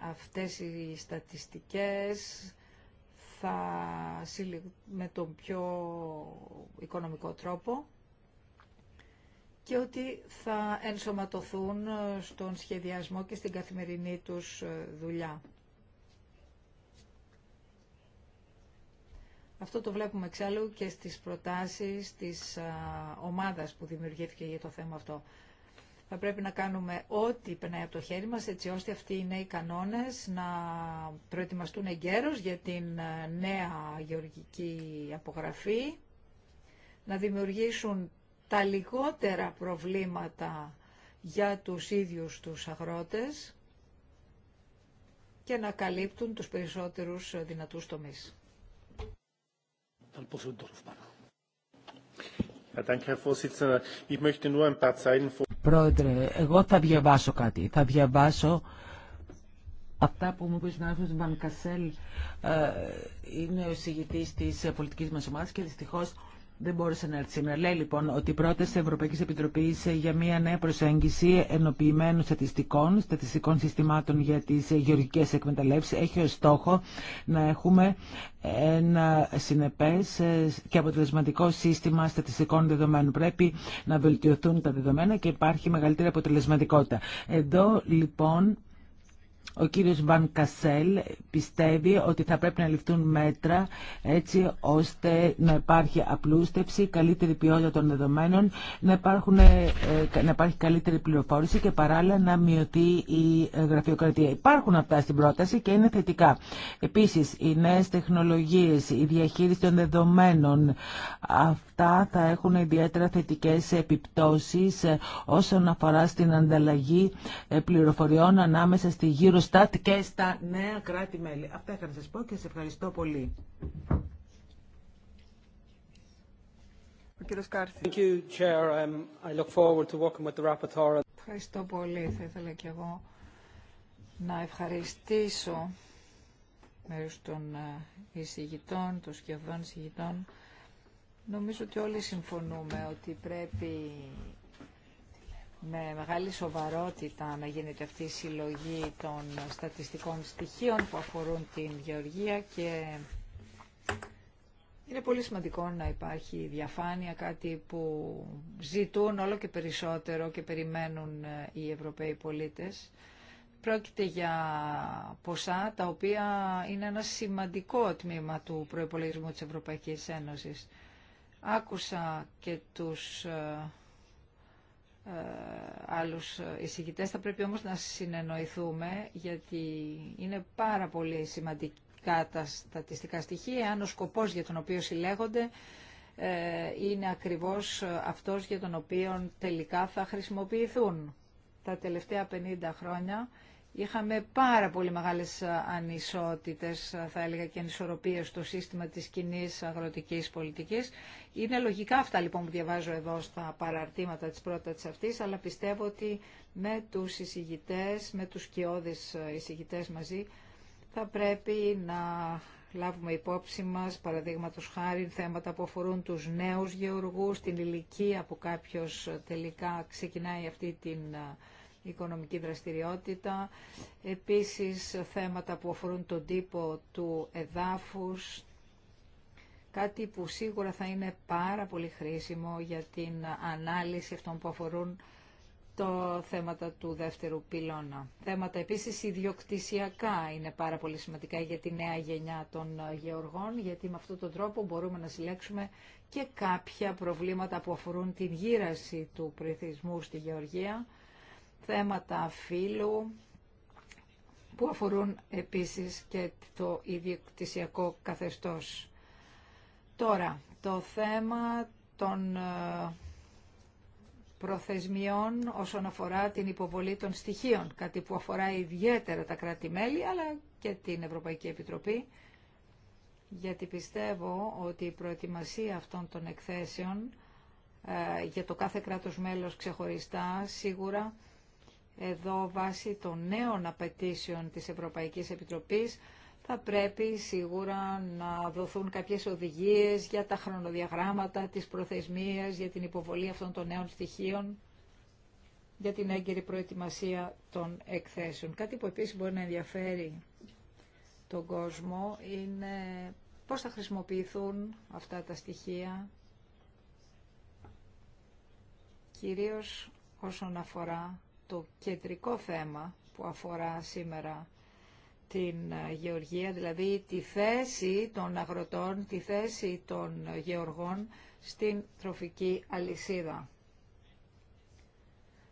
αυτές οι στατιστικές θα με τον πιο οικονομικό τρόπο και ότι θα ενσωματωθούν ε, στον σχεδιασμό και στην καθημερινή τους ε, δουλειά. Αυτό το βλέπουμε εξάλλου και στις προτάσεις της ομάδας που δημιουργήθηκε για το θέμα αυτό. Θα πρέπει να κάνουμε ό,τι περνάει από το χέρι μας, έτσι ώστε αυτοί οι νέοι κανόνες να προετοιμαστούν εγκαίρως για την νέα γεωργική απογραφή, να δημιουργήσουν τα λιγότερα προβλήματα για τους ίδιους τους αγρότες και να καλύπτουν τους περισσότερους δυνατούς τομείς. Πρόεδρε, εγώ θα διαβάσω κάτι. Θα διαβάσω αυτά που μου είπε ο συνάδελφο Βανκασέλ, ε, είναι ο συγητή τη πολιτική μα ομάδα και δυστυχώ δεν μπόρεσε να έρθει σήμερα. Λέει λοιπόν ότι η πρόταση Ευρωπαϊκή Επιτροπή για μια νέα προσέγγιση ενοποιημένων στατιστικών, στατιστικών συστημάτων για τι γεωργικέ εκμεταλλεύσει έχει ως στόχο να έχουμε ένα συνεπέ και αποτελεσματικό σύστημα στατιστικών δεδομένων. Πρέπει να βελτιωθούν τα δεδομένα και υπάρχει μεγαλύτερη αποτελεσματικότητα. Εδώ λοιπόν ο κύριος Βαν Κασέλ πιστεύει ότι θα πρέπει να ληφθούν μέτρα έτσι ώστε να υπάρχει απλούστευση, καλύτερη ποιότητα των δεδομένων, να, υπάρχουν, ε, να υπάρχει καλύτερη πληροφόρηση και παράλληλα να μειωθεί η ε, γραφειοκρατία. Υπάρχουν αυτά στην πρόταση και είναι θετικά. Επίσης, οι νέες τεχνολογίες, η διαχείριση των δεδομένων, αυτά θα έχουν ιδιαίτερα θετικές επιπτώσεις ε, όσον αφορά στην ανταλλαγή πληροφοριών ανάμεσα στη γύρω Eurostat και στα νέα κράτη-μέλη. Αυτά είχα να σας πω και σε ευχαριστώ πολύ. Ο κύριος Ευχαριστώ πολύ. Θα ήθελα και εγώ να ευχαριστήσω μέρους των ε, εισηγητών, των σχεδόν εισηγητών. Νομίζω ότι όλοι συμφωνούμε ότι πρέπει με μεγάλη σοβαρότητα να γίνεται αυτή η συλλογή των στατιστικών στοιχείων που αφορούν την γεωργία και είναι πολύ σημαντικό να υπάρχει διαφάνεια, κάτι που ζητούν όλο και περισσότερο και περιμένουν ε, οι Ευρωπαίοι πολίτες. Πρόκειται για ποσά τα οποία είναι ένα σημαντικό τμήμα του προϋπολογισμού της Ευρωπαϊκής Ένωσης. Άκουσα και τους ε, ε, άλλους εισηγητές. Θα πρέπει όμως να συνεννοηθούμε γιατί είναι πάρα πολύ σημαντικά τα στατιστικά στοιχεία αν ο σκοπός για τον οποίο συλλέγονται ε, είναι ακριβώς αυτός για τον οποίο τελικά θα χρησιμοποιηθούν. Τα τελευταία 50 χρόνια Είχαμε πάρα πολύ μεγάλες ε, ανισότητες, ε, θα έλεγα και ανισορροπίες στο σύστημα της κοινή αγροτικής πολιτικής. Είναι λογικά αυτά λοιπόν που διαβάζω εδώ στα παραρτήματα της πρότασης αυτής, αλλά πιστεύω ότι με τους εισηγητές, με τους κοιόδες ε, εισηγητές μαζί, θα πρέπει να λάβουμε υπόψη μας, παραδείγματος χάρη, θέματα που αφορούν τους νέους γεωργούς, την ηλικία που κάποιο τελικά ξεκινάει αυτή την οικονομική δραστηριότητα, επίσης θέματα που αφορούν τον τύπο του εδάφους, κάτι που σίγουρα θα είναι πάρα πολύ χρήσιμο για την ανάλυση αυτών που αφορούν το θέματα του δεύτερου πυλώνα. Θέματα επίσης ιδιοκτησιακά είναι πάρα πολύ σημαντικά για τη νέα γενιά των γεωργών, γιατί με αυτόν τον τρόπο μπορούμε να συλλέξουμε και κάποια προβλήματα που αφορούν την γύραση του πληθυσμού στη γεωργία, θέματα φύλου που αφορούν επίσης και το ιδιοκτησιακό καθεστώς. Τώρα, το θέμα των ε, προθεσμιών όσον αφορά την υποβολή των στοιχείων, κάτι που αφορά ιδιαίτερα τα κράτη-μέλη αλλά και την Ευρωπαϊκή Επιτροπή, γιατί πιστεύω ότι η προετοιμασία αυτών των εκθέσεων ε, για το κάθε κράτος μέλος ξεχωριστά σίγουρα εδώ βάσει των νέων απαιτήσεων της Ευρωπαϊκής Επιτροπής θα πρέπει σίγουρα να δοθούν κάποιες οδηγίες για τα χρονοδιαγράμματα, τις προθεσμίες, για την υποβολή αυτών των νέων στοιχείων, για την έγκαιρη προετοιμασία των εκθέσεων. Κάτι που επίσης μπορεί να ενδιαφέρει τον κόσμο είναι πώς θα χρησιμοποιηθούν αυτά τα στοιχεία, κυρίως όσον αφορά το κεντρικό θέμα που αφορά σήμερα την ε, γεωργία, δηλαδή τη θέση των αγροτών, τη θέση των γεωργών στην τροφική αλυσίδα.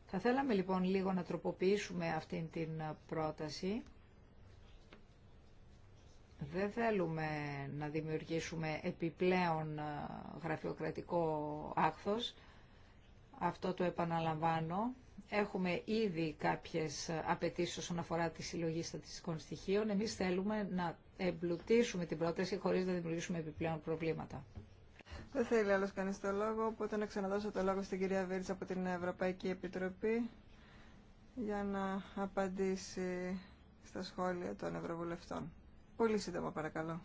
Θα θέλαμε λοιπόν λίγο να τροποποιήσουμε αυτήν την ε, πρόταση. Δεν θέλουμε να δημιουργήσουμε επιπλέον ε, γραφειοκρατικό άκθος. Αυτό το επαναλαμβάνω. Έχουμε ήδη κάποιες απαιτήσει όσον αφορά τη συλλογή στατιστικών στοιχείων. Εμείς θέλουμε να εμπλουτίσουμε την πρόταση χωρίς να δημιουργήσουμε επιπλέον προβλήματα. Δεν θέλει άλλος κανείς το λόγο, οπότε να ξαναδώσω το λόγο στην κυρία Βίρτς από την Ευρωπαϊκή Επιτροπή για να απαντήσει στα σχόλια των Ευρωβουλευτών. Πολύ σύντομα παρακαλώ.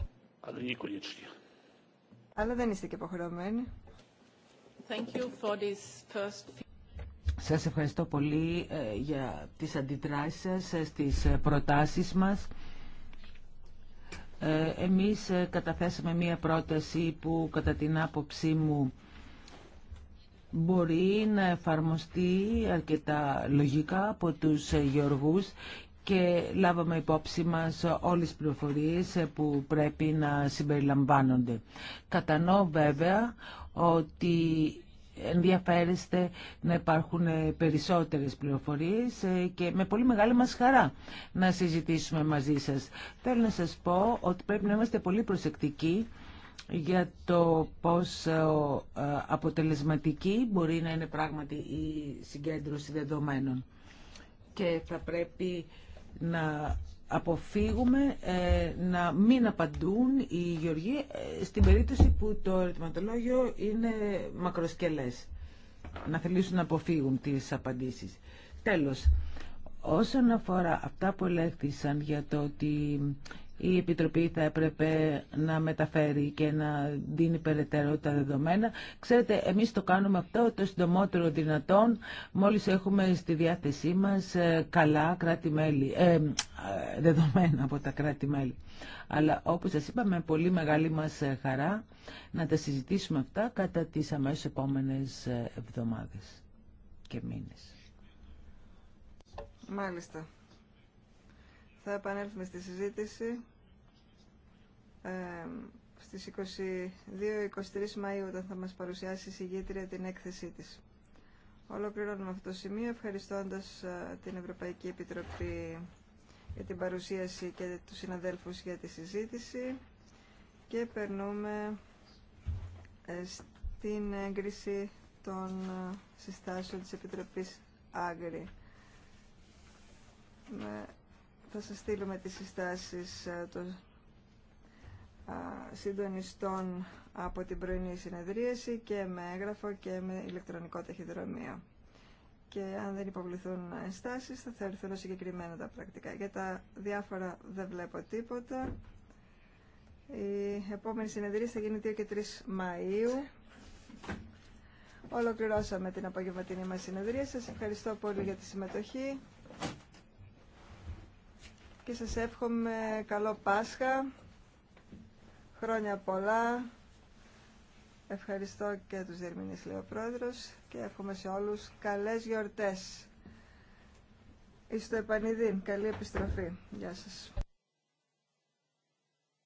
Αλλά δεν είστε και υποχρεωμένοι. Thank you for this first... Σας ευχαριστώ πολύ ε, για τις αντιδράσεις σας ε, στις ε, προτάσεις μας. Εμείς καταθέσαμε μία πρόταση που κατά την άποψή μου μπορεί να εφαρμοστεί αρκετά λογικά από τους γεωργούς και λάβαμε υπόψη μας όλες τις πληροφορίες που πρέπει να συμπεριλαμβάνονται. Κατανοώ βέβαια ότι ενδιαφέρεστε να υπάρχουν περισσότερες πληροφορίες ε, και με πολύ μεγάλη μας χαρά να συζητήσουμε μαζί σας. Θέλω να σας πω ότι πρέπει να είμαστε πολύ προσεκτικοί για το πώς ε, αποτελεσματική μπορεί να είναι πράγματι η συγκέντρωση δεδομένων. Και θα πρέπει να αποφύγουμε ε, να μην απαντούν οι γεωργοί ε, στην περίπτωση που το ερωτηματολόγιο είναι μακροσκελές. Να θελήσουν να αποφύγουν τις απαντήσεις. Τέλος, όσον αφορά αυτά που ελέγχθησαν για το ότι η Επιτροπή θα έπρεπε να μεταφέρει και να δίνει περαιτέρω τα δεδομένα. Ξέρετε, εμείς το κάνουμε αυτό το συντομότερο δυνατόν, μόλις έχουμε στη διάθεσή μας ε, καλά ε, ε, δεδομένα από τα κράτη-μέλη. Αλλά όπως σας είπα, με πολύ μεγάλη μας χαρά να τα συζητήσουμε αυτά κατά τις αμέσως επόμενες εβδομάδες και μήνες. Μάλιστα. Θα επανέλθουμε στη συζήτηση στις 22-23 Μαΐου όταν θα μας παρουσιάσει η συγγήτρια την έκθεσή της. Ολοκληρώνουμε αυτό το σημείο ευχαριστώντας ε, την Ευρωπαϊκή Επιτροπή για την παρουσίαση και τους συναδέλφους για τη συζήτηση και περνούμε ε, στην έγκριση των ε, συστάσεων της Επιτροπής Άγκρη. Θα σας στείλουμε τις συστάσεις των συντονιστών από την πρωινή συνεδρίαση και με έγγραφο και με ηλεκτρονικό ταχυδρομείο. Και αν δεν υποβληθούν ενστάσεις θα θεωρηθούν συγκεκριμένα τα πρακτικά. Για τα διάφορα δεν βλέπω τίποτα. Η επόμενη συνεδρίαση θα γίνει 2 και 3 Μαΐου. Ολοκληρώσαμε την απογευματινή μας συνεδρία. Σας ευχαριστώ πολύ για τη συμμετοχή και σας εύχομαι καλό Πάσχα. Χρόνια πολλά. Ευχαριστώ και τους διερμηνείς, λέει και εύχομαι σε όλους καλές γιορτές. Είστε επανειδή. Καλή επιστροφή. Γεια σας.